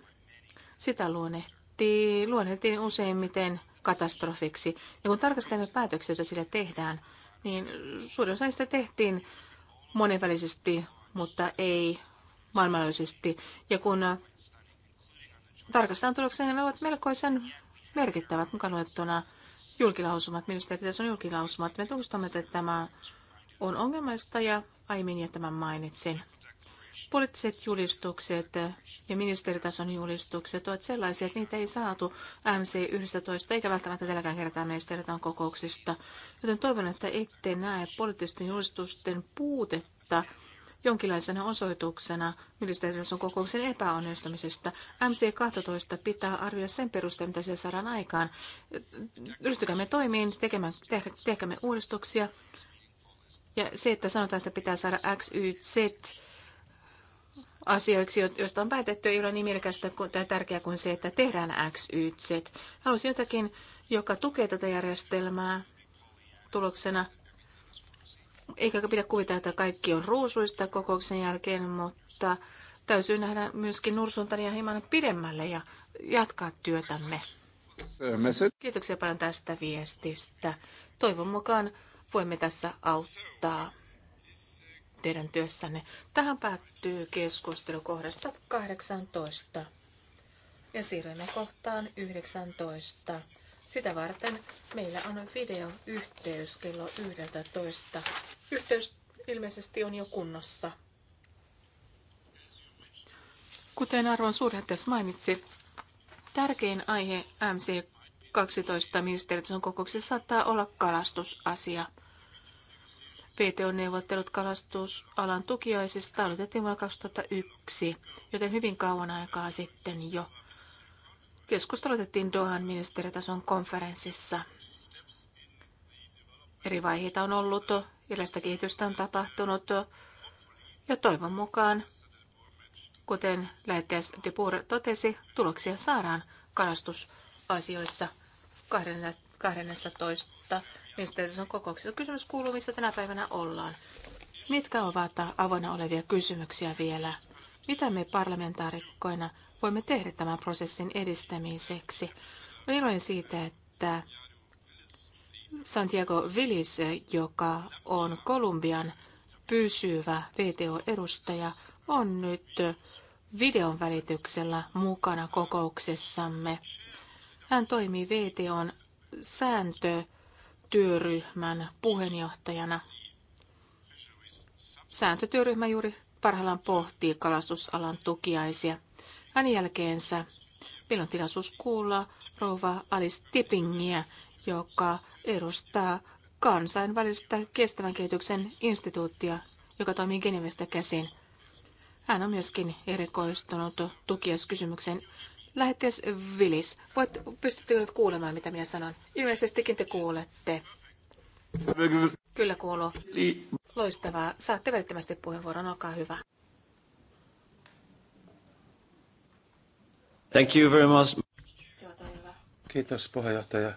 sitä luonnehtiin, luonnehtiin useimmiten – katastrofiksi. Ja kun tarkastelemme päätöksiä, joita sille tehdään, niin suurin osa niistä tehtiin monenvälisesti, mutta ei maailmanlaajuisesti. Ja kun tarkastetaan tuloksia, niin ne ovat melkoisen merkittävät mukaan luettuna julkilausumat, ministerit on julkilausumat. Me tunnustamme, että tämä on ongelmaista ja aiemmin jo tämän mainitsin. Poliittiset julistukset ja ministeritason julistukset ovat sellaisia, että niitä ei saatu MC11 eikä välttämättä tälläkään kertaa ministeritason kokouksista. Joten toivon, että ette näe poliittisten julistusten puutetta jonkinlaisena osoituksena ministeritason kokouksen epäonnistumisesta. MC12 pitää arvioida sen perusteella, mitä siellä saadaan aikaan. Ryhtykäämme toimiin, tekemään, tehkäämme uudistuksia. Ja se, että sanotaan, että pitää saada XYZ asioiksi, joista on päätetty, ei ole niin mielekästä tai tärkeää kuin se, että tehdään X, Y, Z. Haluaisin jotakin, joka tukee tätä järjestelmää tuloksena. Eikä pidä kuvitella, että kaikki on ruusuista kokouksen jälkeen, mutta täytyy nähdä myöskin ja hieman pidemmälle ja jatkaa työtämme. Kiitoksia paljon tästä viestistä. Toivon mukaan voimme tässä auttaa teidän työssänne. Tähän päättyy keskustelu kohdasta 18. Ja siirrymme kohtaan 19. Sitä varten meillä on videoyhteys kello 11. Yhteys ilmeisesti on jo kunnossa. Kuten arvon suurhättäs mainitsi, tärkein aihe MC12 ministeriön kokouksessa saattaa olla kalastusasia – VTO-neuvottelut kalastusalan tukiaisista aloitettiin vuonna 2001, joten hyvin kauan aikaa sitten jo. Keskustelu otettiin Dohan ministeritason konferenssissa. Eri vaiheita on ollut, erilaista kehitystä on tapahtunut ja toivon mukaan, kuten lähettäjäs de Boer totesi, tuloksia saadaan kalastusasioissa 12 on kokouksessa. Kysymys kuuluu, missä tänä päivänä ollaan. Mitkä ovat avoinna olevia kysymyksiä vielä? Mitä me parlamentaarikkoina voimme tehdä tämän prosessin edistämiseksi? Olen iloinen siitä, että Santiago Vilis, joka on Kolumbian pysyvä VTO-edustaja, on nyt videon välityksellä mukana kokouksessamme. Hän toimii VTOn sääntö sääntötyöryhmän puheenjohtajana. Sääntötyöryhmä juuri parhaillaan pohtii kalastusalan tukiaisia. Hänen jälkeensä meillä on tilaisuus kuulla rouva Alice Tippingiä, joka edustaa kansainvälistä kestävän kehityksen instituuttia, joka toimii Genevestä käsin. Hän on myöskin erikoistunut tukiaskysymyksen Lähettiläs Vilis. voit, pystyttekö nyt kuulemaan, mitä minä sanon? Ilmeisestikin te kuulette. Kyllä kuuluu. Loistavaa. Saatte välittömästi puheenvuoron, olkaa hyvä. Thank you very much. Kiitos puheenjohtaja.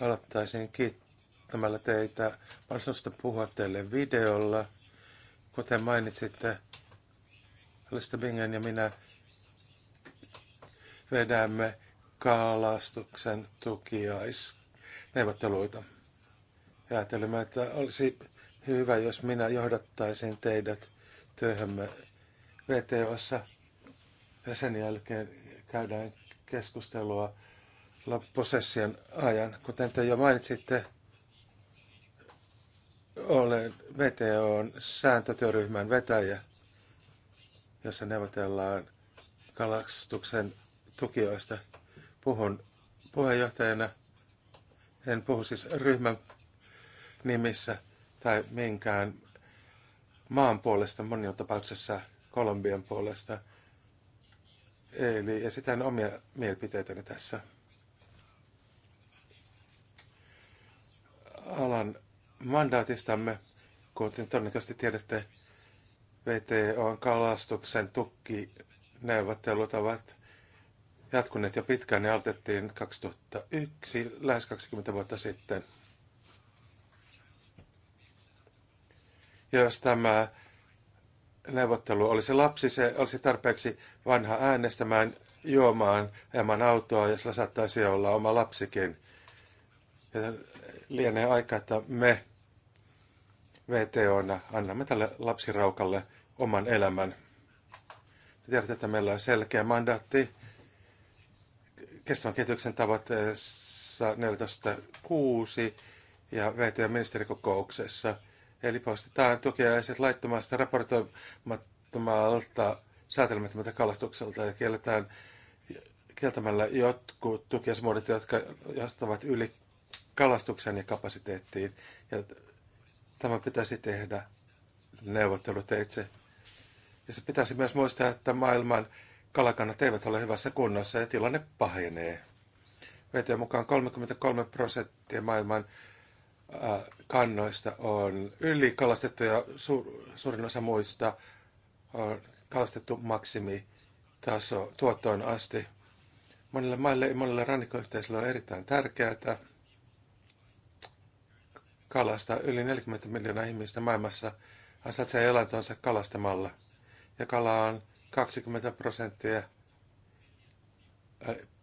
Aloittaisin kiittämällä teitä mahdollisuudesta puhua teille videolla. Kuten mainitsitte, Lista Bingen ja minä vedämme kalastuksen tukiaisneuvotteluita. Ja että olisi hyvä, jos minä johdattaisin teidät työhömme VTOssa. Ja sen jälkeen käydään keskustelua prosessien ajan. Kuten te jo mainitsitte, olen VTOn sääntötyöryhmän vetäjä, jossa neuvotellaan kalastuksen tukijoista. Puhun puheenjohtajana, en puhu siis ryhmän nimissä tai minkään maan puolesta, monin tapauksessa Kolumbian puolesta. Eli esitän omia mielipiteitäni tässä. Alan mandaatistamme, kuten todennäköisesti tiedätte, VTO on kalastuksen tukkineuvottelut ovat jatkuneet jo pitkään. Ne aloitettiin 2001, lähes 20 vuotta sitten. Ja jos tämä neuvottelu olisi lapsi, se olisi tarpeeksi vanha äänestämään, juomaan, ajamaan autoa, ja sillä saattaisi olla oma lapsikin. Ja lienee aika, että me VTOna annamme tälle lapsiraukalle oman elämän. Te tiedätte, että meillä on selkeä mandaatti kestävän kehityksen tavoitteessa 14.6 ja VTO ministerikokouksessa. Eli poistetaan tukiaiset laittomasta raportoimattomalta säätelemättömältä kalastukselta ja kielletään kieltämällä jotkut tukiasmuodot, jotka johtavat yli kalastuksen ja kapasiteettiin. Ja tämä pitäisi tehdä neuvotteluteitse. Ja se pitäisi myös muistaa, että maailman kalakannat eivät ole hyvässä kunnossa ja tilanne pahenee. VTn mukaan 33 prosenttia maailman kannoista on ylikalastettu ja su- suurin osa muista on kalastettu maksimitaso tuottoon asti. Monille maille ja monille rannikkoyhteisöille on erittäin tärkeää kalastaa. Yli 40 miljoonaa ihmistä maailmassa ansaitsee elantonsa kalastamalla. Ja kala on 20 prosenttia äh,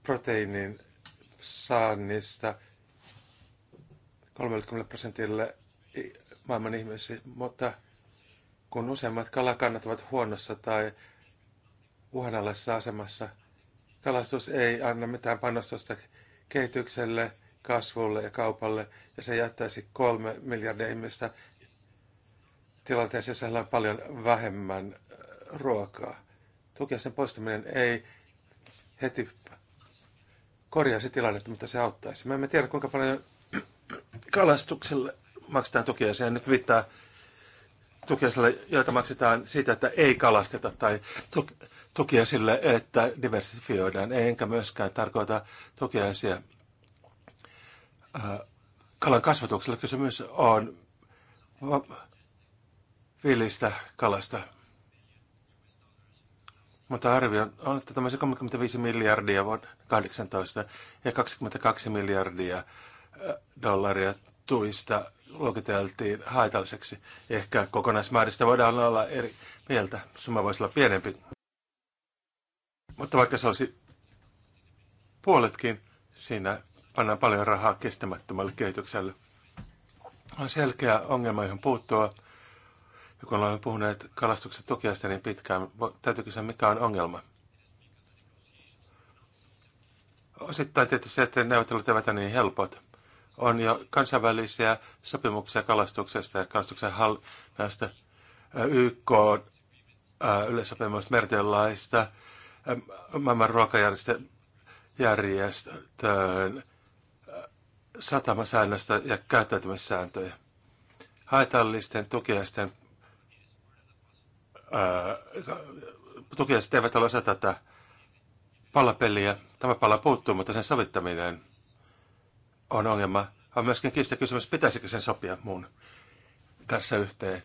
proteiinin saannista 30 prosentille maailman ihmisiä, mutta kun useimmat kalakannat ovat huonossa tai uhanalaisessa asemassa, kalastus ei anna mitään panostusta kehitykselle, kasvulle ja kaupalle, ja se jättäisi kolme miljardia ihmistä tilanteeseen, jossa on paljon vähemmän äh, ruokaa sen poistaminen ei heti korjaisi tilannetta, mutta se auttaisi. Me emme tiedä, kuinka paljon kalastukselle maksetaan tukiaisia. Nyt viittaa tukiaisille, joita maksetaan siitä, että ei kalasteta, tai tukia sille, että diversifioidaan. Ei enkä myöskään tarkoita tukiaisia kalan kasvatuksella. Kysymys on vilistä kalasta. Mutta arvio on, että tämmöisen 35 miljardia vuonna 2018 ja 22 miljardia dollaria tuista luokiteltiin haitalliseksi. Ehkä kokonaismääristä voidaan olla eri mieltä. Summa voisi olla pienempi. Mutta vaikka se olisi puoletkin, siinä pannaan paljon rahaa kestämättömälle kehitykselle. On selkeä ongelma, johon puuttua ja kun olemme puhuneet kalastuksesta tukiasta niin pitkään, täytyy kysyä, mikä on ongelma? Osittain tietysti se, että neuvottelut eivät ole niin helpot. On jo kansainvälisiä sopimuksia kalastuksesta ja kalastuksen hallinnasta, YK yleissopimus mertenlaista, maailman ruokajärjestöön satamasäännöstä ja käyttäytymissääntöjä. Haitallisten tukiaisten tukiaiset eivät ole osa tätä pallapeliä. Tämä pala puuttuu, mutta sen sovittaminen on ongelma. On myöskin kiistä kysymys, pitäisikö sen sopia muun kanssa yhteen.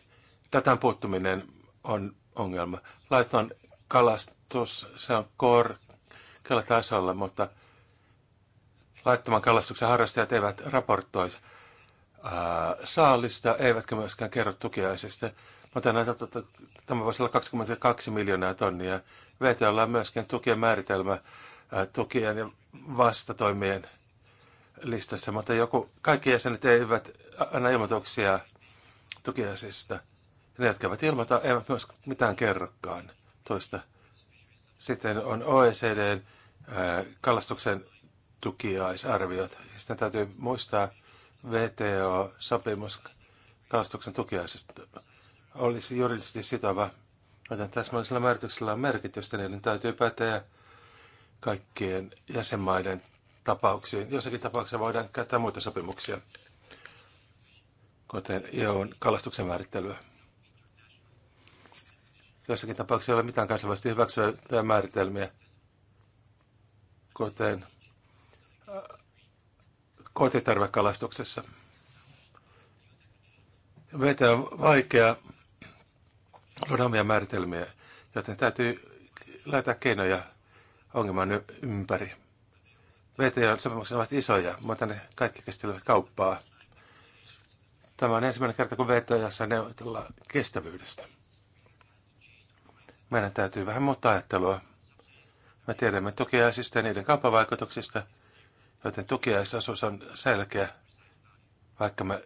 Datan puuttuminen on ongelma. Laiton kalastus, se on korkealla tasolla, mutta laittoman kalastuksen harrastajat eivät raportoi saalista, eivätkä myöskään kerro tukiaisista. Mutta näitä tämä voisi olla 22 miljoonaa tonnia. VTOlla on myöskin tukien määritelmä tukien ja vastatoimien listassa, mutta joku, kaikki jäsenet eivät anna ilmoituksia tukiasista. Ne, jotka eivät ilmoita, eivät myöskään mitään kerrokaan toista. Sitten on OECDn kalastuksen tukiaisarviot. Sitten täytyy muistaa VTO-sopimus kalastuksen tukiaisista olisi juridisesti sitova, joten täsmällisellä määrityksellä on merkitystä, niin täytyy päteä kaikkien jäsenmaiden tapauksiin. Jossakin tapauksessa voidaan käyttää muita sopimuksia, kuten EUn kalastuksen määrittelyä. Jossakin tapauksessa ei ole mitään kansainvälisesti hyväksyä määritelmiä, kuten kotitarvekalastuksessa. Meitä on vaikea luodaan omia määritelmiä, joten täytyy laittaa keinoja ongelman ympäri. VTO-sopimukset ovat isoja, mutta ne kaikki kestävät kauppaa. Tämä on ensimmäinen kerta, kun VTOssa neuvotellaan kestävyydestä. Meidän täytyy vähän muuttaa ajattelua. Me tiedämme tukiaisista ja niiden kauppavaikutuksista, joten tukiaisosuus on selkeä, vaikka me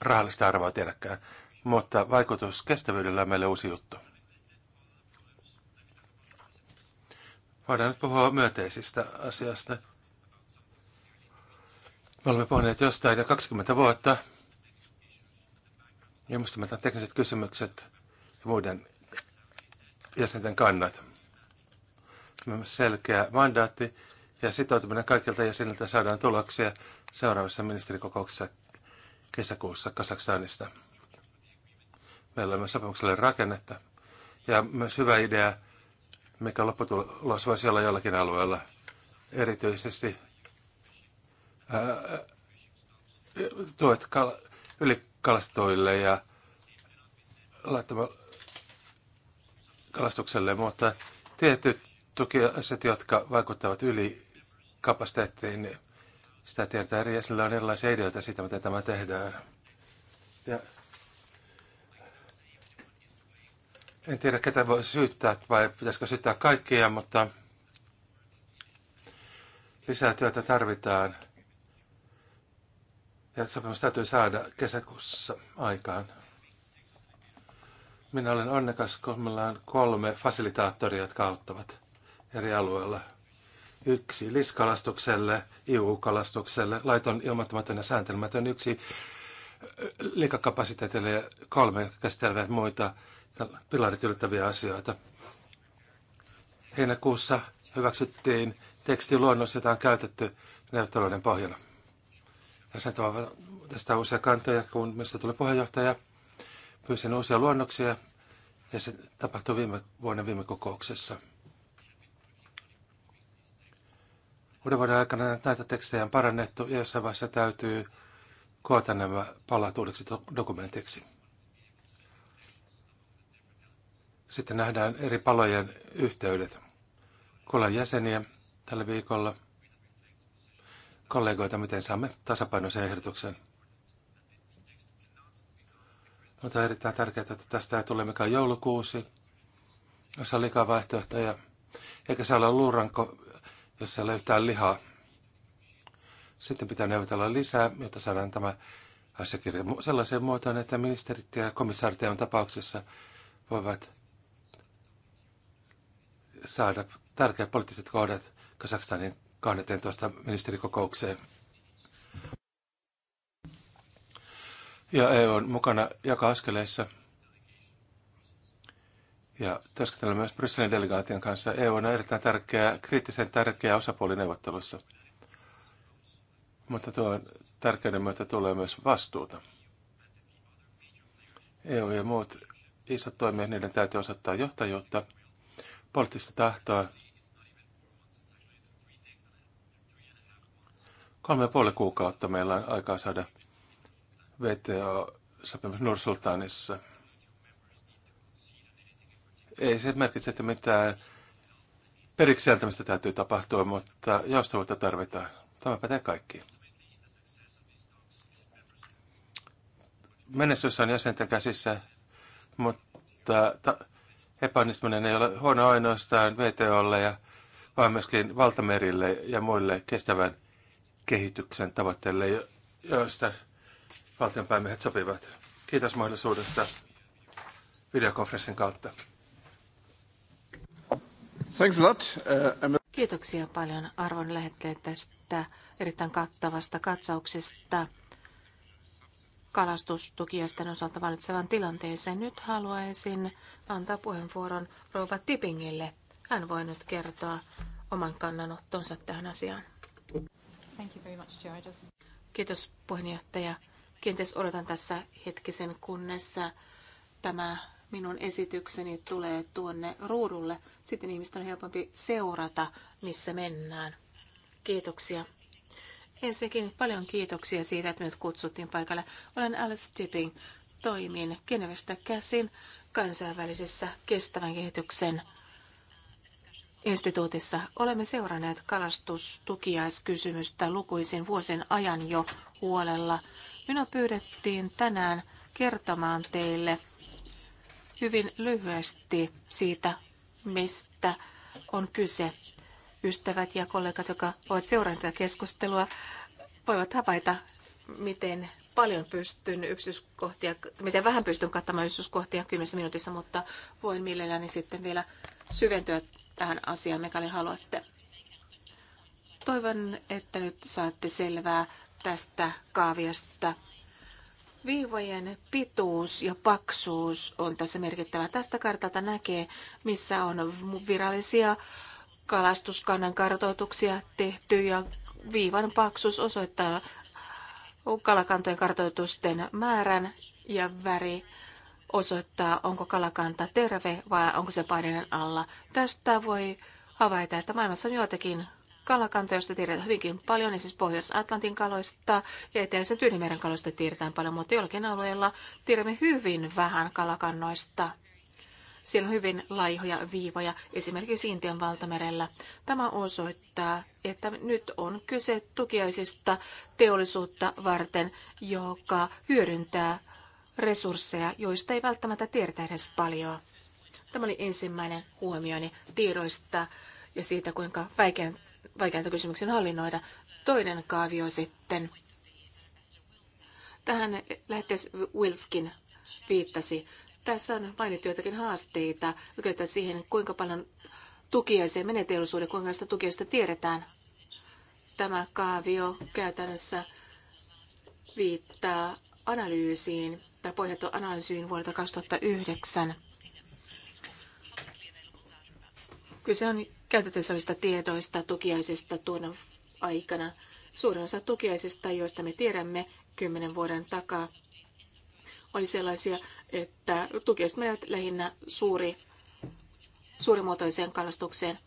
rahallista arvoa tiedäkään mutta vaikutus kestävyydellä on meille uusi juttu. Voidaan nyt puhua myönteisistä asiasta. Me olemme puhuneet jostain jo 20 vuotta. Ja muistamme tekniset kysymykset ja muiden jäsenten kannat. Selkeä mandaatti ja sitoutuminen kaikilta jäseniltä saadaan tuloksia seuraavassa ministerikokouksessa kesäkuussa Kasaksanista tälle sopimukselle rakennetta. Ja myös hyvä idea, mikä lopputulos voisi olla jollakin alueella. Erityisesti ää, tuet kal- ylikalastoille ja laittama- kalastukselle, mutta tietyt tukiaset, jotka vaikuttavat yli kapasiteettiin, niin sitä tietää eri ja sillä on erilaisia ideoita siitä, miten tämä tehdään. Ja En tiedä, ketä voi syyttää vai pitäisikö syyttää kaikkia, mutta lisää työtä tarvitaan. Ja sopimus täytyy saada kesäkuussa aikaan. Minä olen onnekas, kun meillä on kolme fasilitaattoria, jotka auttavat eri alueilla. Yksi liskalastukselle, EU-kalastukselle, laiton ilmoittamaton ja sääntelmätön. yksi likakapasiteetille ja kolme käsittelevät muita pilarit ylittäviä asioita. Heinäkuussa hyväksyttiin tekstiluonnos, jota on käytetty neuvotteluiden pohjana. Jäsenet ovat tästä uusia kantoja, kun minusta tuli puheenjohtaja. Pyysin uusia luonnoksia ja se tapahtui viime vuonna viime kokouksessa. Uuden vuoden aikana näitä tekstejä on parannettu ja jossain vaiheessa täytyy koota nämä palat uudeksi dokumentiksi. Sitten nähdään eri palojen yhteydet. Kuulen jäseniä tällä viikolla, kollegoita, miten saamme tasapainoisen ehdotuksen. Mutta on erittäin tärkeää, että tästä ei tule mikään joulukuusi, jossa on liikaa vaihtoehtoja, eikä se ole luuranko, jos siellä ei yhtään lihaa. Sitten pitää neuvotella lisää, jotta saadaan tämä asiakirja sellaiseen muotoon, että ministerit ja komissaarit tapauksessa voivat saada tärkeät poliittiset kohdat Kasakstanin 12 ministerikokoukseen. Ja EU on mukana joka askeleissa Ja työskentelen myös Brysselin delegaation kanssa. EU on erittäin tärkeä, kriittisen tärkeä osapuoli neuvottelussa. Mutta tuon tärkeyden myötä tulee myös vastuuta. EU ja muut isot toimijat, niiden täytyy osoittaa johtajuutta – poliittista tahtoa. Kolme ja puoli kuukautta meillä on aikaa saada VTO-sopimus Nursultanissa. Ei se merkitse, että mitään periksi täytyy tapahtua, mutta joustavuutta tarvitaan. Tämä pätee kaikkiin. Menestys on jäsenten käsissä, mutta ta- epäonnistuminen ei ole huono ainoastaan VTOlle, ja, vaan myöskin valtamerille ja muille kestävän kehityksen tavoitteille, joista valtionpäämiehet sopivat. Kiitos mahdollisuudesta videokonferenssin kautta. Thanks a lot. Uh, Kiitoksia paljon arvon lähettäjät tästä erittäin kattavasta katsauksesta kalastustukiesten osalta valitsevan tilanteeseen. Nyt haluaisin antaa puheenvuoron Rouva Tippingille. Hän voi nyt kertoa oman kannanottonsa tähän asiaan. Thank you very much, Just... Kiitos puheenjohtaja. Kenties odotan tässä hetkisen, kunnes tämä minun esitykseni tulee tuonne ruudulle. Sitten ihmisten on helpompi seurata, missä mennään. Kiitoksia. Ensinnäkin paljon kiitoksia siitä, että minut kutsuttiin paikalle. Olen Alice Tipping. Toimin Genevestä käsin kansainvälisessä kestävän kehityksen instituutissa. Olemme seuranneet kalastustukiaiskysymystä lukuisin vuosien ajan jo huolella. Minua pyydettiin tänään kertomaan teille hyvin lyhyesti siitä, mistä on kyse ystävät ja kollegat, jotka ovat seuranneet tätä keskustelua, voivat havaita, miten paljon pystyn yksityiskohtia, miten vähän pystyn kattamaan yksityiskohtia kymmenessä minuutissa, mutta voin mielelläni sitten vielä syventyä tähän asiaan, mikäli haluatte. Toivon, että nyt saatte selvää tästä kaaviasta. Viivojen pituus ja paksuus on tässä merkittävä. Tästä kartalta näkee, missä on virallisia kalastuskannan kartoituksia tehty ja viivan paksuus osoittaa kalakantojen kartoitusten määrän ja väri osoittaa, onko kalakanta terve vai onko se paineen alla. Tästä voi havaita, että maailmassa on joitakin kalakantoja, joista tiedetään hyvinkin paljon, esimerkiksi Pohjois-Atlantin kaloista ja Eteläisen Tyynimeren kaloista tiedetään paljon, mutta jollakin alueella tiedämme hyvin vähän kalakannoista. Siellä on hyvin laihoja viivoja, esimerkiksi Intian valtamerellä. Tämä osoittaa, että nyt on kyse tukiaisista teollisuutta varten, joka hyödyntää resursseja, joista ei välttämättä tiedetä edes paljon. Tämä oli ensimmäinen huomioni tiedoista ja siitä, kuinka vaikean, vaikeita kysymyksen hallinnoida. Toinen kaavio sitten. Tähän lähteessä Wilskin viittasi. Tässä on mainittu joitakin haasteita, Yritetään siihen, kuinka paljon se menee teollisuudelle, kuinka sitä sitä tiedetään. Tämä kaavio käytännössä viittaa analyysiin tai pohjattu analyysiin vuodelta 2009. Kyse on käytettävissä olevista tiedoista tukiaisista tuona aikana. Suurin osa tukiaisista, joista me tiedämme kymmenen vuoden takaa, oli sellaisia, että tukiaiset menevät lähinnä suuri, suurimuotoiseen kalastukseen.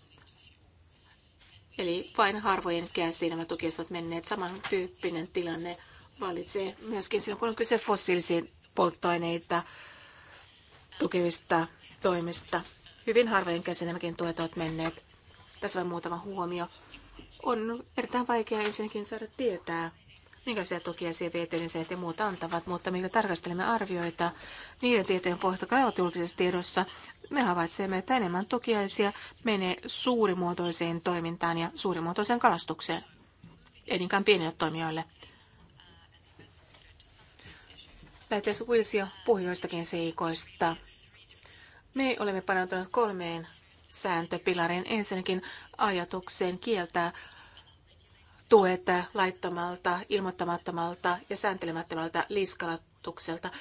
Eli vain harvojen käsiin nämä tukiaiset ovat menneet. Samantyyppinen tilanne valitsee myöskin silloin, kun on kyse fossiilisia polttoaineita tukevista toimista. Hyvin harvojen käsiin nämäkin tuet ovat menneet. Tässä vain muutama huomio. On erittäin vaikea ensinnäkin saada tietää, minkälaisia tukia CVT-lisäät ja muut antavat, mutta millä tarkastelemme arvioita niiden tietojen pohjalta, jotka ovat julkisessa tiedossa, me havaitsemme, että enemmän tukiaisia menee suurimuotoiseen toimintaan ja suurimuotoiseen kalastukseen, eninkään pienille toimijoille. Lähtee Wills puhjoistakin seikoista. Me olemme parantuneet kolmeen sääntöpilariin. Ensinnäkin ajatukseen kieltää tuet laittomalta, ilmoittamattomalta ja sääntelemättömältä liskalatukselta. 14.6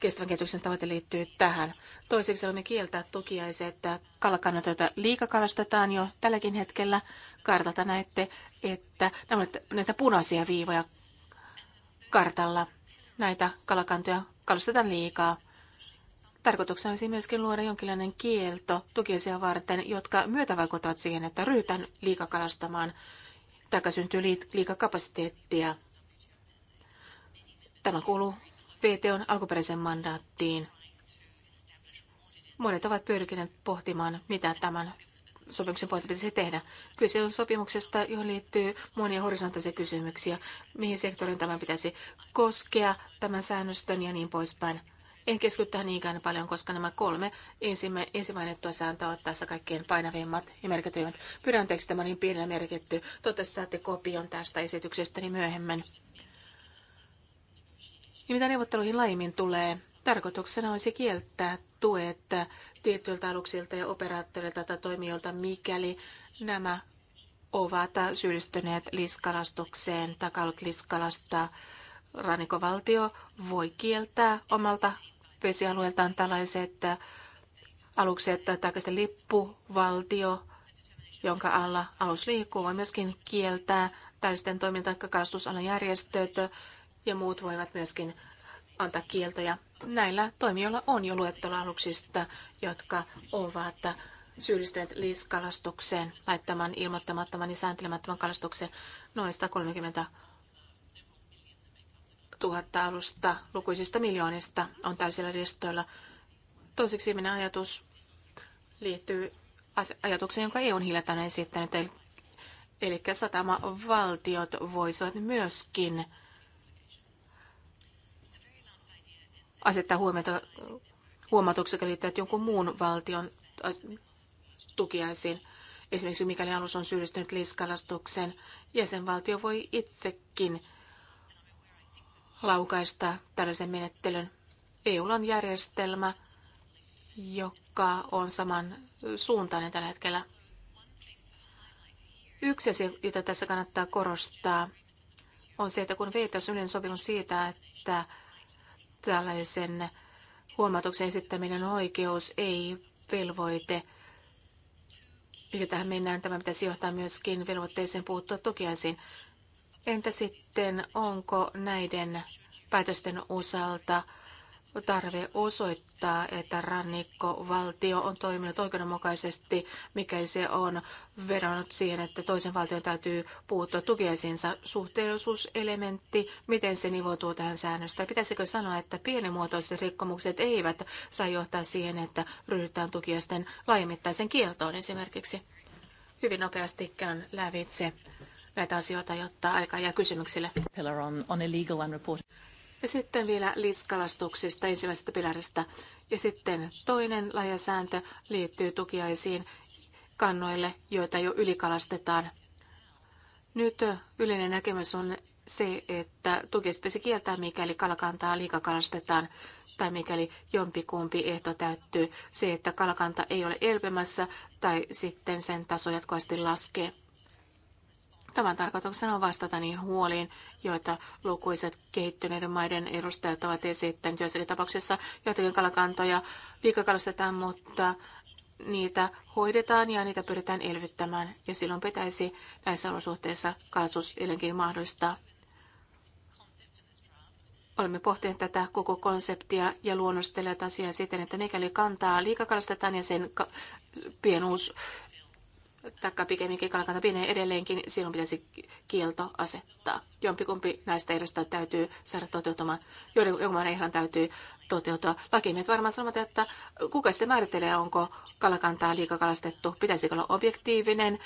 kestävän kehityksen tavoite liittyy tähän. Toiseksi olemme kieltää tukiaiset, että kalakannat, joita liikakalastetaan jo tälläkin hetkellä, kartalta näette, että nämä ovat näitä punaisia viivoja kartalla. Näitä kalakantoja kalastetaan liikaa. Tarkoituksena olisi myöskin luoda jonkinlainen kielto tukisia varten, jotka myötävaikuttavat siihen, että ryhdytään liikakalastamaan tai syntyy liikakapasiteettia. Tämä kuuluu VTOn alkuperäiseen mandaattiin. Monet ovat pyrkineet pohtimaan, mitä tämän sopimuksen pohjalta pitäisi tehdä. Kyse on sopimuksesta, johon liittyy monia horisontaalisia kysymyksiä, mihin sektorin tämän pitäisi koskea, tämän säännöstön ja niin poispäin. En keskity tähän niinkään paljon, koska nämä kolme ensimmä, ensimmäinettua on ovat tässä kaikkein painavimmat ja merkittävimmät. Pyydän anteeksi, tämä niin pienellä merkitty. Toivottavasti saatte kopion tästä esityksestäni niin myöhemmin. Ja mitä neuvotteluihin laimin tulee, tarkoituksena olisi kieltää tuet tietyiltä aluksilta ja operaattoreilta tai toimijoilta, mikäli nämä ovat syyllistyneet liskalastukseen tai liskalasta. Rannikovaltio voi kieltää omalta vesialueeltaan tällaiset äh, alukset tai lippuvaltio, jonka alla alus liikkuu, voi myöskin kieltää tällaisten toiminta- tai kalastusalan järjestöt äh, ja muut voivat myöskin antaa kieltoja. Näillä toimijoilla on jo luettelo aluksista, jotka ovat äh, syyllistyneet liskalastukseen, laittamaan ilmoittamattoman ja sääntelemättömän kalastuksen noista 30 tuhatta alusta lukuisista miljoonista on tällaisilla listoilla. Toiseksi viimeinen ajatus liittyy ajatukseen, jonka EU on hiljattain esittänyt, eli satamavaltiot voisivat myöskin asettaa huomiota huomautuksia, jotka liittyvät jonkun muun valtion tukiaisiin. Esimerkiksi mikäli alus on syyllistynyt liiskalastuksen, jäsenvaltio voi itsekin laukaista tällaisen menettelyn. EUlla on järjestelmä, joka on saman suuntainen tällä hetkellä. Yksi asia, jota tässä kannattaa korostaa, on se, että kun VTS on sopimus siitä, että tällaisen huomautuksen esittäminen on oikeus, ei velvoite, ja tähän mennään, tämä pitäisi johtaa myöskin velvoitteeseen puuttua tukiaisiin. Entä sitten, onko näiden päätösten osalta tarve osoittaa, että rannikkovaltio on toiminut oikeudenmukaisesti, mikäli se on vedonnut siihen, että toisen valtion täytyy puuttua tukiaisiinsa suhteellisuuselementti, miten se nivoutuu tähän säännöstä. Pitäisikö sanoa, että pienimuotoiset rikkomukset eivät saa johtaa siihen, että ryhdytään tukiaisten laajemittaisen kieltoon esimerkiksi? Hyvin nopeasti käyn lävitse näitä asioita, ja ottaa aikaa ja kysymyksille. Pillar on, on illegal and reported. Ja sitten vielä liskalastuksista, ensimmäisestä pilarista. Ja sitten toinen lajasääntö liittyy tukiaisiin kannoille, joita jo ylikalastetaan. Nyt yleinen näkemys on se, että tukiaspesi kieltää, mikäli kalakantaa liikakalastetaan tai mikäli jompikumpi ehto täyttyy. Se, että kalakanta ei ole elpymässä tai sitten sen taso jatkuvasti laskee. Tämän tarkoituksena on vastata niin huoliin, joita lukuiset kehittyneiden maiden edustajat ovat esittäneet joissakin tapauksissa. Joitakin kalakantoja liikakalastetaan, mutta niitä hoidetaan ja niitä pyritään elvyttämään. Ja silloin pitäisi näissä olosuhteissa kalastus jotenkin mahdollistaa. Olemme pohtineet tätä koko konseptia ja luonnostelleet asiaa siten, että mikäli kantaa liikakalastetaan ja sen pienuus taikka pikemminkin kalakanta pienee edelleenkin, silloin pitäisi kielto asettaa. Jompikumpi näistä ehdosta täytyy saada toteutumaan, joiden jonkun ehdon täytyy toteutua. Lakimiehet varmaan sanovat, että kuka sitten määrittelee, onko kalakantaa liikakalastettu, pitäisikö olla objektiivinen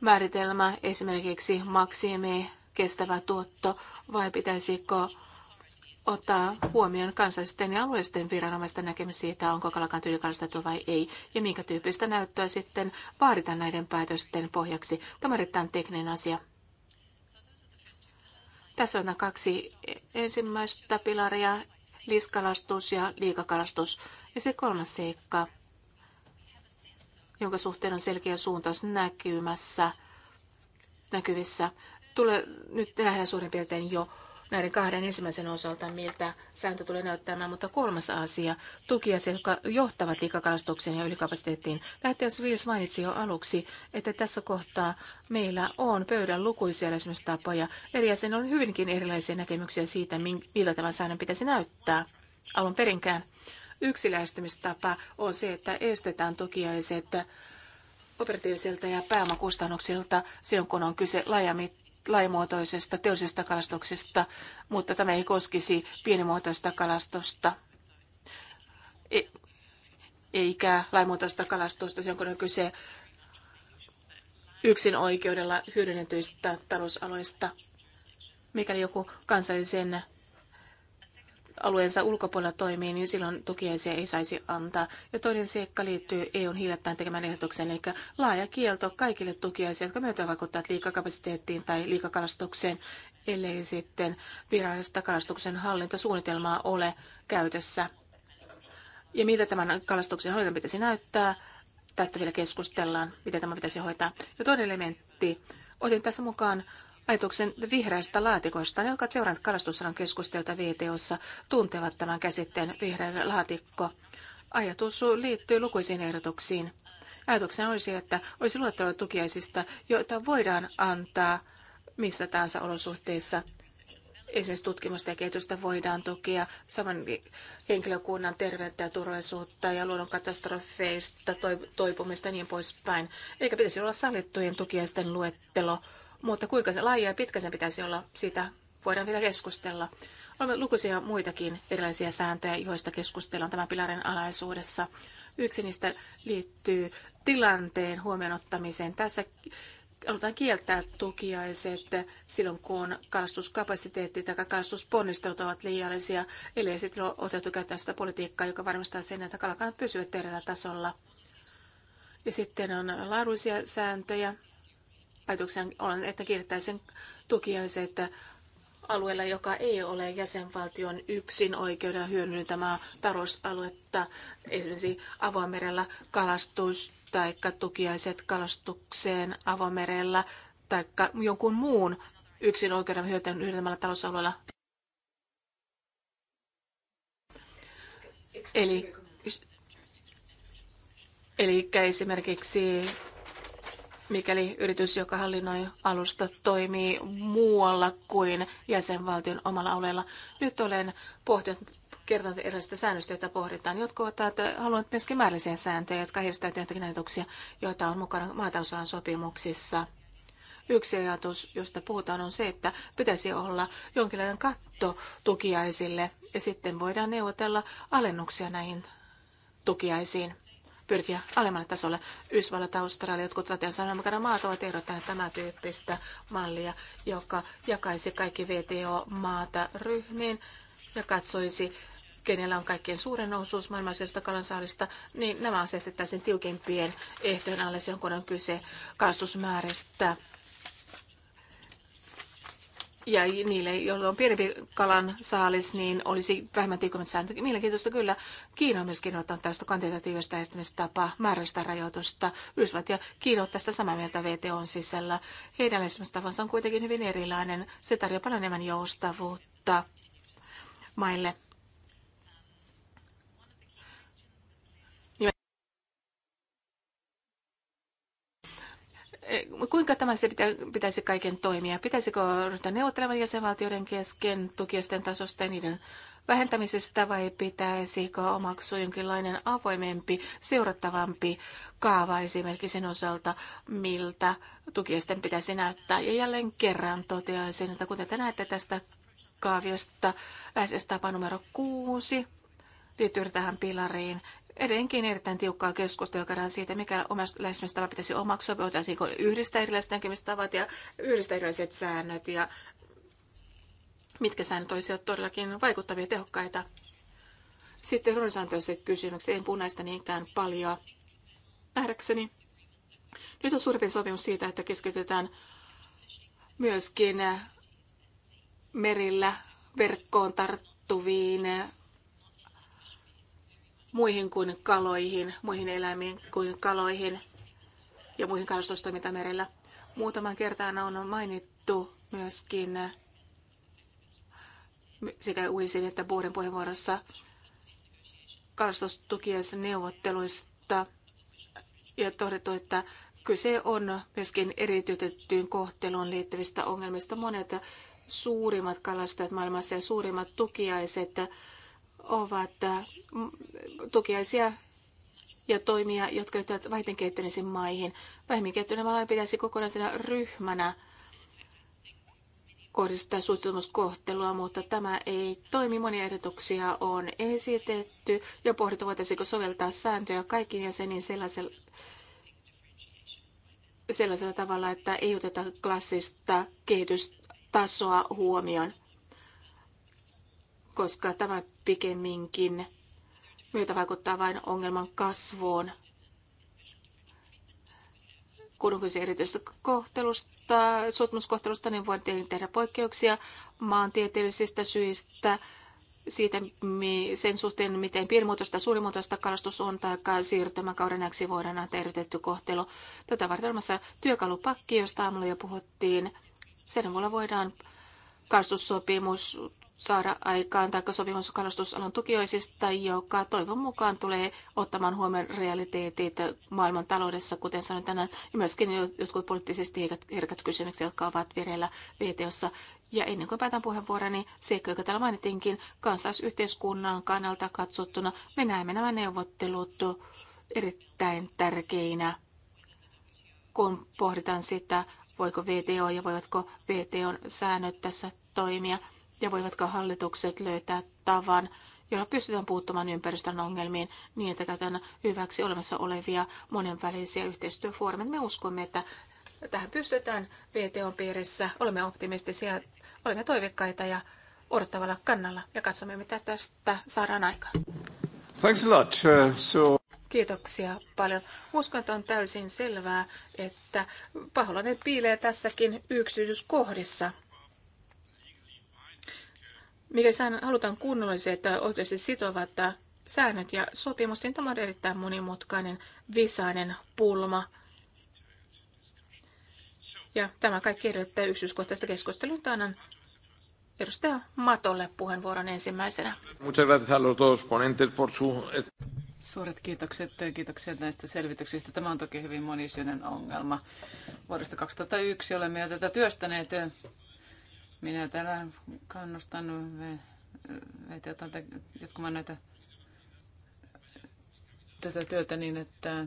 määritelmä, esimerkiksi maksimi, kestävä tuotto, vai pitäisikö ottaa huomioon kansallisten ja alueellisten viranomaisten näkemys siitä, onko kalakantoyli kalastettu vai ei, ja minkä tyyppistä näyttöä sitten vaaditaan näiden päätösten pohjaksi. Tämä on erittäin tekninen asia. Tässä on kaksi ensimmäistä pilaria, liskalastus ja liikakalastus. Ja se kolmas seikka, jonka suhteen on selkeä suuntaus näkymässä, näkyvissä. tulee nyt nähdä suurin piirtein jo näiden kahden ensimmäisen osalta, miltä sääntö tulee näyttämään, mutta kolmas asia, tukiasia, jotka johtavat liikakalastukseen ja ylikapasiteettiin. Lähettäjä Svils mainitsi jo aluksi, että tässä kohtaa meillä on pöydän lukuisia lähestymistapoja. Eri sen on hyvinkin erilaisia näkemyksiä siitä, miltä tämän säännön pitäisi näyttää alun perinkään. Yksi lähestymistapa on se, että estetään tukiaiset operatiiviselta ja pääomakustannuksilta silloin, kun on kyse laajamittaisesti laimuotoisesta teollisesta kalastuksesta, mutta tämä ei koskisi pienimuotoista kalastusta e- eikä laimuotoista kalastusta, silloin kun on kyse yksin oikeudella hyödynnetyistä talousalueista. Mikäli joku kansallisen alueensa ulkopuolella toimii, niin silloin tukiaisia ei saisi antaa. Ja toinen seikka liittyy EUn hiljattain tekemään ehdotuksen, eli laaja kielto kaikille tukiaisille, jotka myötä vaikuttavat liikakapasiteettiin tai liikakalastukseen, ellei sitten virallista kalastuksen hallintasuunnitelmaa ole käytössä. Ja miltä tämän kalastuksen hallinta pitäisi näyttää, tästä vielä keskustellaan, miten tämä pitäisi hoitaa. Ja toinen elementti, otin tässä mukaan ajatuksen vihreästä laatikosta. Ne, jotka seuraavat kalastusalan keskustelta VTOssa, tuntevat tämän käsitteen vihreä laatikko. Ajatus liittyy lukuisiin ehdotuksiin. Ajatuksena olisi, että olisi luettelo tukiaisista, joita voidaan antaa missä tahansa olosuhteissa. Esimerkiksi tutkimusta ja kehitystä voidaan tukea, saman henkilökunnan terveyttä ja turvallisuutta ja luonnon katastrofeista toipumista ja niin poispäin. Eikä pitäisi olla sallittujen tukiaisten luettelo mutta kuinka se laaja ja pitkä sen pitäisi olla, sitä voidaan vielä keskustella. on lukuisia muitakin erilaisia sääntöjä, joista keskustellaan tämän pilarin alaisuudessa. Yksi niistä liittyy tilanteen huomioon ottamiseen. Tässä halutaan kieltää tukiaiset silloin, kun kalastuskapasiteetti tai kalastusponnistelut ovat liiallisia, eli sitten on otettu käyttöön sitä politiikkaa, joka varmistaa sen, että kalakannat pysyvät terveellä tasolla. Ja sitten on laadullisia sääntöjä, ajatuksen on, että kirjoittaisin että alueella, joka ei ole jäsenvaltion yksin oikeuden hyödyntämää talousaluetta, esimerkiksi avomerellä kalastus tai tukiaiset kalastukseen avomerellä tai jonkun muun yksin oikeuden hyödyntämällä talousalueella. Eli, eli esimerkiksi mikäli yritys, joka hallinnoi alusta, toimii muualla kuin jäsenvaltion omalla alueella. Nyt olen pohtinut kertonut erilaisista säännöistä, joita pohditaan. Jotkut ovat, että haluavat myöskin määrällisiä sääntöjä, jotka heistävät jotakin ajatuksia, joita on mukana maatausalan sopimuksissa. Yksi ajatus, josta puhutaan, on se, että pitäisi olla jonkinlainen katto tukiaisille ja sitten voidaan neuvotella alennuksia näihin tukiaisiin pyrkiä alemmalle tasolle. Yhdysvallat, Australia, jotkut Latinan mukana maat ovat ehdottaneet tämän tyyppistä mallia, joka jakaisi kaikki VTO-maata ryhmiin ja katsoisi, kenellä on kaikkein suuren osuus maailmansyöstä kalansaalista, niin nämä asetettaisiin tiukempien ehtojen alle, silloin on kyse kalastusmääristä ja niille, joilla on pienempi kalan saalis, niin olisi vähemmän tiukemmat säännöt. Mielenkiintoista kyllä. Kiina on myöskin ottanut tästä kantitatiivista estämistapaa, määrällistä rajoitusta. Yhdysvallat ja Kiina on tästä samaa mieltä VTOn sisällä. Heidän estämistapansa on kuitenkin hyvin erilainen. Se tarjoaa paljon enemmän joustavuutta maille Äh, kuinka tämä se pitä, pitäisi kaiken toimia? Pitäisikö ryhtyä neuvottelemaan jäsenvaltioiden kesken tukiosten tasosta ja niiden vähentämisestä vai pitäisikö omaksua jonkinlainen avoimempi, seurattavampi kaava esimerkiksi sen osalta, miltä tukiesten pitäisi näyttää? Ja jälleen kerran toteaisin, että kuten te näette tästä kaaviosta, tapa numero kuusi liittyy tähän pilariin, edelleenkin erittäin tiukkaa keskustelua käydään siitä, mikä lähestymistapa pitäisi omaksua, voitaisiinko yhdistää erilaiset näkemistavat ja yhdistää erilaiset säännöt ja mitkä säännöt olisivat todellakin vaikuttavia ja tehokkaita. Sitten runsaantoiset kysymykset, en puhu näistä niinkään paljon. Nähdäkseni nyt on suurempi sopimus siitä, että keskitytään myöskin merillä verkkoon tarttuviin muihin kuin kaloihin, muihin eläimiin kuin kaloihin ja muihin kalastustoimintaan merellä. Muutaman kertaan on mainittu myöskin sekä Uisin että Buurin puheenvuorossa kalastustukien neuvotteluista ja todettu, että kyse on myöskin erityytettyyn kohteluun liittyvistä ongelmista. Monet suurimmat kalastajat maailmassa ja suurimmat tukiaiset ovat äh, tukiaisia ja toimia, jotka liittyvät vähiten kehittyneisiin maihin. Vähemmin kehittyneen maalain pitäisi kokonaisena ryhmänä kohdistaa suhtautumuskohtelua, mutta tämä ei toimi. Monia ehdotuksia on esitetty ja pohdittu, voitaisiinko soveltaa sääntöjä kaikkiin jäseniin sellaisella, sellaisella tavalla, että ei oteta klassista kehitystasoa huomioon, koska tämä pikemminkin myötä vaikuttaa vain ongelman kasvuun. Kun on kyse erityisestä kohtelusta, suutmuskohtelusta, niin voi tehdä poikkeuksia maantieteellisistä syistä, siitä sen suhteen, miten pienimuotoista ja suurimuotoista kalastus on, tai siirtymäkauden näksi voidaan antaa erityisesti kohtelu. Tätä varten olemassa työkalupakki, josta aamulla jo puhuttiin. Sen avulla voidaan kalastussopimus saada aikaan tai sopimus kalastusalan tukioisista, joka toivon mukaan tulee ottamaan huomioon realiteetit maailman taloudessa, kuten sanoin tänään, ja myöskin jotkut poliittisesti herkät kysymykset, jotka ovat vireillä VTOssa. Ja ennen kuin päätän puheenvuoroni, se, joka täällä mainitinkin, kansalaisyhteiskunnan kannalta katsottuna, me näemme nämä neuvottelut erittäin tärkeinä, kun pohditaan sitä, voiko VTO ja voivatko VTOn säännöt tässä toimia ja voivatko hallitukset löytää tavan, jolla pystytään puuttumaan ympäristön ongelmiin niin, että käytetään hyväksi olemassa olevia monenvälisiä yhteistyöfoorumeita. Me uskomme, että tähän pystytään VTOn piirissä. Olemme optimistisia, olemme toiveikkaita ja odottavalla kannalla ja katsomme, mitä tästä saadaan aikaan. Thanks a lot. Uh, so... Kiitoksia paljon. Uskon, että on täysin selvää, että paholainen piilee tässäkin yksityiskohdissa. Mikäli halutaan kunnolliset oikeasti sitovat äh, säännöt ja sopimus, niin tämä on erittäin monimutkainen, visainen pulma. Ja tämä kaikki edellyttää yksityiskohtaista keskustelua. Annan edustaja Matolle puheenvuoron ensimmäisenä. Suuret kiitokset, kiitoksia näistä selvityksistä. Tämä on toki hyvin monisyinen ongelma. Vuodesta 2001 olemme jo tätä työstäneet minä täällä kannustan meitä jatkamaan näitä, tätä työtä niin, että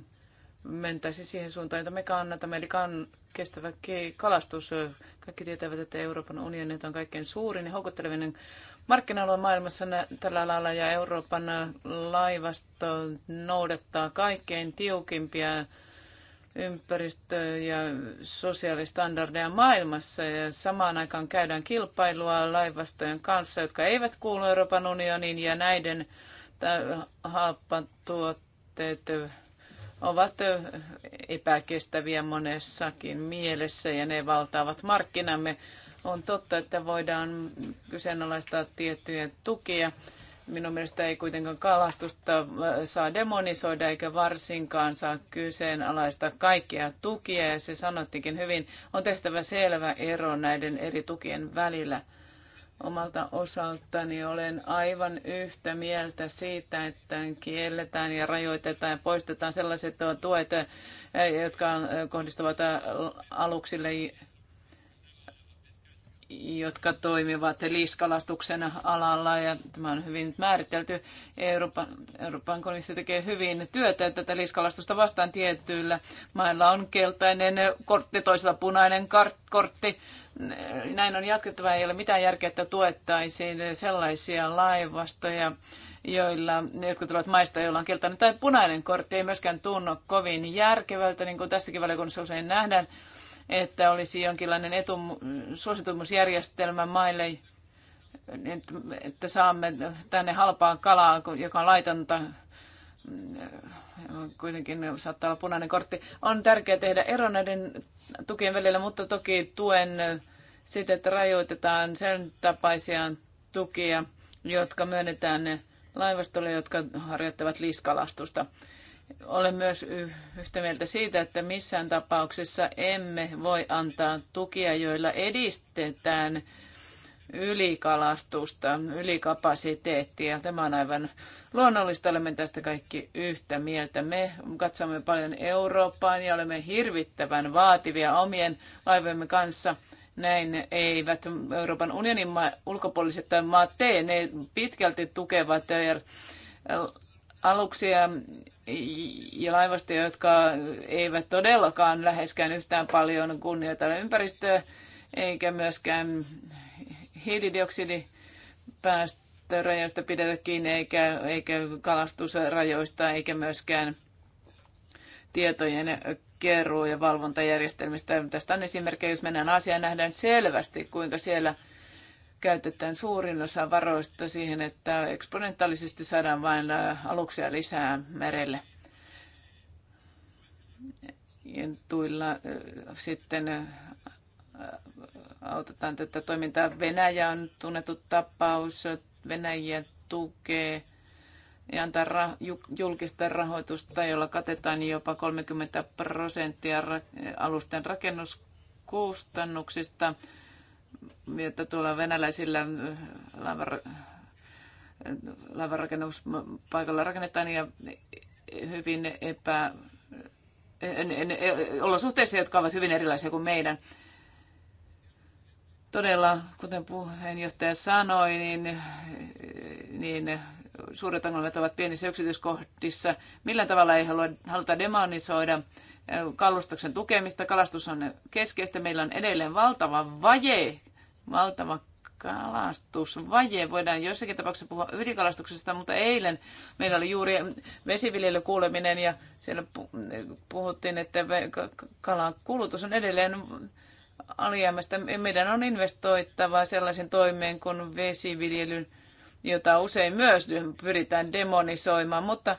mentäisi siihen suuntaan, että me kannatamme, eli kann, kestävä kalastus. Kaikki tietävät, että Euroopan unioni on kaikkein suurin ja houkuttelevinen markkina maailmassa tällä alalla, ja Euroopan laivasto noudattaa kaikkein tiukimpia ympäristö- ja sosiaalistandardeja maailmassa ja samaan aikaan käydään kilpailua laivastojen kanssa, jotka eivät kuulu Euroopan unioniin ja näiden haappatuotteet ovat epäkestäviä monessakin mielessä ja ne valtaavat markkinamme. On totta, että voidaan kyseenalaistaa tiettyjä tukia Minun mielestä ei kuitenkaan kalastusta äh, saa demonisoida eikä varsinkaan saa kyseenalaista kaikkia tukia ja se sanottikin hyvin, on tehtävä selvä ero näiden eri tukien välillä. Omalta osaltani olen aivan yhtä mieltä siitä, että kielletään ja rajoitetaan ja poistetaan sellaiset tuet, äh, jotka äh, kohdistuvat aluksille, jotka toimivat liiskalastuksen alalla ja tämä on hyvin määritelty. Euroopan, Euroopan komissio tekee hyvin työtä tätä liiskalastusta vastaan tietyillä mailla on keltainen kortti, toisella punainen kortti. Näin on jatkettava, ei ole mitään järkeä, että tuettaisiin sellaisia laivastoja, joilla, jotka tulevat maista, joilla on keltainen tai punainen kortti, ei myöskään tunnu kovin järkevältä, niin kuin tässäkin valiokunnassa usein nähdään että olisi jonkinlainen etum, suositumusjärjestelmä maille, että saamme tänne halpaa kalaa, joka on laitonta kuitenkin saattaa olla punainen kortti. On tärkeää tehdä ero näiden tukien välillä, mutta toki tuen sitä, että rajoitetaan sen tapaisia tukia, jotka myönnetään laivastolle, jotka harjoittavat liskalastusta. Olen myös yhtä mieltä siitä, että missään tapauksessa emme voi antaa tukia, joilla edistetään ylikalastusta, ylikapasiteettia. Tämä on aivan luonnollista, olemme tästä kaikki yhtä mieltä. Me katsomme paljon Eurooppaan ja olemme hirvittävän vaativia omien laivojemme kanssa. Näin eivät Euroopan unionin ma- ulkopuoliset maat tee. Ne pitkälti tukevat äh, aluksia ja laivasto, jotka eivät todellakaan läheskään yhtään paljon kunnioita ympäristöä, eikä myöskään hiilidioksidipäästörajoista pidetä kiinni, eikä, eikä kalastusrajoista, eikä myöskään tietojen keruu- ja valvontajärjestelmistä. Tästä on esimerkkejä, jos mennään asiaan nähdään selvästi, kuinka siellä – käytetään suurin osa varoista siihen, että eksponentaalisesti saadaan vain äh, aluksia lisää merelle. Ja tuilla äh, sitten äh, autetaan tätä toimintaa. Venäjä on tunnettu tapaus. Venäjä tukee ja antaa rah- julkista rahoitusta, jolla katetaan jopa 30 prosenttia alusten rakennuskustannuksista että tuolla venäläisillä äh, laivanrakennuspaikalla rakennetaan ja hyvin epä, e, olosuhteissa, jotka ovat hyvin erilaisia kuin meidän. Todella, kuten puheenjohtaja sanoi, niin, niin suuret ongelmat ovat pienissä yksityiskohdissa. Millään tavalla ei halua, haluta demonisoida äh, kalustuksen tukemista. Kalastus on keskeistä. Meillä on edelleen valtava vaje valtava kalastusvaje. Voidaan jossakin tapauksessa puhua ydinkalastuksesta, mutta eilen meillä oli juuri vesiviljelykuuleminen ja siellä puhuttiin, että kalan kulutus on edelleen alijäämästä. Meidän on investoittava sellaisen toimeen kuin vesiviljelyn, jota usein myös pyritään demonisoimaan, mutta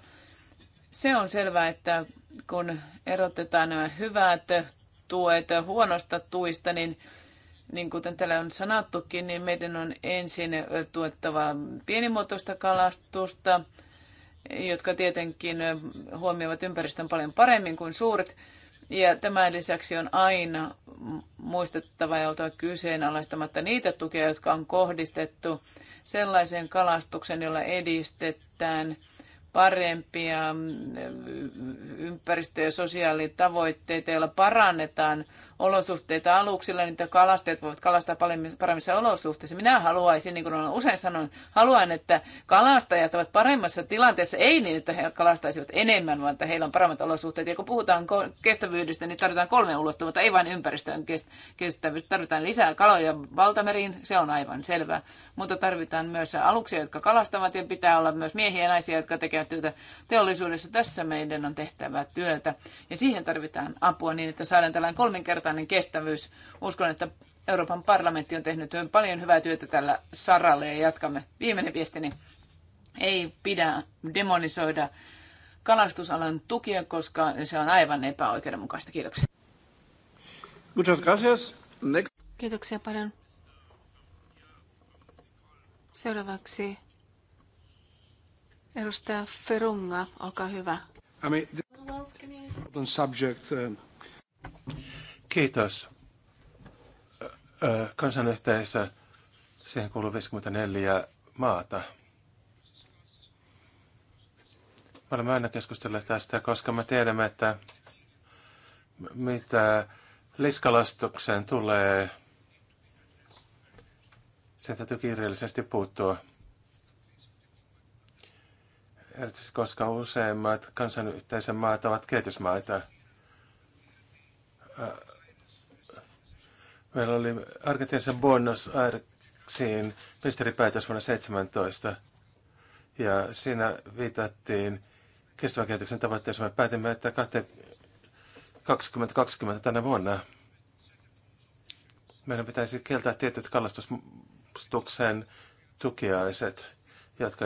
se on selvää, että kun erotetaan nämä hyvät tuet huonosta tuista, niin niin kuten täällä on sanottukin, niin meidän on ensin tuettava pienimuotoista kalastusta, jotka tietenkin huomioivat ympäristön paljon paremmin kuin suuret. Ja tämän lisäksi on aina muistettava ja oltava kyseenalaistamatta niitä tukia, jotka on kohdistettu sellaiseen kalastuksen, jolla edistetään parempia ympäristö- ja sosiaalitavoitteita, joilla parannetaan olosuhteita aluksilla, niin että kalastajat voivat kalastaa paremmissa olosuhteissa. Minä haluaisin, niin kuin olen usein sanonut, haluan, että kalastajat ovat paremmassa tilanteessa, ei niin, että he kalastaisivat enemmän, vaan että heillä on paremmat olosuhteet. Ja kun puhutaan kestävyydestä, niin tarvitaan kolme ulottuvuutta, ei vain ympäristön kestävyyttä. Tarvitaan lisää kaloja valtameriin, se on aivan selvää, mutta tarvitaan myös aluksia, jotka kalastavat ja pitää olla myös miehiä ja naisia, jotka tekevät työtä teollisuudessa. Tässä meidän on tehtävä työtä ja siihen tarvitaan apua niin, että saadaan tällainen kolminkertainen ylipäätään kestävyys. Uskon, että Euroopan parlamentti on tehnyt paljon hyvää työtä tällä saralla ja jatkamme. Viimeinen viestini. Ei pidä demonisoida kalastusalan tukia, koska se on aivan epäoikeudenmukaista. Kiitoksia. Muchas gracias. Next. Kiitoksia paljon. Seuraavaksi edustaja Ferunga, olkaa hyvä. I mean, the... subject, um... Kiitos kansanyhteisö, siihen kuuluu 54 maata. Me olemme aina keskustelleet tästä, koska me tiedämme, että mitä liskalastukseen tulee, se täytyy kiireellisesti puuttua. Erityisesti koska useimmat kansanyhteisön maat ovat kehitysmaita Meillä oli Argentiinassa Buenos Airesin ministeripäätös vuonna 2017. ja siinä viitattiin kestävän kehityksen tavoitteeseen. Me päätimme, että 2020 tänä vuonna meidän pitäisi kieltää tietyt kalastustuksen tukiaiset, jotka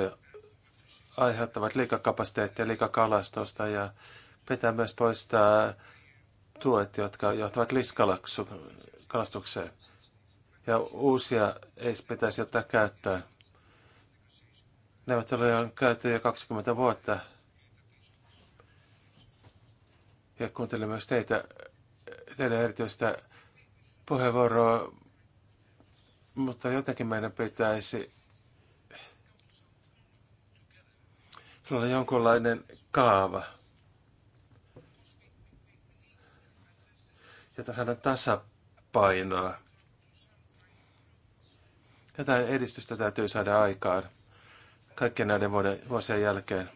aiheuttavat liikakapasiteettia, liikakalastusta ja pitää myös poistaa tuet, jotka johtavat liskalaksu kalastukseen. Ja uusia ei pitäisi ottaa käyttöön. Neuvotteluja on käyty jo 20 vuotta. Ja kuuntelin myös teitä, teidän erityistä puheenvuoroa, mutta jotenkin meidän pitäisi olla jonkunlainen kaava. ja saadaan tasa, painoa. Jotain edistystä täytyy saada aikaan kaikkien näiden vuoden vuosien jälkeen.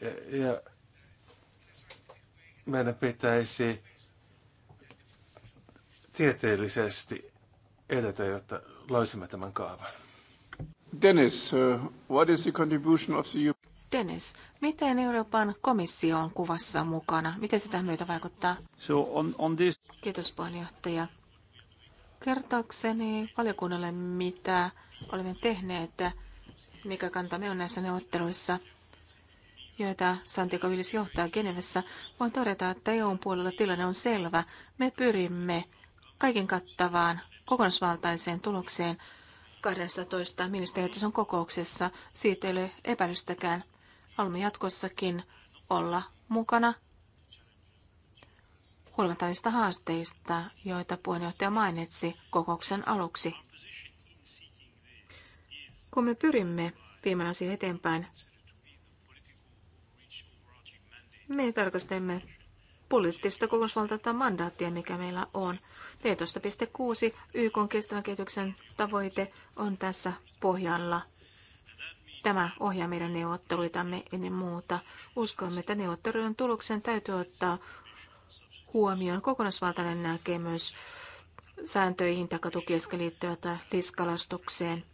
Ja, ja meidän pitäisi tieteellisesti edetä, jotta loisimme tämän kaavan. Dennis, uh, what is the contribution of the Dennis, miten Euroopan komissio on kuvassa mukana? Miten sitä myötä vaikuttaa? So on, on this... Kiitos puheenjohtaja. Kertaakseni valiokunnalle, mitä olemme tehneet, mikä kantamme on näissä neuvotteluissa, joita Santiago Vilis johtaa Genevessä, voin todeta, että EUn puolella tilanne on selvä. Me pyrimme kaiken kattavaan kokonaisvaltaiseen tulokseen 12 ministeriötason kokouksessa. Siitä ei ole epäilystäkään. Haluamme jatkossakin olla mukana huolimatta niistä haasteista, joita puheenjohtaja mainitsi kokouksen aluksi. Kun me pyrimme viemään asia eteenpäin, me tarkastelemme poliittista kokonaisvaltaista mandaattia, mikä meillä on. 14.6 YK kestävän kehityksen tavoite on tässä pohjalla – Tämä ohjaa meidän neuvotteluitamme ennen muuta. Uskomme, että neuvottelujen tuloksen täytyy ottaa huomioon kokonaisvaltainen näkemys sääntöihin tai tukieskä liittyvät liskalastukseen.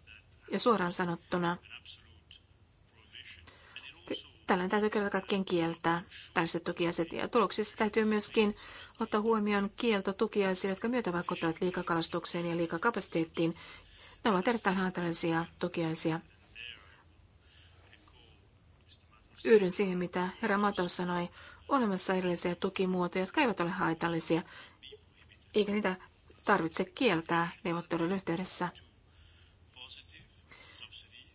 Ja suoraan sanottuna, tällainen täytyy kerta kaikkien kieltää, tällaiset tukiaset. Ja tuloksissa täytyy myöskin ottaa huomioon kielto tukiaisille, jotka myötä vaikuttavat liikakalastukseen ja liikakapasiteettiin. Ne ovat erittäin haitallisia tukiaisia. yhdyn siihen, mitä herra Matos sanoi. Olemassa erilaisia tukimuotoja, jotka eivät ole haitallisia, eikä niitä tarvitse kieltää neuvottelun yhteydessä.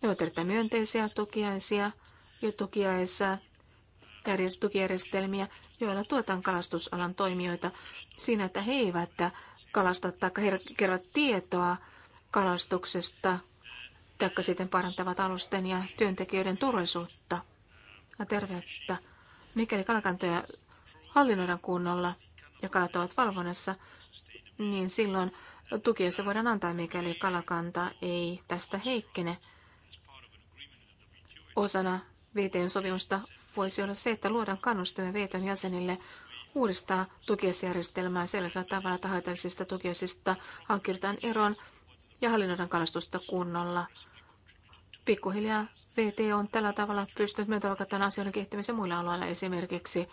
Ne ovat erittäin myönteisiä tukiaisia ja tukiaisia tukijärjestelmiä, joilla tuetaan kalastusalan toimijoita siinä, että he eivät kalasta tai kerro tietoa kalastuksesta, taikka sitten parantavat alusten ja työntekijöiden turvallisuutta ja terveyttä. Mikäli kalakantoja hallinnoidaan kunnolla ja kalat ovat valvonnassa, niin silloin tukia se voidaan antaa, mikäli kalakanta ei tästä heikkene. Osana VTn sovimusta voisi olla se, että luodaan kannustimia VTn jäsenille uudistaa tukiesjärjestelmää sellaisella tavalla, että haitallisista tukiesista hankkiudutaan eroon ja hallinnoidaan kalastusta kunnolla pikkuhiljaa VT on tällä tavalla pystynyt myötävaikuttamaan asioiden kehittämiseen muilla aloilla esimerkiksi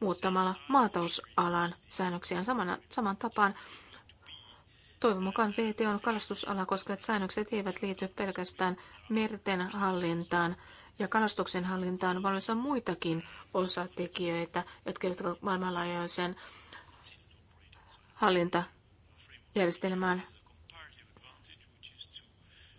muuttamalla maatalousalan säännöksiä samana, saman tapaan. Toivon mukaan on kalastusala koskevat säännökset eivät liity pelkästään merten hallintaan ja kalastuksen hallintaan, vaan on muitakin osatekijöitä, jotka liittyvät maailmanlaajuisen hallintajärjestelmään.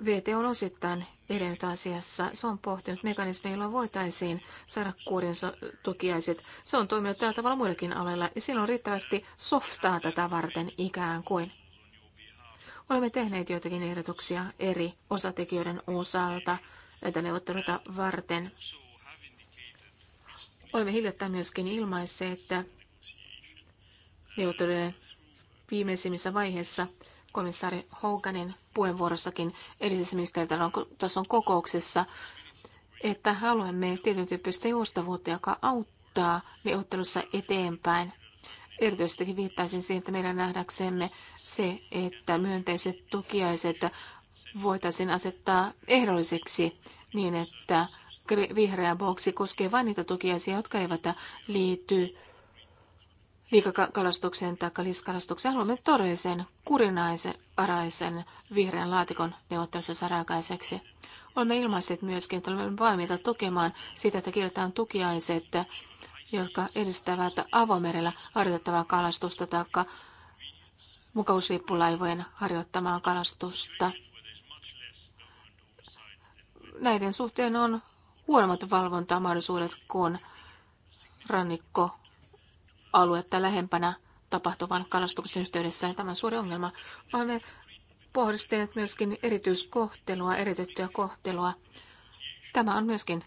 VT on osittain edennyt asiassa. Se on pohtinut mekanismeja, joilla voitaisiin saada kuurin tukiaiset. Se on toiminut tällä tavalla muillakin aloilla ja siinä on riittävästi softaa tätä varten ikään kuin. Olemme tehneet joitakin ehdotuksia eri osatekijöiden osalta näitä neuvotteluita varten. Olemme hiljattain myöskin ilmaisseet, että neuvotteluiden viimeisimmissä vaiheissa komissaari Houkanin puheenvuorossakin edellisessä ministeritason kokouksessa, että haluamme tietyn tyyppistä joustavuutta, joka auttaa neuvottelussa eteenpäin. Erityisesti viittaisin siihen, että meidän nähdäksemme se, että myönteiset tukiaiset voitaisiin asettaa ehdolliseksi niin, että vihreä boksi koskee vain niitä tukiaisia, jotka eivät liity liikakalastukseen tai liskalastukseen. Haluamme todellisen kurinaisen araisen vihreän laatikon neuvottelussa sarakaiseksi. Olemme ilmaiset myöskin, että olemme valmiita tukemaan sitä, että kirjataan tukiaiset, jotka edistävät avomerellä harjoitettavaa kalastusta tai mukauslippulaivojen harjoittamaa kalastusta. Näiden suhteen on huonommat valvontamahdollisuudet kuin rannikko aluetta lähempänä tapahtuvan kalastuksen yhteydessä. Ja tämä on suuri ongelma. Olemme pohdistelleet myöskin erityiskohtelua, eritettyä kohtelua. Tämä on myöskin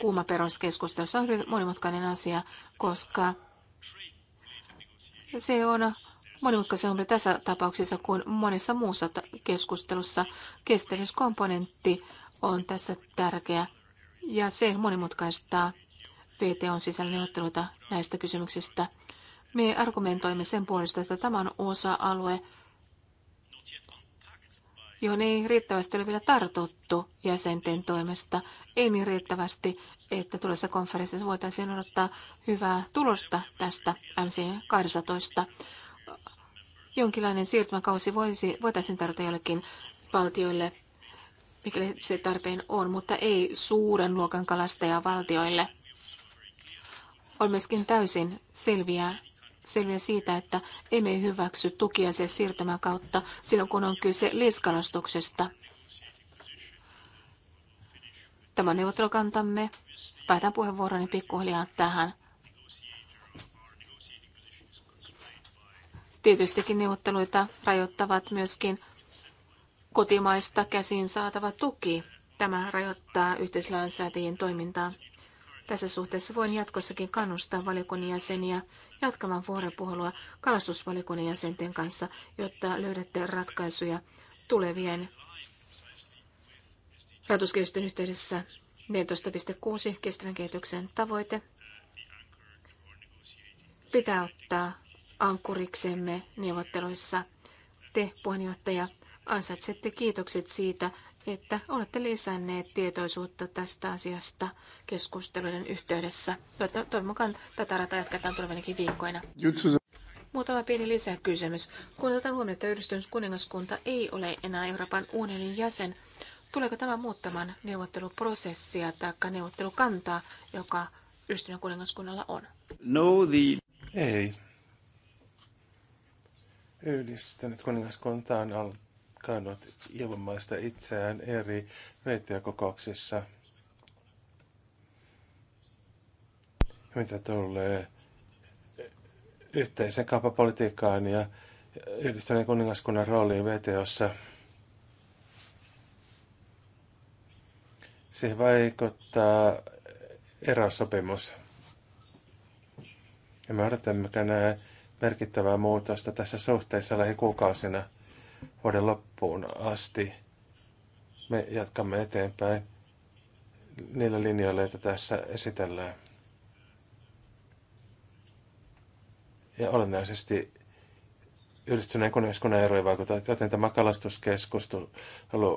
kuuma peruskeskustelu. Se on hyvin monimutkainen asia, koska se on monimutkaisempi tässä tapauksessa kuin monessa muussa keskustelussa. Kestävyyskomponentti on tässä tärkeä ja se monimutkaistaa on sisällä neuvotteluita näistä kysymyksistä. Me argumentoimme sen puolesta, että tämä on osa-alue, johon ei riittävästi ole vielä tartuttu jäsenten toimesta. Ei niin riittävästi, että tulessa konferenssissa voitaisiin odottaa hyvää tulosta tästä MC12. Jonkinlainen siirtymäkausi voisi, voitaisiin tarjota jollekin valtioille, mikäli se tarpeen on, mutta ei suuren luokan kalastajavaltioille on myöskin täysin selviä, selviä siitä, että emme hyväksy se siirtymän kautta silloin, kun on kyse liskalastuksesta. Tämä neuvottelukantamme. Päätän puheenvuoroni pikkuhiljaa tähän. Tietystikin neuvotteluita rajoittavat myöskin kotimaista käsiin saatava tuki. Tämä rajoittaa yhteislainsäätäjien toimintaa. Tässä suhteessa voin jatkossakin kannustaa valiokunnan jäseniä jatkamaan vuoropuhelua kalastusvaliokunnan jäsenten kanssa, jotta löydätte ratkaisuja tulevien ratuskehysten yhteydessä 14.6 kestävän kehityksen tavoite pitää ottaa ankkuriksemme neuvotteluissa. Te, puheenjohtaja, ansaitsette kiitokset siitä, että olette lisänneet tietoisuutta tästä asiasta keskusteluiden yhteydessä. Toivon mukaan tätä rataa jatketaan tulevinakin viikkoina. Muutama pieni lisäkysymys. Kun otetaan huomioon, että yhdistyskuningaskunta kuningaskunta ei ole enää Euroopan unionin jäsen, tuleeko tämä muuttamaan neuvotteluprosessia tai neuvottelukantaa, joka yhdistyneen kuningaskunnalla on? No, the... Ei. Yhdistynyt kuningaskunta on ollut kannut ilmaista itseään eri reittiökokouksissa. Mitä tulee yhteisen kauppapolitiikkaan ja yhdistyneen kuningaskunnan rooliin VTOssa, siihen vaikuttaa erosopimus. Ja me odotamme merkittävää muutosta tässä suhteessa lähikuukausina – vuoden loppuun asti. Me jatkamme eteenpäin niillä linjoilla, joita tässä esitellään. Ja olennaisesti yhdistyneen kuningaskunnan eroja vaikuttaa, joten tämä kalastuskeskustelu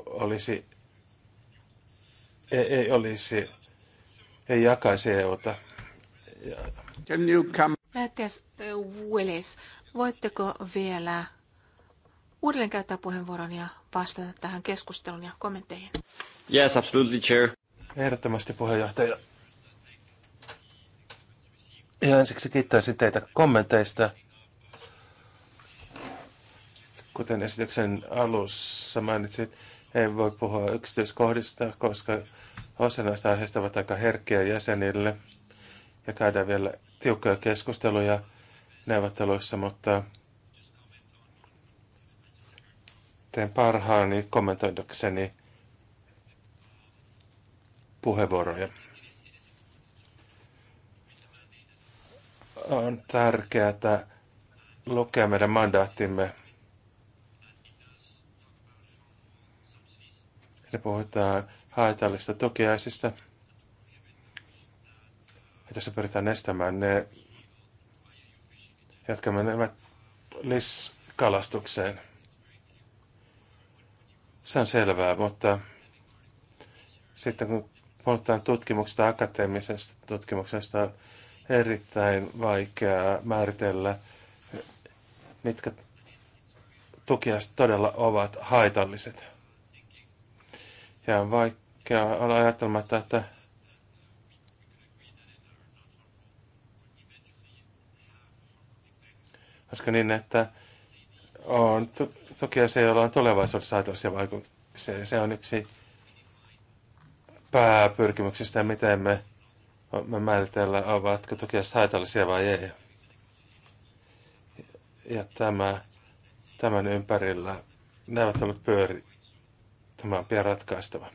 olisi, ei, ei olisi, ei jakaisi EUta. Can you come? Äh, äh, Willis, voitteko vielä uudelleen käyttää puheenvuoron ja vastata tähän keskusteluun ja kommentteihin. Yes, absolutely, Chair. Ehdottomasti puheenjohtaja. Ja ensiksi kiittäisin teitä kommenteista. Kuten esityksen alussa mainitsin, ei voi puhua yksityiskohdista, koska osa näistä aiheista ovat aika herkkiä jäsenille ja käydään vielä tiukkoja keskusteluja neuvotteluissa, mutta teen parhaani kommentoidakseni puheenvuoroja. On tärkeää lukea meidän mandaattimme. Ne puhutaan haitallista tukiaisista. Ja tässä pyritään estämään ne, jotka menevät liskalastukseen. Se on selvää, mutta sitten kun puhutaan tutkimuksesta, akateemisesta tutkimuksesta, on erittäin vaikeaa määritellä, mitkä tukiaiset todella ovat haitalliset. Ja on vaikea olla ajattelematta, että koska niin, että on tukea se, jolla on tulevaisuudessa ajatuksia vaikutuksia. Se on yksi pääpyrkimyksistä, miten me, me määritellään, ovatko tukiaiset haitallisia vai ei. Ja tämä, tämän ympärillä neuvottelut pyöri. Tämä on pian ratkaistava.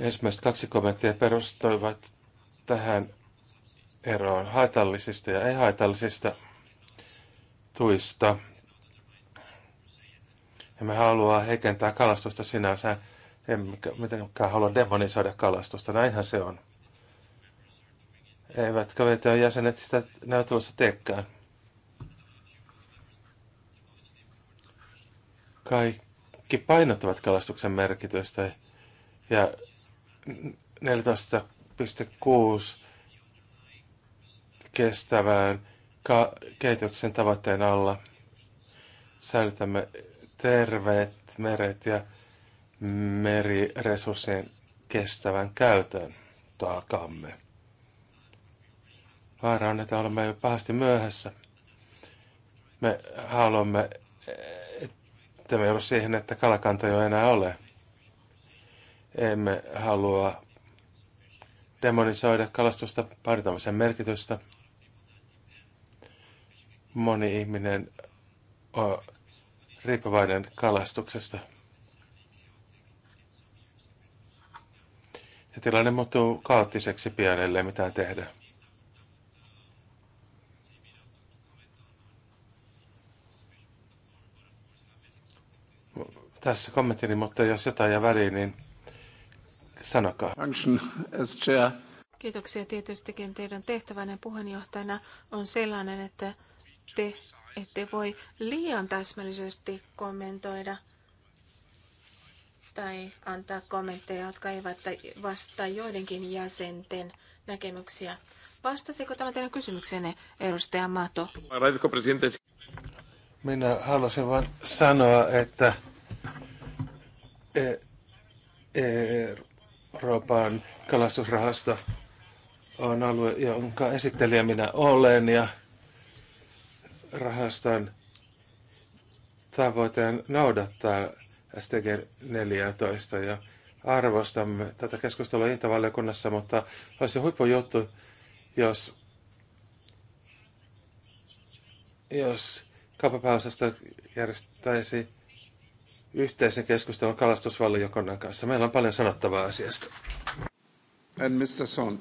Ensimmäiset kaksi kommenttia perustuivat tähän eroon haitallisista ja ei-haitallisista tuista. Emme halua heikentää kalastusta sinänsä, Emme mitenkään halua demonisoida kalastusta, näinhän se on. Eivätkä VTOn jäsenet sitä neuvottelussa teekään. Kaikki painottavat kalastuksen merkitystä ja 14 0,6 kestävään ka- kehityksen tavoitteen alla. Säilytämme terveet meret ja meriresurssien kestävän käytön taakamme. Vaara on, että olemme jo pahasti myöhässä. Me haluamme, että me ole siihen, että kalakanta ei enää ole. Emme halua demonisoida kalastusta, painostamisen merkitystä. Moni ihminen on riippuvainen kalastuksesta. Se tilanne muuttuu kaoottiseksi pian, ellei mitään tehdä. Tässä kommenttini, mutta jos jotain jää väliin, niin sanokaa. Function as chair. Kiitoksia tietystikin teidän tehtävänne puheenjohtajana on sellainen, että te ette voi liian täsmällisesti kommentoida tai antaa kommentteja, jotka eivät vastaa joidenkin jäsenten näkemyksiä. Vastasiko tämä teidän kysymyksenne, edustaja Mato? Minä haluaisin vain sanoa, että e, e, Euroopan kalastusrahasto on alue, jonka esittelijä minä olen ja rahaston tavoitteen noudattaa STG 14 ja arvostamme tätä keskustelua Intavaliokunnassa, mutta olisi huippujuttu, jos, jos kauppapääosasta järjestäisi yhteisen keskustelun kalastusvaliokunnan kanssa. Meillä on paljon sanottavaa asiasta. And Mr. Son.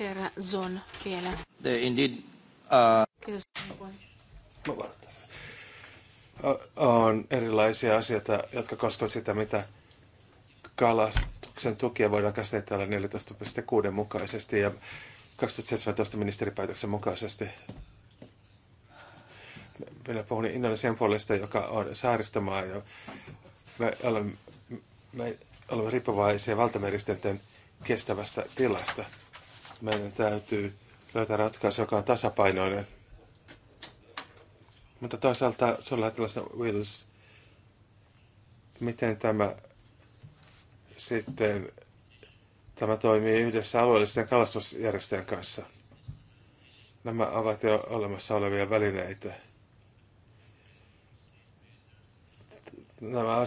Herra Zon vielä. The indeed, uh... Kiitos. On erilaisia asioita, jotka koskevat sitä, mitä kalastuksen tukia voidaan käsitellä 14.6 mukaisesti ja 2017 ministeripäätöksen mukaisesti. Minä puhun Indonesian puolesta, joka on saaristomaa ja me olemme, me olemme riippuvaisia valtameristölten kestävästä tilasta. Meidän täytyy löytää ratkaisu, joka on tasapainoinen. Mutta toisaalta sulla on tällaista Wills, miten tämä sitten tämä toimii yhdessä alueellisten kalastusjärjestöjen kanssa. Nämä ovat jo olemassa olevia välineitä. nämä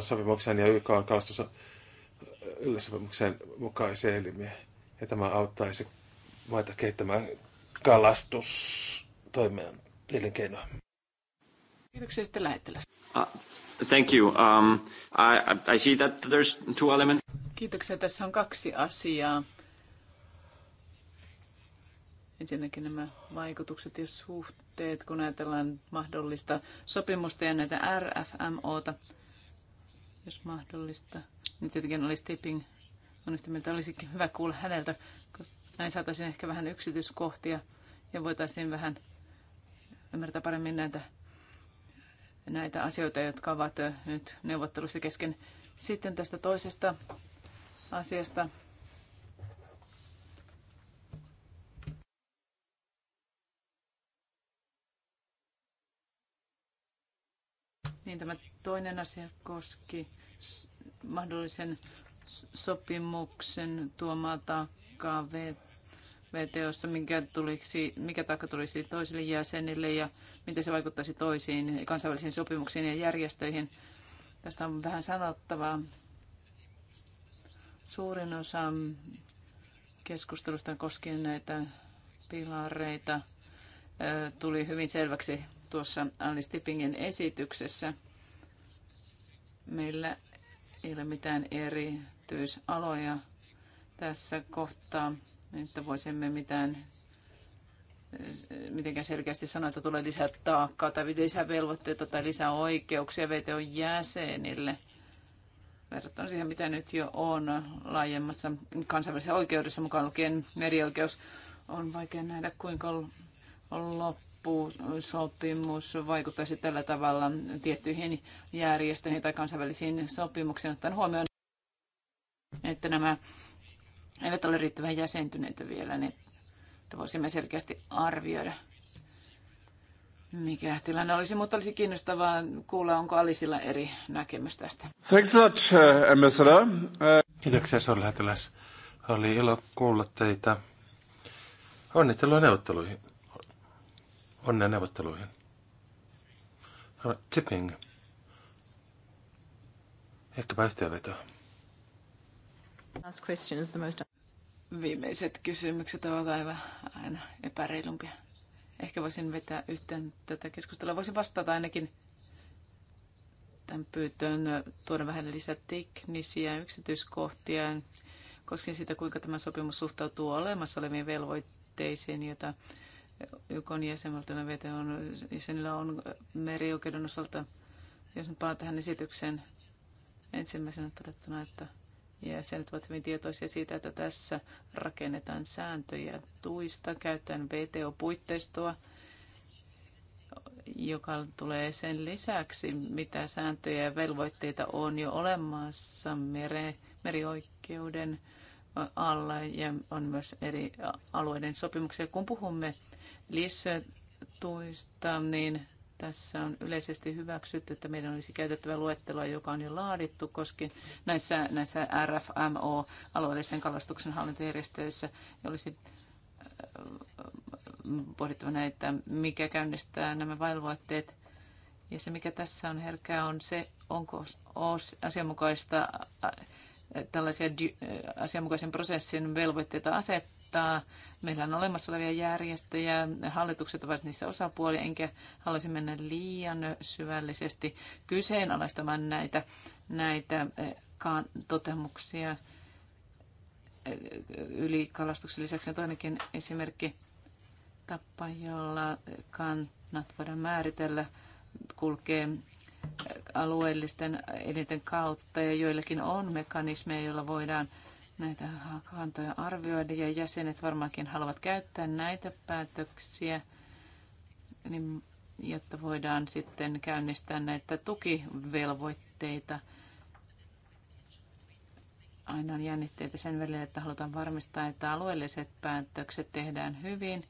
sopimuksen ja YK kalastussopimuksen mukaisia elimiä. Ja tämä auttaisi maita kehittämään kalastustoimeen elinkeinoa. Kiitoksia sitten lähettilästä. Uh, thank you. Um, I, I see that there's two elements. Kiitoksia. Tässä on kaksi asiaa ensinnäkin nämä vaikutukset ja suhteet, kun ajatellaan mahdollista sopimusta ja näitä RFMOta, jos mahdollista. Niin tietenkin olisi tipping onnistumilta. Olisikin hyvä kuulla häneltä, koska näin saataisiin ehkä vähän yksityiskohtia ja voitaisiin vähän ymmärtää paremmin näitä, näitä asioita, jotka ovat nyt neuvottelussa kesken. Sitten tästä toisesta asiasta Toinen asia koski mahdollisen sopimuksen tuomaa taakkaa VTOssa, mikä, tulisi, mikä taakka tulisi toisille jäsenille ja miten se vaikuttaisi toisiin kansainvälisiin sopimuksiin ja järjestöihin. Tästä on vähän sanottavaa. Suurin osa keskustelusta koskien näitä pilareita tuli hyvin selväksi tuossa Alice Tippingin esityksessä – Meillä ei ole mitään erityisaloja tässä kohtaa, että voisimme mitään mitenkään selkeästi sanoa, että tulee lisää taakkaa tai lisää velvoitteita tai lisää oikeuksia VTOn jäsenille verrattuna siihen, mitä nyt jo on laajemmassa kansainvälisessä oikeudessa, mukaan lukien merioikeus, on vaikea nähdä, kuinka on loppu sopimus vaikuttaisi tällä tavalla tiettyihin järjestöihin tai kansainvälisiin sopimuksiin, ottaen huomioon, että nämä eivät ole riittävän jäsentyneitä vielä, niin että voisimme selkeästi arvioida, mikä tilanne olisi. Mutta olisi kiinnostavaa kuulla, onko Alisilla eri näkemys tästä. Thanks a lot, uh, ambassador. Uh, Kiitoksia, suurlähettiläs. Oli ilo kuulla teitä. Onnittelua neuvotteluihin. Onnea neuvotteluihin. Tipping. Ehkäpä yhteenveto. Last question is the most... Viimeiset kysymykset ovat aivan aina epäreilumpia. Ehkä voisin vetää yhteen tätä keskustelua. Voisin vastata ainakin tämän pyytöön tuoda vähän lisää teknisiä yksityiskohtia koskien sitä, kuinka tämä sopimus suhtautuu olemassa oleviin velvoitteisiin, joita YK on jäsenvaltioiden no VTOn jäsenillä on merioikeuden osalta, jos nyt palaan tähän esitykseen ensimmäisenä todettuna, että jäsenet ovat hyvin tietoisia siitä, että tässä rakennetaan sääntöjä tuista, käyttäen VTO-puitteistoa, joka tulee sen lisäksi, mitä sääntöjä ja velvoitteita on jo olemassa mere, merioikeuden alla ja on myös eri alueiden sopimuksia. Kun puhumme lisätuista, niin tässä on yleisesti hyväksytty, että meidän olisi käytettävä luetteloa, joka on jo laadittu koska näissä, näissä RFMO, alueellisen kalastuksen hallintajärjestöissä, olisi äh, pohdittava näitä, mikä käynnistää nämä velvoitteet Ja se, mikä tässä on herkää, on se, onko asianmukaista äh, äh, tällaisia asianmukaisen prosessin velvoitteita asettaa muuttaa. Meillä on olemassa olevia järjestöjä, hallitukset ovat niissä osapuolia, enkä haluaisi mennä liian syvällisesti kyseenalaistamaan näitä, näitä eh, totemuksia eh, ylikalastuksen lisäksi toinenkin esimerkki tapa, jolla kannat voidaan määritellä, kulkee eh, alueellisten elinten kautta ja joillakin on mekanismeja, joilla voidaan näitä kantoja arvioida ja jäsenet varmaankin haluavat käyttää näitä päätöksiä, niin, jotta voidaan sitten käynnistää näitä tukivelvoitteita. Aina on jännitteitä sen välillä, että halutaan varmistaa, että alueelliset päätökset tehdään hyvin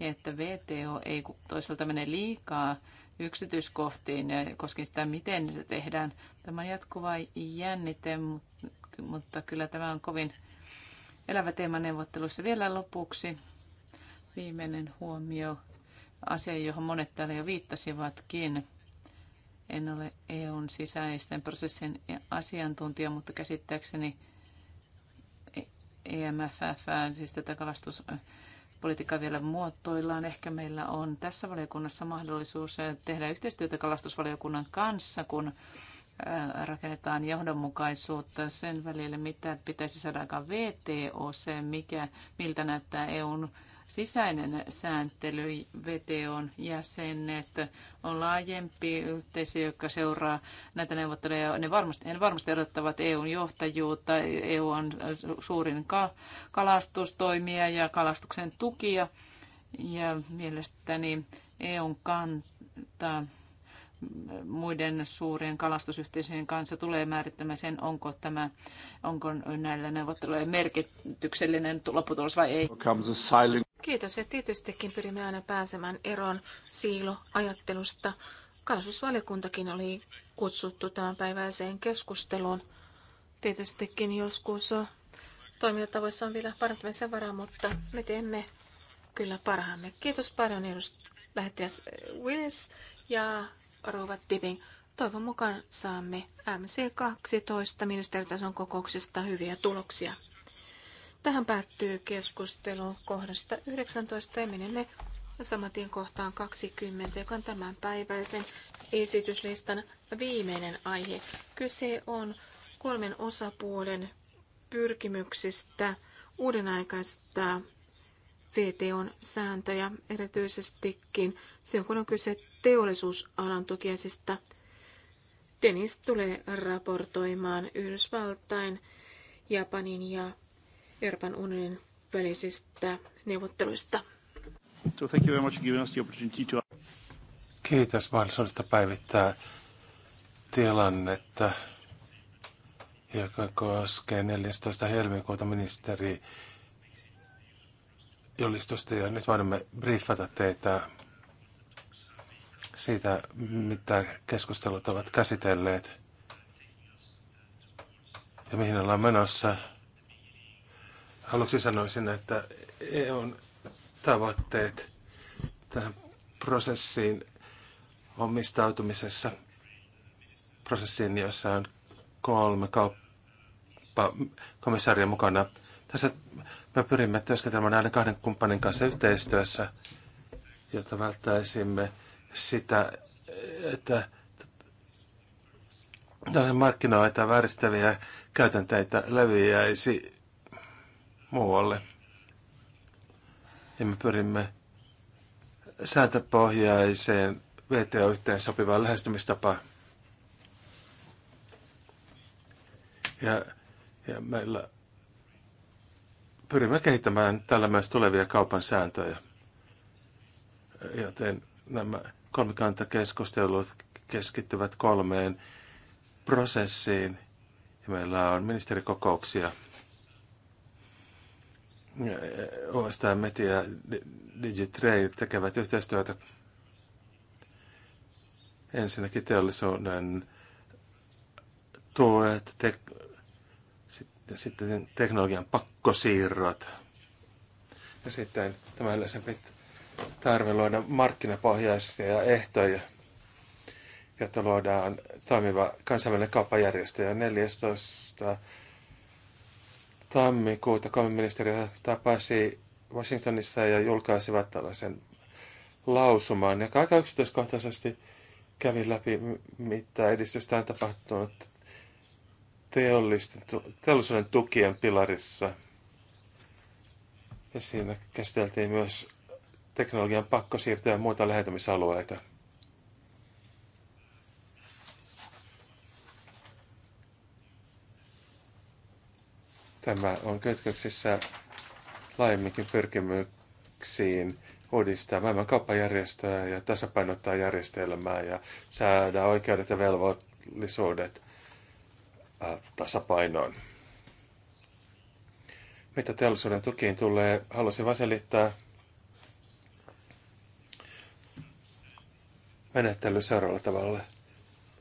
ja että VTO ei toisaalta mene liikaa yksityiskohtiin eh, koskien sitä, miten se tehdään. Tämä on jatkuva jännite, mutta mutta kyllä tämä on kovin elävä teema neuvotteluissa. Vielä lopuksi viimeinen huomio, asia, johon monet täällä jo viittasivatkin. En ole EUn sisäisten prosessien asiantuntija, mutta käsittääkseni EMFF, siis tätä kalastuspolitiikkaa vielä muotoillaan. Ehkä meillä on tässä valiokunnassa mahdollisuus tehdä yhteistyötä kalastusvaliokunnan kanssa, kun Äh, rakennetaan johdonmukaisuutta sen välille, mitä pitäisi saada aikaan se mikä, miltä näyttää EUn sisäinen sääntely, VTOn jäsenet, on laajempi yhteisö, joka seuraa näitä neuvotteluja. Ne varmasti, he varmasti odottavat EUn johtajuutta. EU on suurin kalastustoimija ja kalastuksen tukija. Ja mielestäni EUn kantaa muiden suurien kalastusyhteisöjen kanssa tulee määrittämään sen, onko, tämä, onko näillä neuvotteluilla merkityksellinen lopputulos vai ei. Kiitos ja tietystikin pyrimme aina pääsemään eroon siiloajattelusta. Kalastusvaliokuntakin oli kutsuttu tämän päiväiseen keskusteluun. Tietystikin joskus toimintatavoissa on vielä parantamisen varaa, mutta me teemme kyllä parhaamme. Kiitos paljon edustajat. lähettiläs Willis ja rouva Tipping. Toivon mukaan saamme MC12 ministeritason kokouksesta hyviä tuloksia. Tähän päättyy keskustelu kohdasta 19 ja menemme samatien kohtaan 20, joka on tämän päiväisen esityslistan viimeinen aihe. Kyse on kolmen osapuolen pyrkimyksistä uudenaikaista VTOn sääntöjä, erityisestikin silloin kun on kyse teollisuusalan tukiaisista. Dennis tulee raportoimaan Yhdysvaltain, Japanin ja Euroopan unionin välisistä neuvotteluista. So thank you very much giving us the opportunity to... Kiitos mahdollisuudesta päivittää tilannetta, joka koskee 14. helmikuuta ministeri julistusta ja nyt voimme briefata teitä siitä, mitä keskustelut ovat käsitelleet ja mihin ollaan menossa. Aluksi sanoisin, että EUn tavoitteet tähän prosessiin omistautumisessa, prosessiin, jossa on kolme kauppakomissaaria mukana. Tässä me pyrimme työskentelemään näiden kahden kumppanin kanssa yhteistyössä, jotta välttäisimme sitä, että markkinoita vääristäviä käytänteitä leviäisi muualle. Ja me pyrimme sääntöpohjaiseen VTO-yhteen sopivaan lähestymistapaan. Ja, ja meillä pyrimme kehittämään tällä myös tulevia kaupan sääntöjä, joten nämä kolmikantakeskustelut keskittyvät kolmeen prosessiin ja meillä on ministerikokouksia. OSTM ja Digitrade tekevät yhteistyötä ensinnäkin teollisuuden tuet, te, sitten, sitten teknologian pakkosiirrot ja sitten tämä yleisempi tarve luoda markkinapohjaisia ehtoja, jotta luodaan toimiva kansainvälinen kauppajärjestö. Ja 14. tammikuuta kolme ministeriö tapasi Washingtonissa ja julkaisivat tällaisen lausumaan, joka aika yksityiskohtaisesti kävi läpi, mitä edistystä on tapahtunut teollisuuden tukien pilarissa. Ja siinä käsiteltiin myös teknologian pakko siirtyä muita lähetämisalueita. Tämä on kytköksissä laajemminkin pyrkimyksiin uudistaa maailman kauppajärjestöä ja tasapainottaa järjestelmää ja saada oikeudet ja velvollisuudet tasapainoon. Mitä teollisuuden tukiin tulee, haluaisin vain selittää, menettely seuraavalla tavalla.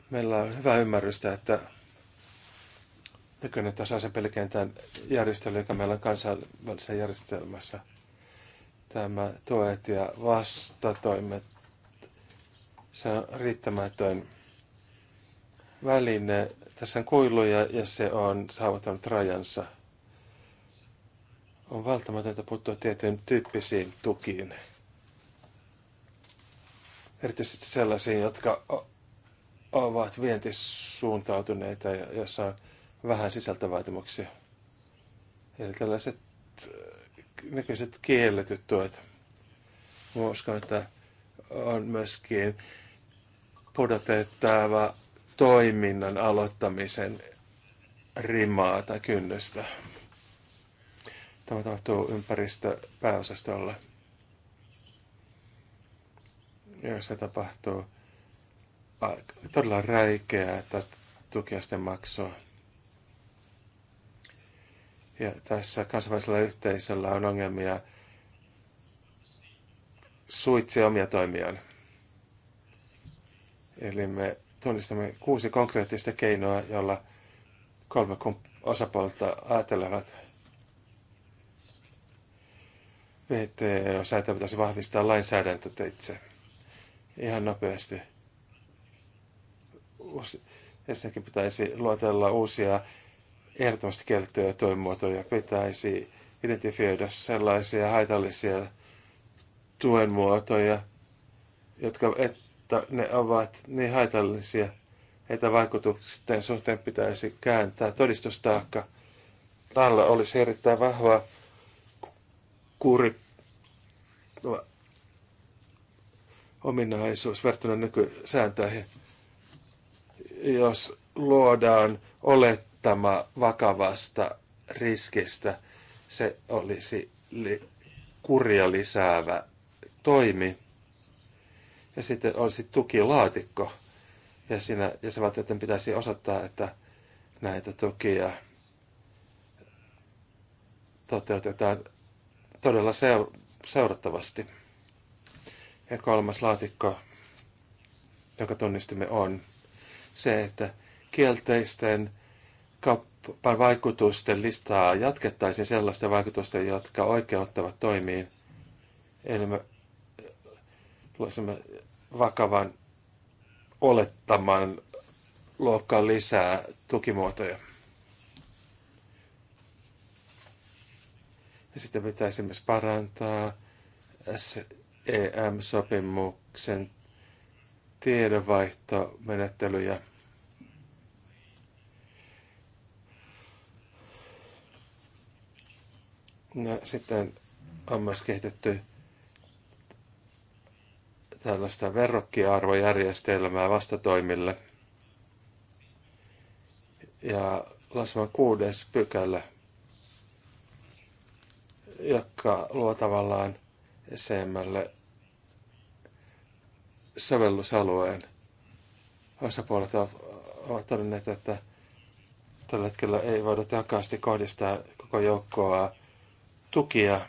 Meillä on hyvä ymmärrystä, että nykyinen tasaisen pelikentän järjestely, joka meillä on kansainvälisessä järjestelmässä, tämä tuet ja vastatoimet, se on riittämätön väline. Tässä on kuiluja ja se on saavuttanut rajansa. On välttämätöntä puuttua tietyn tyyppisiin tukiin erityisesti sellaisia, jotka ovat vientisuuntautuneita ja joissa on vähän sisältövaatimuksia. Eli tällaiset äh, näköiset kielletyt tuet. Mä uskon, että on myöskin pudotettava toiminnan aloittamisen rimaa tai kynnystä. Tämä tapahtuu ympäristöpääosastolla joissa tapahtuu todella räikeää että tukiasten maksua. Ja tässä kansainvälisellä yhteisöllä on ongelmia suitsia omia toimiaan. Eli me tunnistamme kuusi konkreettista keinoa, jolla kolme osapuolta ajatelevat VTO-sääntö e pitäisi vahvistaa lainsäädäntöteitse. itse ihan nopeasti. Ensinnäkin pitäisi luotella uusia ehdottomasti kiellettyjä tuenmuotoja. Pitäisi identifioida sellaisia haitallisia tuen muotoja, jotka että ne ovat niin haitallisia, että vaikutusten suhteen pitäisi kääntää todistustaakka. Tällä olisi erittäin vahva kuri ominaisuus verrattuna nykysääntöihin. Jos luodaan olettama vakavasta riskistä, se olisi li- kurja lisäävä toimi. Ja sitten olisi tukilaatikko. Ja siinä jäsenvaltioiden pitäisi osoittaa, että näitä tukia toteutetaan todella seurattavasti. Ja kolmas laatikko, jonka tunnistimme, on se, että kielteisten kaupan vaikutusten listaa jatkettaisiin sellaisten vaikutusten, jotka oikeuttavat toimiin. Eli me luisimme vakavan olettaman luokkaan lisää tukimuotoja. Ja sitten pitäisi myös parantaa EM-sopimuksen tiedonvaihtomenettelyjä. No, sitten on myös kehitetty tällaista verrokkiarvojärjestelmää vastatoimille. Ja lasman kuudes pykälä, joka luo tavallaan CMlle sovellusalueen. Osapuolet ovat todenneet, että tällä hetkellä ei voida tehokkaasti kohdistaa koko joukkoa tukia,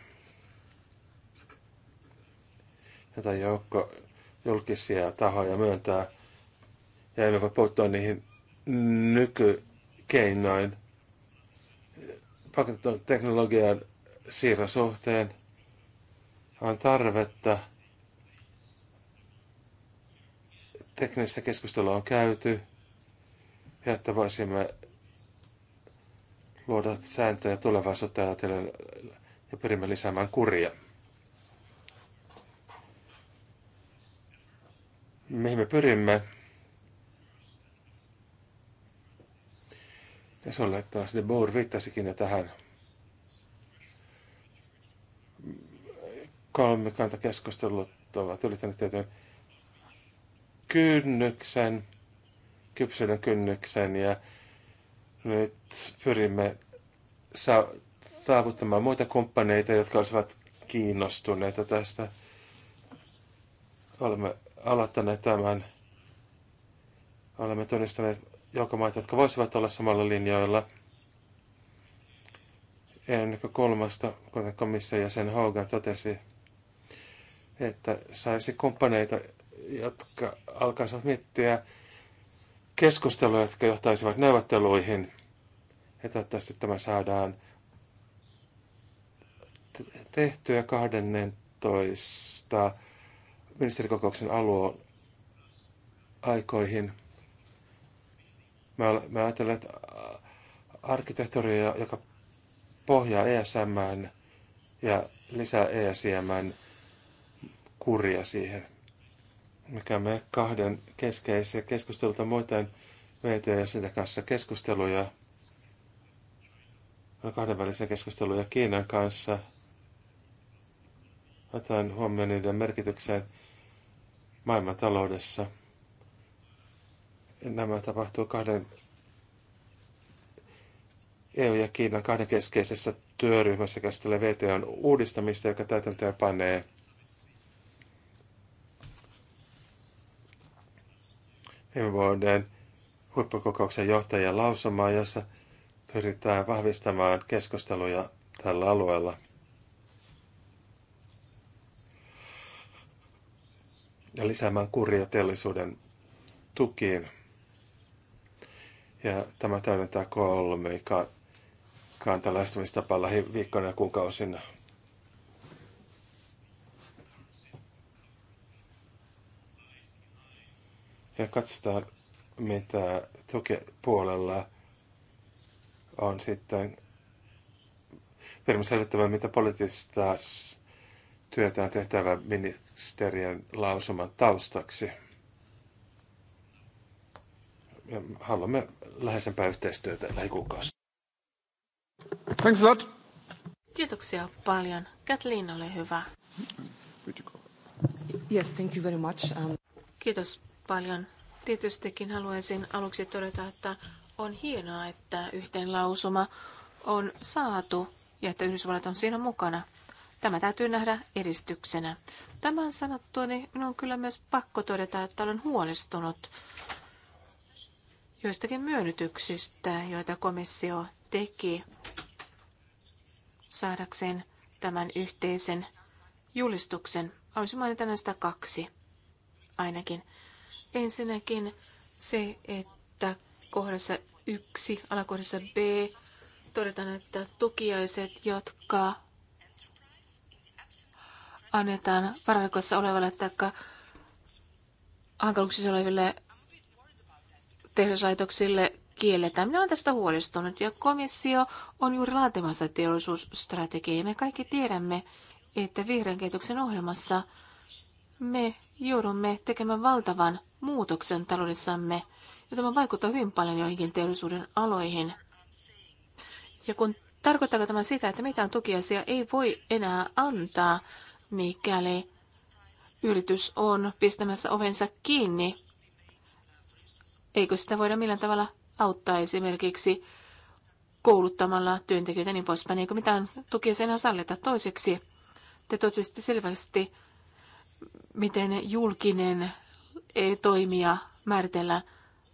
jota joukko julkisia tahoja myöntää, ja emme voi puuttua niihin nykykeinoin pakotetun teknologian siirron suhteen – on tarvetta. Teknistä keskustelua on käyty, jotta voisimme luoda sääntöjä tulevaisuutta ajatellen ja pyrimme lisäämään kuria. Mihin me pyrimme? Ja se on, että sinne Bohr viittasikin jo tähän kolmikantakeskustelut ovat ylittäneet tietyn kynnyksen, kypsyyden kynnyksen ja nyt pyrimme saavuttamaan muita kumppaneita, jotka olisivat kiinnostuneita tästä. Olemme aloittaneet tämän. Olemme tunnistaneet joukomaita, jotka voisivat olla samalla linjoilla. Ennen kuin kolmasta, kuten ja jäsen Hogan totesi, että saisi kumppaneita, jotka alkaisivat miettiä keskusteluja, jotka johtaisivat neuvotteluihin. Ja toivottavasti tämä saadaan tehtyä 12 ministerikokouksen alueen aikoihin. Mä, mä ajattelen, että arkkitehtuuria, joka pohjaa ESM ja lisää ESM kuria siihen. Mikä me kahden keskeisiä keskustelulta muuten VT ja sitä kanssa keskusteluja, kahdenvälisiä keskusteluja Kiinan kanssa. Otan huomioon niiden merkitykseen maailmantaloudessa. Nämä tapahtuu kahden EU ja Kiinan kahden keskeisessä työryhmässä käsittelee VTOn uudistamista, joka täytäntöön panee viime vuoden huippukokouksen johtajan lausumaa, jossa pyritään vahvistamaan keskusteluja tällä alueella. Ja lisäämään kuria teollisuuden tukiin. Ja tämä täydentää kolme kanta lähestymistapaa lähiviikkoina ja kuukausina. ja katsotaan, mitä tukipuolella on sitten firma selvittävä, mitä poliittista työtä on tehtävä ministeriön lausuman taustaksi. Ja haluamme läheisempää yhteistyötä lähikuukausi. Thanks a lot. Kiitoksia paljon. Kathleen, ole hyvä. Yes, thank you very much. Um... Kiitos paljon. Tietystikin haluaisin aluksi todeta, että on hienoa, että yhteen lausuma on saatu ja että Yhdysvallat on siinä mukana. Tämä täytyy nähdä edistyksenä. Tämän sanottua, niin minun on kyllä myös pakko todeta, että olen huolestunut joistakin myönnytyksistä, joita komissio teki saadakseen tämän yhteisen julistuksen. Olisi mainita näistä kaksi ainakin. Ensinnäkin se, että kohdassa 1, alakohdassa B, todetaan, että tukiaiset, jotka annetaan varallisuudessa olevalle tai hankaluuksissa oleville tehdaslaitoksille kielletään. Minä olen tästä huolestunut ja komissio on juuri laatimassa teollisuusstrategiaa ja me kaikki tiedämme, että vihreän kehityksen ohjelmassa me joudumme tekemään valtavan muutoksen taloudessamme, ja tämä vaikuttaa hyvin paljon joihinkin teollisuuden aloihin. Ja kun tarkoittaako tämä sitä, että mitään tukiasia ei voi enää antaa, mikäli yritys on pistämässä ovensa kiinni? Eikö sitä voida millään tavalla auttaa esimerkiksi kouluttamalla työntekijöitä niin poispäin, eikö mitään tukiasia enää sallita. Toiseksi te totesitte selvästi, miten julkinen toimia määritellä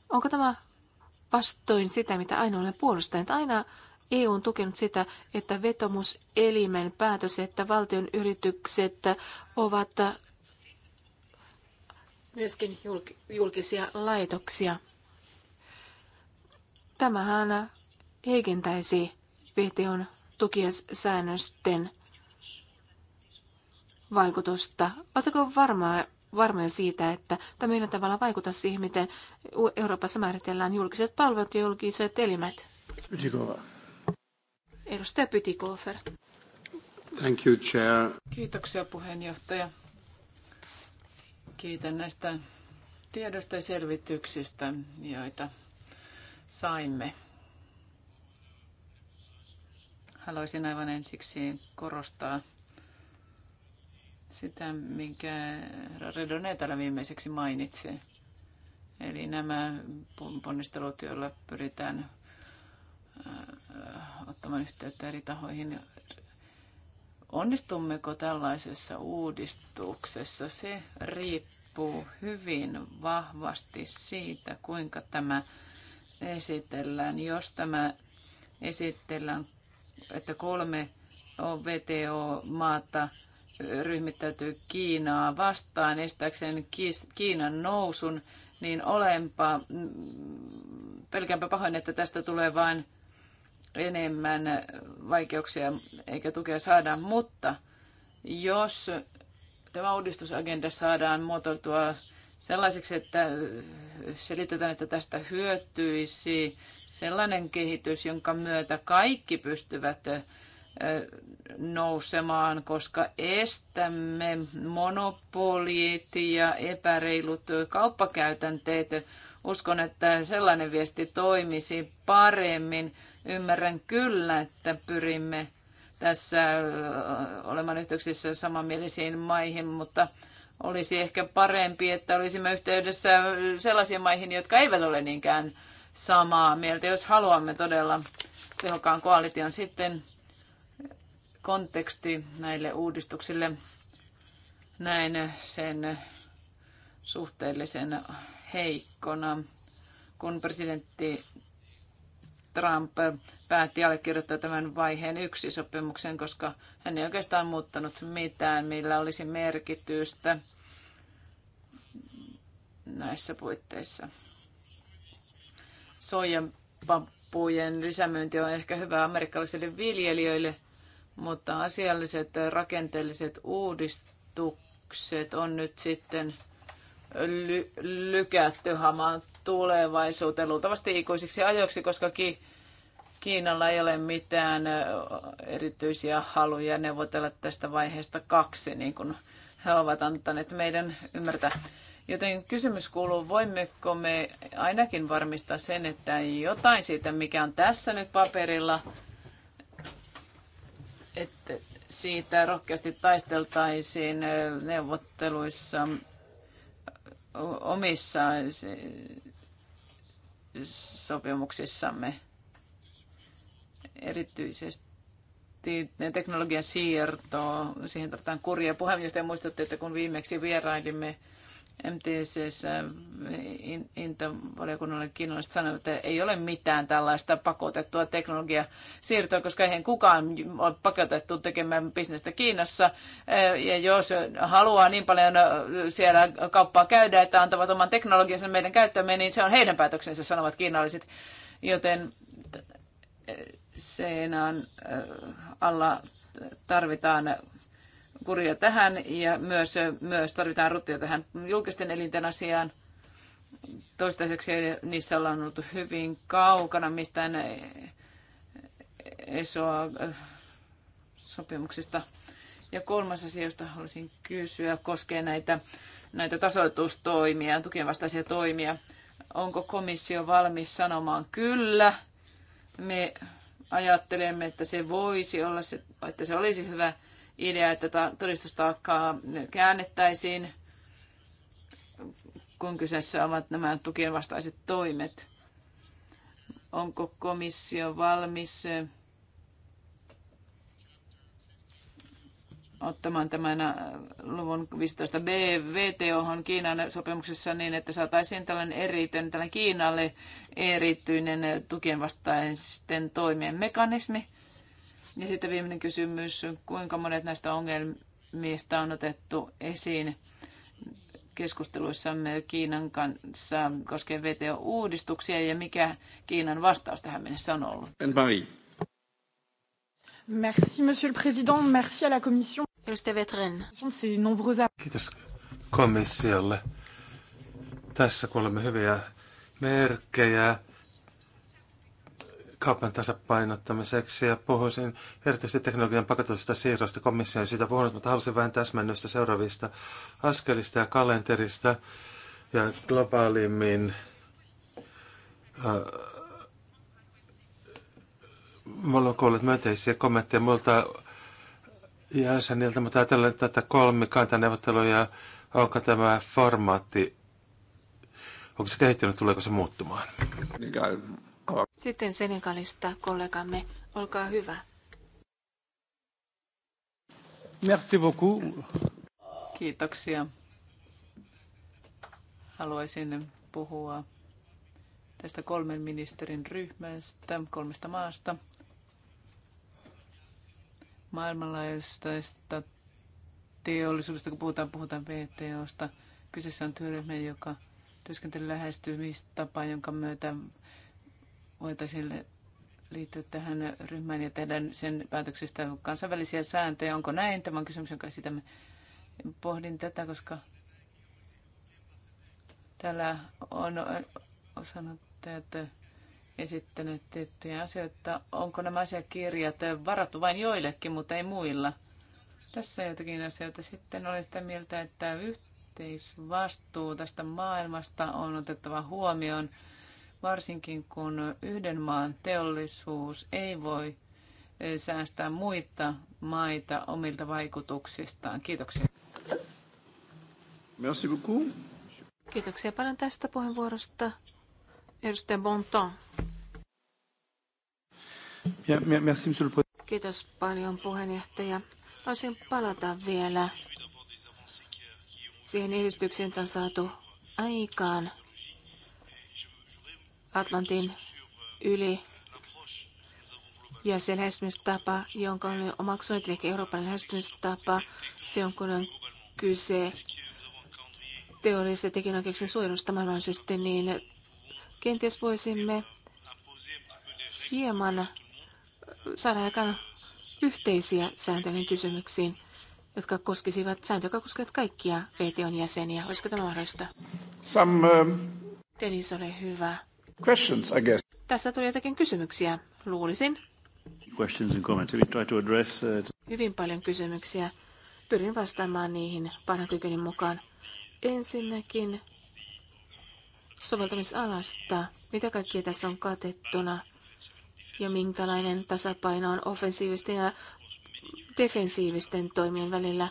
Onko tämä vastoin sitä, mitä aina olen puolustanut? Aina EU on tukenut sitä, että vetomuselimen päätös, että valtion yritykset ovat myöskin julkisia laitoksia. Tämähän heikentäisi VTOn tukiasäännösten vaikutusta. Oletteko varmaa varmoja siitä, että tämä millä tavalla vaikuttaa siihen, miten Euroopassa määritellään julkiset palvelut ja julkiset elimet. Pytikova. Edustaja Pytikofer. Thank you, Chair. Kiitoksia puheenjohtaja. Kiitän näistä tiedosta ja selvityksistä, joita saimme. Haluaisin aivan ensiksi korostaa sitä, minkä Redone täällä viimeiseksi mainitsi. Eli nämä ponnistelut, joilla pyritään äh, ottamaan yhteyttä eri tahoihin. Onnistummeko tällaisessa uudistuksessa? Se riippuu hyvin vahvasti siitä, kuinka tämä esitellään. Jos tämä esitellään, että kolme VTO-maata ryhmittäytyy Kiinaa vastaan estääkseen Kiinan nousun, niin olenpa, mm, pelkäänpä pahoin, että tästä tulee vain enemmän vaikeuksia eikä tukea saada, mutta jos tämä uudistusagenda saadaan muotoiltua sellaiseksi, että selitetään, että tästä hyötyisi sellainen kehitys, jonka myötä kaikki pystyvät nousemaan, koska estämme monopoliit ja epäreilut kauppakäytänteet. Uskon, että sellainen viesti toimisi paremmin. Ymmärrän kyllä, että pyrimme tässä äh, olemaan yhteyksissä samanmielisiin maihin, mutta olisi ehkä parempi, että olisimme yhteydessä sellaisiin maihin, jotka eivät ole niinkään samaa mieltä, jos haluamme todella tehokkaan koalition sitten konteksti näille uudistuksille. Näin sen suhteellisen heikkona, kun presidentti Trump päätti allekirjoittaa tämän vaiheen yksi sopimuksen, koska hän ei oikeastaan muuttanut mitään, millä olisi merkitystä näissä puitteissa. Soijan pampujen lisämyynti on ehkä hyvä amerikkalaisille viljelijöille – mutta asialliset äh, rakenteelliset uudistukset on nyt sitten ly- lykätty hamaan tulevaisuuteen luultavasti ikuisiksi ajoiksi, koska ki- Kiinalla ei ole mitään äh, erityisiä haluja neuvotella tästä vaiheesta kaksi, niin kuin he ovat antaneet meidän ymmärtää. Joten kysymys kuuluu, voimmeko me ainakin varmistaa sen, että jotain siitä, mikä on tässä nyt paperilla, että siitä rohkeasti taisteltaisiin neuvotteluissa omissa sopimuksissamme. Erityisesti teknologian siirto, siihen tarvitaan kurja. Puheenjohtaja, muistatte, että kun viimeksi vierailimme MTCssä Inta-valiokunnalle kiinalaiset sanoivat, että ei ole mitään tällaista pakotettua teknologiasiirtoa, koska eihän kukaan ole pakotettu tekemään bisnestä Kiinassa. Eh, ja jos haluaa niin paljon eh, siellä kauppaa käydä, että antavat oman teknologiansa meidän käyttöömme, niin se on heidän päätöksensä, sanovat kiinalaiset. Joten eh, seinän alla tarvitaan kuria tähän ja myös, myös tarvitaan ruttia tähän julkisten elinten asiaan. Toistaiseksi niissä ollaan ollut hyvin kaukana mistään esoa eh, sopimuksista. Ja kolmas asia, josta haluaisin kysyä, koskee näitä, näitä tasoitustoimia, tukien vastaisia toimia. Onko komissio valmis sanomaan kyllä? Me ajattelemme, että se voisi olla, se, että se olisi hyvä idea, että todistustaakkaa käännettäisiin, kun kyseessä ovat nämä tukien vastaiset toimet. Onko komissio valmis ottamaan tämän luvun 15b VTO Kiinan sopimuksessa niin, että saataisiin tällainen erityinen, tällainen Kiinalle erityinen tukien vastaisten toimien mekanismi. Ja sitten viimeinen kysymys, kuinka monet näistä ongelmista on otettu esiin keskusteluissamme Kiinan kanssa koskien VTO-uudistuksia ja mikä Kiinan vastaus tähän mennessä on ollut? Marie. Merci, monsieur le président. Merci à la commission. Kiitos komissiolle. Tässä kuulemme hyviä merkkejä kaupan tasapainottamiseksi ja puhuisin erityisesti teknologian pakotusta siirrosta komissioon siitä puhunut, mutta halusin vähän täsmennystä seuraavista askelista ja kalenterista ja globaalimmin äh, Mulla on kuullut myönteisiä kommentteja muilta jäseniltä, mutta ajatellen tätä kolmikantaneuvotteluja, onko tämä formaatti, onko se kehittynyt, tuleeko se muuttumaan? Niin sitten Senegalista kollegamme, olkaa hyvä. Merci beaucoup. Kiitoksia. Haluaisin puhua tästä kolmen ministerin ryhmästä, kolmesta maasta, maailmanlaajuisesta teollisuudesta, kun puhutaan, puhutaan VTOsta. Kyseessä on työryhmä, joka työskentelee lähestymistapa, jonka myötä voitaisiin liittyä tähän ryhmään ja tehdä sen päätöksestä kansainvälisiä sääntöjä. Onko näin? Tämä on kysymys, jonka esitämme. Pohdin tätä, koska täällä on osannut että esittänyt tiettyjä asioita. Onko nämä asiakirjat varattu vain joillekin, mutta ei muilla? Tässä jotakin asioita. Sitten olen sitä mieltä, että yhteisvastuu tästä maailmasta on otettava huomioon varsinkin kun yhden maan teollisuus ei voi säästää muita maita omilta vaikutuksistaan. Kiitoksia. Merci beaucoup. Kiitoksia paljon tästä puheenvuorosta. Edustaja Bonton. Merci, Kiitos paljon puheenjohtaja. Olisin palata vielä siihen edistykseen, jota on saatu aikaan Atlantin yli. Ja se lähestymistapa, jonka on omaksunut, eli Euroopan lähestymistapa, se on kun on kyse teollisesta tekijänoikeuksien suojelusta mahdollisesti, niin kenties voisimme hieman saada aikaan yhteisiä sääntöjen kysymyksiin, jotka koskisivat sääntöjä, jotka koskevat kaikkia VTOn jäseniä. Olisiko tämä mahdollista? Some, uh... Ähm, Dennis, ole hyvä. Questions, I guess. Tässä tuli jotakin kysymyksiä, luulisin. Questions and comments. We try to address, uh... Hyvin paljon kysymyksiä. Pyrin vastaamaan niihin parhaan mukaan. Ensinnäkin soveltamisalasta, mitä kaikkea tässä on katettuna ja minkälainen tasapaino on offensiivisten ja defensiivisten toimien välillä.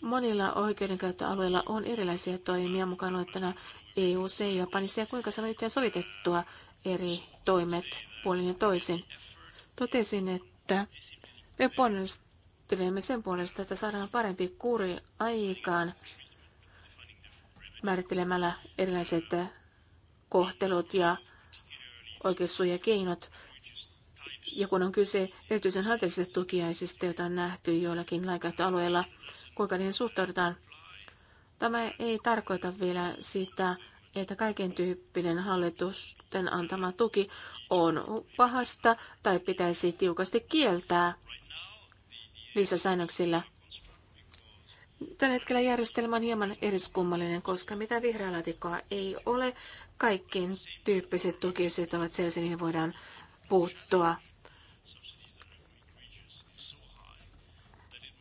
Monilla oikeudenkäyttöalueilla on erilaisia toimia mukana luettuna EUC ja Japanissa ja kuinka saamme yhteen sovitettua eri toimet puolin ja toisin. Totesin, että me ponnistelemme sen puolesta, että saadaan parempi kuri aikaan määrittelemällä erilaiset kohtelut ja oikeussuojakeinot. Ja kun on kyse erityisen haitallisista tukiaisista, joita on nähty joillakin lainkäyttöalueilla, kuinka niihin suhtaudutaan Tämä ei tarkoita vielä sitä, että kaiken tyyppinen hallitusten antama tuki on pahasta tai pitäisi tiukasti kieltää lisäsäännöksillä. Tällä hetkellä järjestelmä on hieman eriskummallinen, koska mitä vihreä laatikkoa ei ole, kaikkiin tyyppiset tukiset ovat sellaisia, mihin voidaan puuttua.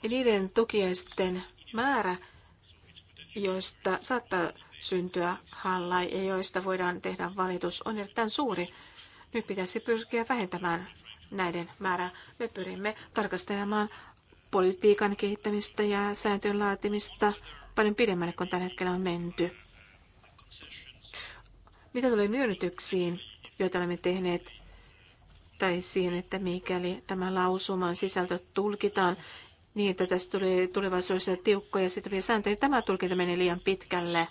Niiden tukiaisten määrä joista saattaa syntyä halla ja joista voidaan tehdä valitus, on erittäin suuri. Nyt pitäisi pyrkiä vähentämään näiden määrää. Me pyrimme tarkastelemaan politiikan kehittämistä ja sääntöjen laatimista paljon pidemmälle kuin tällä hetkellä on menty. Mitä tulee myönnytyksiin, joita olemme tehneet, tai siihen, että mikäli tämä lausuman sisältö tulkitaan niin, että tästä tuli tulevaisuudessa tiukkoja ja sääntöjä. tämä tulkinta meni liian pitkälle.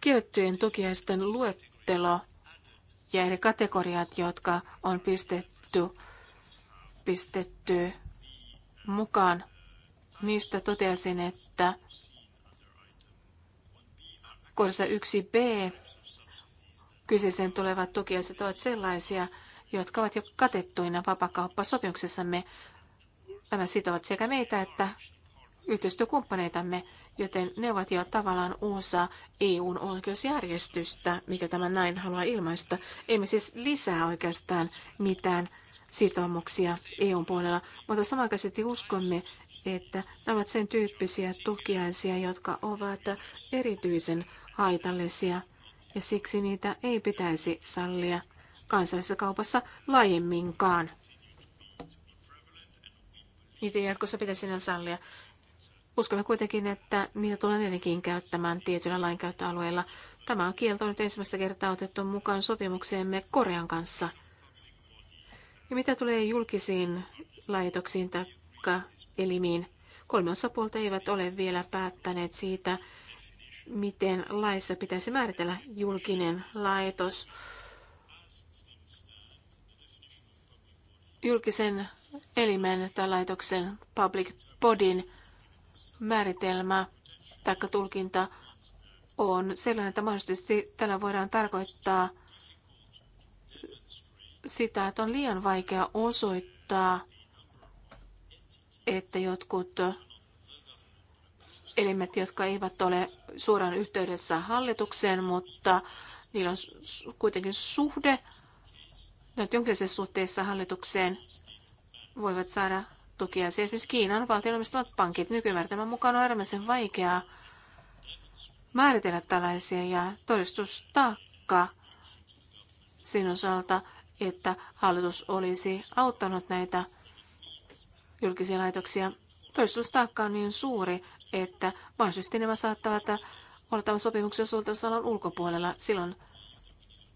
Kiellettyjen tukiaisten luettelo ja eri kategoriat, jotka on pistetty, pistetty mukaan, niistä toteasin, että kohdassa 1b kyseeseen tulevat tukiaiset ovat sellaisia, jotka ovat jo katettuina vapakauppasopimuksessamme. Nämä sitovat sekä meitä että yhteistyökumppaneitamme, joten ne ovat jo tavallaan osa EUn oikeusjärjestystä, mikä tämä näin haluaa ilmaista. Emme siis lisää oikeastaan mitään sitoumuksia EUn puolella, mutta samankaisesti uskomme, että nämä ovat sen tyyppisiä tukiaisia, jotka ovat erityisen haitallisia ja siksi niitä ei pitäisi sallia kansallisessa kaupassa laajemminkaan. Niitä jatkossa pitäisi sinä sallia. Uskomme kuitenkin, että niitä tulee edelleenkin käyttämään tietyillä lainkäyttöalueilla. Tämä on kielto nyt ensimmäistä kertaa otettu mukaan sopimukseemme Korean kanssa. Ja mitä tulee julkisiin laitoksiin tai elimiin, kolme osapuolta eivät ole vielä päättäneet siitä, miten laissa pitäisi määritellä julkinen laitos. julkisen elimen tai laitoksen public bodin määritelmä tai tulkinta on sellainen, että mahdollisesti tällä voidaan tarkoittaa sitä, että on liian vaikea osoittaa, että jotkut elimet, jotka eivät ole suoraan yhteydessä hallitukseen, mutta niillä on kuitenkin suhde nyt jonkinlaisessa suhteessa hallitukseen voivat saada tukia. Esimerkiksi Kiinan valtion omistamat pankit nykymääritelmän mukaan on äärimmäisen vaikeaa määritellä tällaisia ja todistustaakka sen osalta, että hallitus olisi auttanut näitä julkisia laitoksia. Todistustaakka on niin suuri, että mahdollisesti nämä saattavat olla tämän sopimuksen suhteessa ulkopuolella. Silloin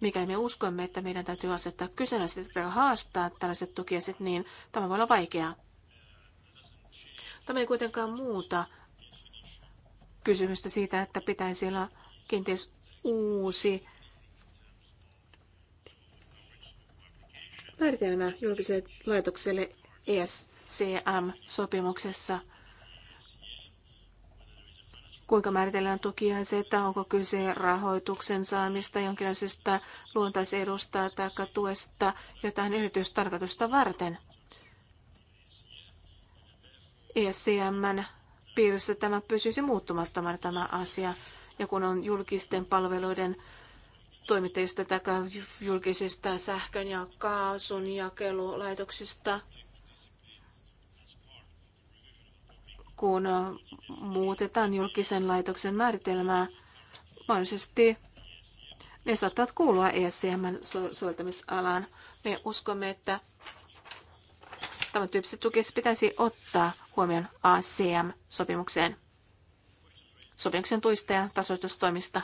Mikäli me uskomme, että meidän täytyy asettaa kyseenalaiset, ja haastaa tällaiset tukiaiset, niin tämä voi olla vaikeaa. Tämä ei kuitenkaan muuta kysymystä siitä, että pitäisi olla kenties uusi määritelmä julkiselle laitokselle ESCM-sopimuksessa – kuinka määritellään että onko kyse rahoituksen saamista, jonkinlaisesta luontaisedusta tai tuesta jotain yritystarkoitusta varten. ESCMn piirissä tämä pysyisi muuttumattomana tämä asia. Ja kun on julkisten palveluiden toimittajista tai julkisista sähkön ja kaasun jakelulaitoksista kun muutetaan julkisen laitoksen määritelmää, mahdollisesti ne saattavat kuulua escm soveltamisalaan. Me uskomme, että tämän tyyppiset tukiset pitäisi ottaa huomioon ACM-sopimukseen, sopimuksen tuista ja tasoitustoimista.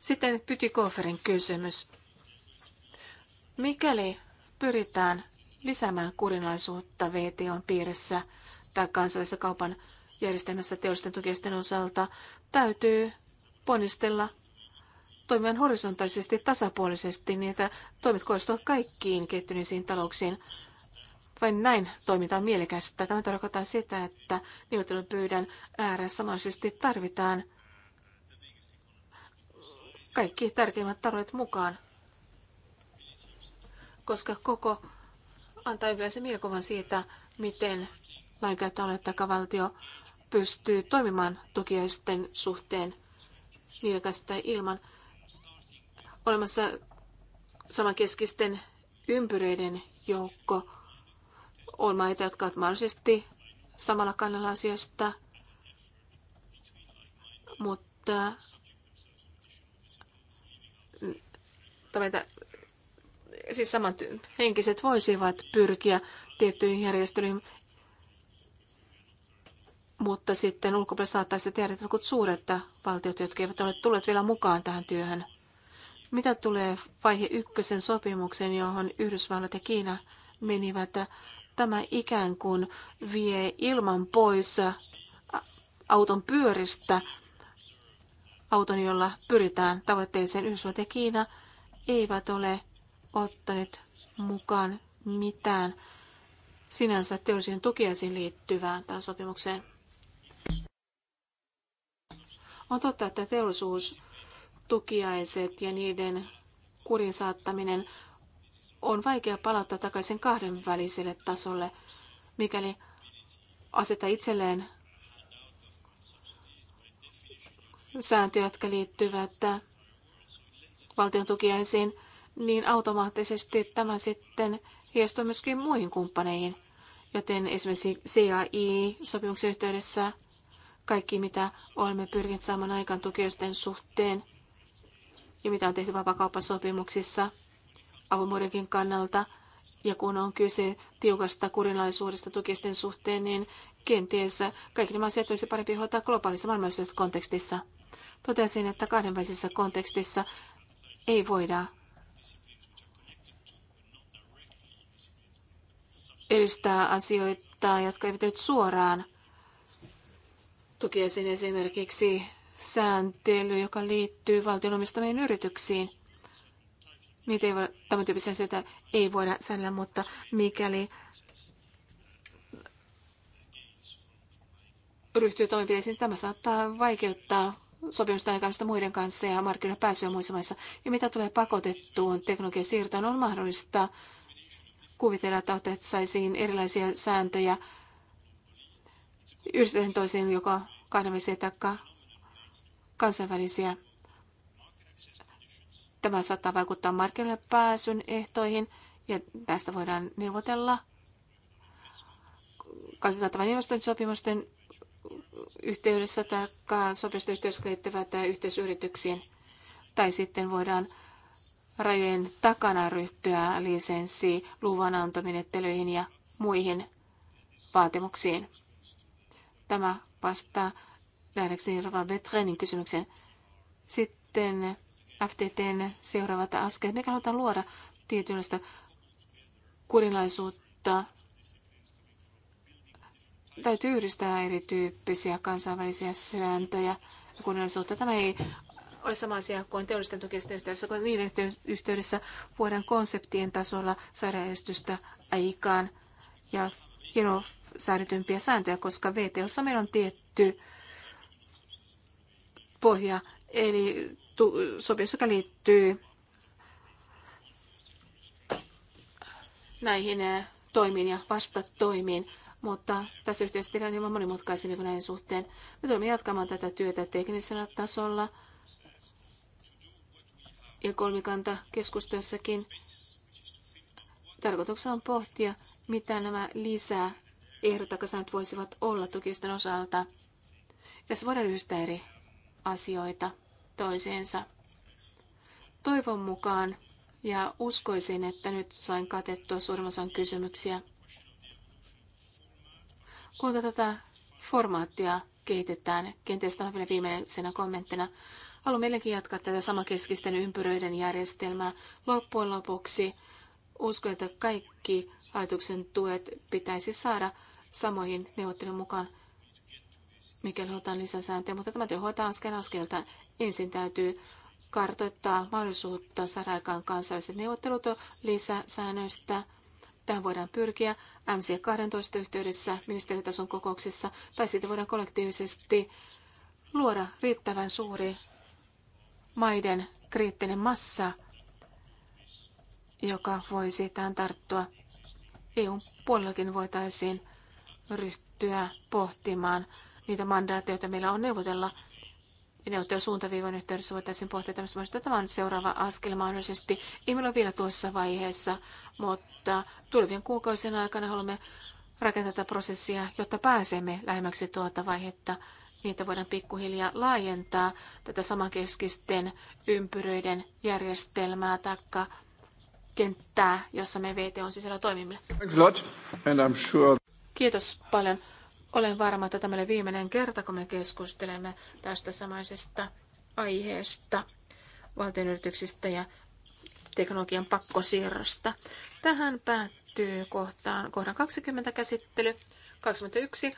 Sitten Pytikoferin kysymys. Mikäli pyritään lisäämään kurinaisuutta VTOn piirissä, tai kansallisessa kaupan järjestelmässä teollisten tukisten osalta täytyy ponnistella toimia horisontaalisesti tasapuolisesti niin, että toimet koostuvat kaikkiin kehittyneisiin talouksiin. Vain näin toimitaan mielekästä. Tämä tarkoittaa sitä, että neuvottelupöydän ääressä samaisesti tarvitaan kaikki tärkeimmät tarvet mukaan, koska koko antaa yleensä mielikuvan siitä, miten että valtio pystyy toimimaan tukiaisten suhteen vilkasta ilman olemassa samankeskisten ympyröiden joukko on maita, jotka ovat mahdollisesti samalla kannalla asiasta, mutta siis samat henkiset voisivat pyrkiä tiettyihin järjestelyihin mutta sitten ulkopuolella saattaisi tehdä jotkut suuret valtiot, jotka eivät ole tulleet vielä mukaan tähän työhön. Mitä tulee vaihe ykkösen sopimukseen, johon Yhdysvallat ja Kiina menivät, tämä ikään kuin vie ilman pois auton pyöristä, auton, jolla pyritään tavoitteeseen. Yhdysvallat ja Kiina eivät ole ottaneet mukaan mitään sinänsä teollisiin tukiaisiin liittyvään tähän sopimukseen. On totta, että teollisuustukiaiset ja niiden kurin saattaminen on vaikea palauttaa takaisin kahdenväliselle tasolle, mikäli aseta itselleen sääntöjä, jotka liittyvät valtion tukiaisiin, niin automaattisesti tämä sitten heijastuu myöskin muihin kumppaneihin. Joten esimerkiksi CAI-sopimuksen yhteydessä kaikki, mitä olemme pyrkineet saamaan aikaan tukijoisten suhteen ja mitä on tehty vapakauppasopimuksissa avomuodenkin kannalta. Ja kun on kyse tiukasta kurinalaisuudesta tukisten suhteen, niin kenties kaikki nämä asiat olisi parempi hoitaa globaalissa maailmallisessa kontekstissa. Totesin, että kahdenvälisessä kontekstissa ei voida edistää asioita, jotka eivät nyt suoraan Tukiesin esimerkiksi sääntely, joka liittyy valtion omistamiin yrityksiin. Niitä ei voida, tämän tyyppisiä asioita ei voida säännellä, mutta mikäli ryhtyy toimenpiteisiin, tämä saattaa vaikeuttaa sopimusta aikaista muiden kanssa ja markkinoille pääsyä muissa maissa. Ja mitä tulee pakotettuun teknologian siirtoon, on mahdollista kuvitella, että saisiin erilaisia sääntöjä yhdistetään toisiin joko kahdenvälisiä tai kansainvälisiä. Tämä saattaa vaikuttaa markkinoille pääsyn ehtoihin ja tästä voidaan neuvotella kaikki kattavan investointisopimusten yhteydessä tai sopimusten yhteydessä tai yhteisyrityksiin. Tai sitten voidaan rajojen takana ryhtyä lisenssi, luvan antomenettelyihin ja muihin vaatimuksiin. Tämä vastaa nähdäkseni Rova Betrenin kysymykseen. Sitten FTTn seuraavat askeleet. Me halutaan luoda tietynlaista kurinlaisuutta. Täytyy yhdistää erityyppisiä kansainvälisiä sääntöjä ja kurinlaisuutta. Tämä ei ole sama asia kuin teollisten tukisten yhteydessä, kun niiden yhteydessä voidaan konseptien tasolla saada edistystä aikaan. Ja hieno säädetympiä sääntöjä, koska VTOssa meillä on tietty pohja, eli sopimus, joka liittyy näihin eh, toimiin ja vastatoimiin, mutta tässä yhteydessä tehdään on monimutkaisemmin kuin näiden suhteen. Me tulemme jatkamaan tätä työtä teknisellä tasolla ja kolmikanta keskustelussakin. Tarkoituksena on pohtia, mitä nämä lisää ehdot tai säännöt voisivat olla tukisten osalta. Tässä voidaan yhdistää eri asioita toiseensa. Toivon mukaan ja uskoisin, että nyt sain katettua suurimman osan kysymyksiä. Kuinka tätä formaattia kehitetään? Kenties tämä vielä viimeisenä kommenttina. Haluan meillekin jatkaa tätä samankeskisten ympyröiden järjestelmää. Loppujen lopuksi uskon, että kaikki hallituksen tuet pitäisi saada samoihin neuvottelujen mukaan, mikäli halutaan lisäsääntöjä, mutta tämä työ hoitaa askel askelta. Ensin täytyy kartoittaa mahdollisuutta saada aikaan kansainväliset neuvottelut lisäsäännöistä. Tähän voidaan pyrkiä MC12 yhteydessä ministeritason kokouksissa, tai sitten voidaan kollektiivisesti luoda riittävän suuri maiden kriittinen massa, joka voisi tähän tarttua. EUn puolellakin voitaisiin ryhtyä pohtimaan niitä mandaatteja, joita meillä on neuvotella. Ja neuvottelun suuntaviivan yhteydessä voitaisiin pohtia tämmöistä. Tämä on seuraava askel mahdollisesti. Ei meillä ole vielä tuossa vaiheessa, mutta tulevien kuukausien aikana haluamme rakentaa tätä prosessia, jotta pääsemme lähemmäksi tuota vaihetta. Niitä voidaan pikkuhiljaa laajentaa tätä samankeskisten ympyröiden järjestelmää tai kenttää, jossa me VT on sisällä toimimme. Thanks a lot, and I'm sure... Kiitos paljon. Olen varma, että tämä oli viimeinen kerta, kun me keskustelemme tästä samaisesta aiheesta, valtionyrityksistä ja teknologian pakkosiirrosta. Tähän päättyy kohtaan, kohdan 20 käsittely. 21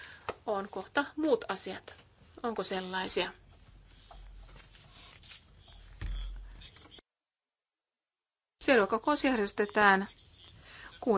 on kohta muut asiat. Onko sellaisia? Seuraava kokous järjestetään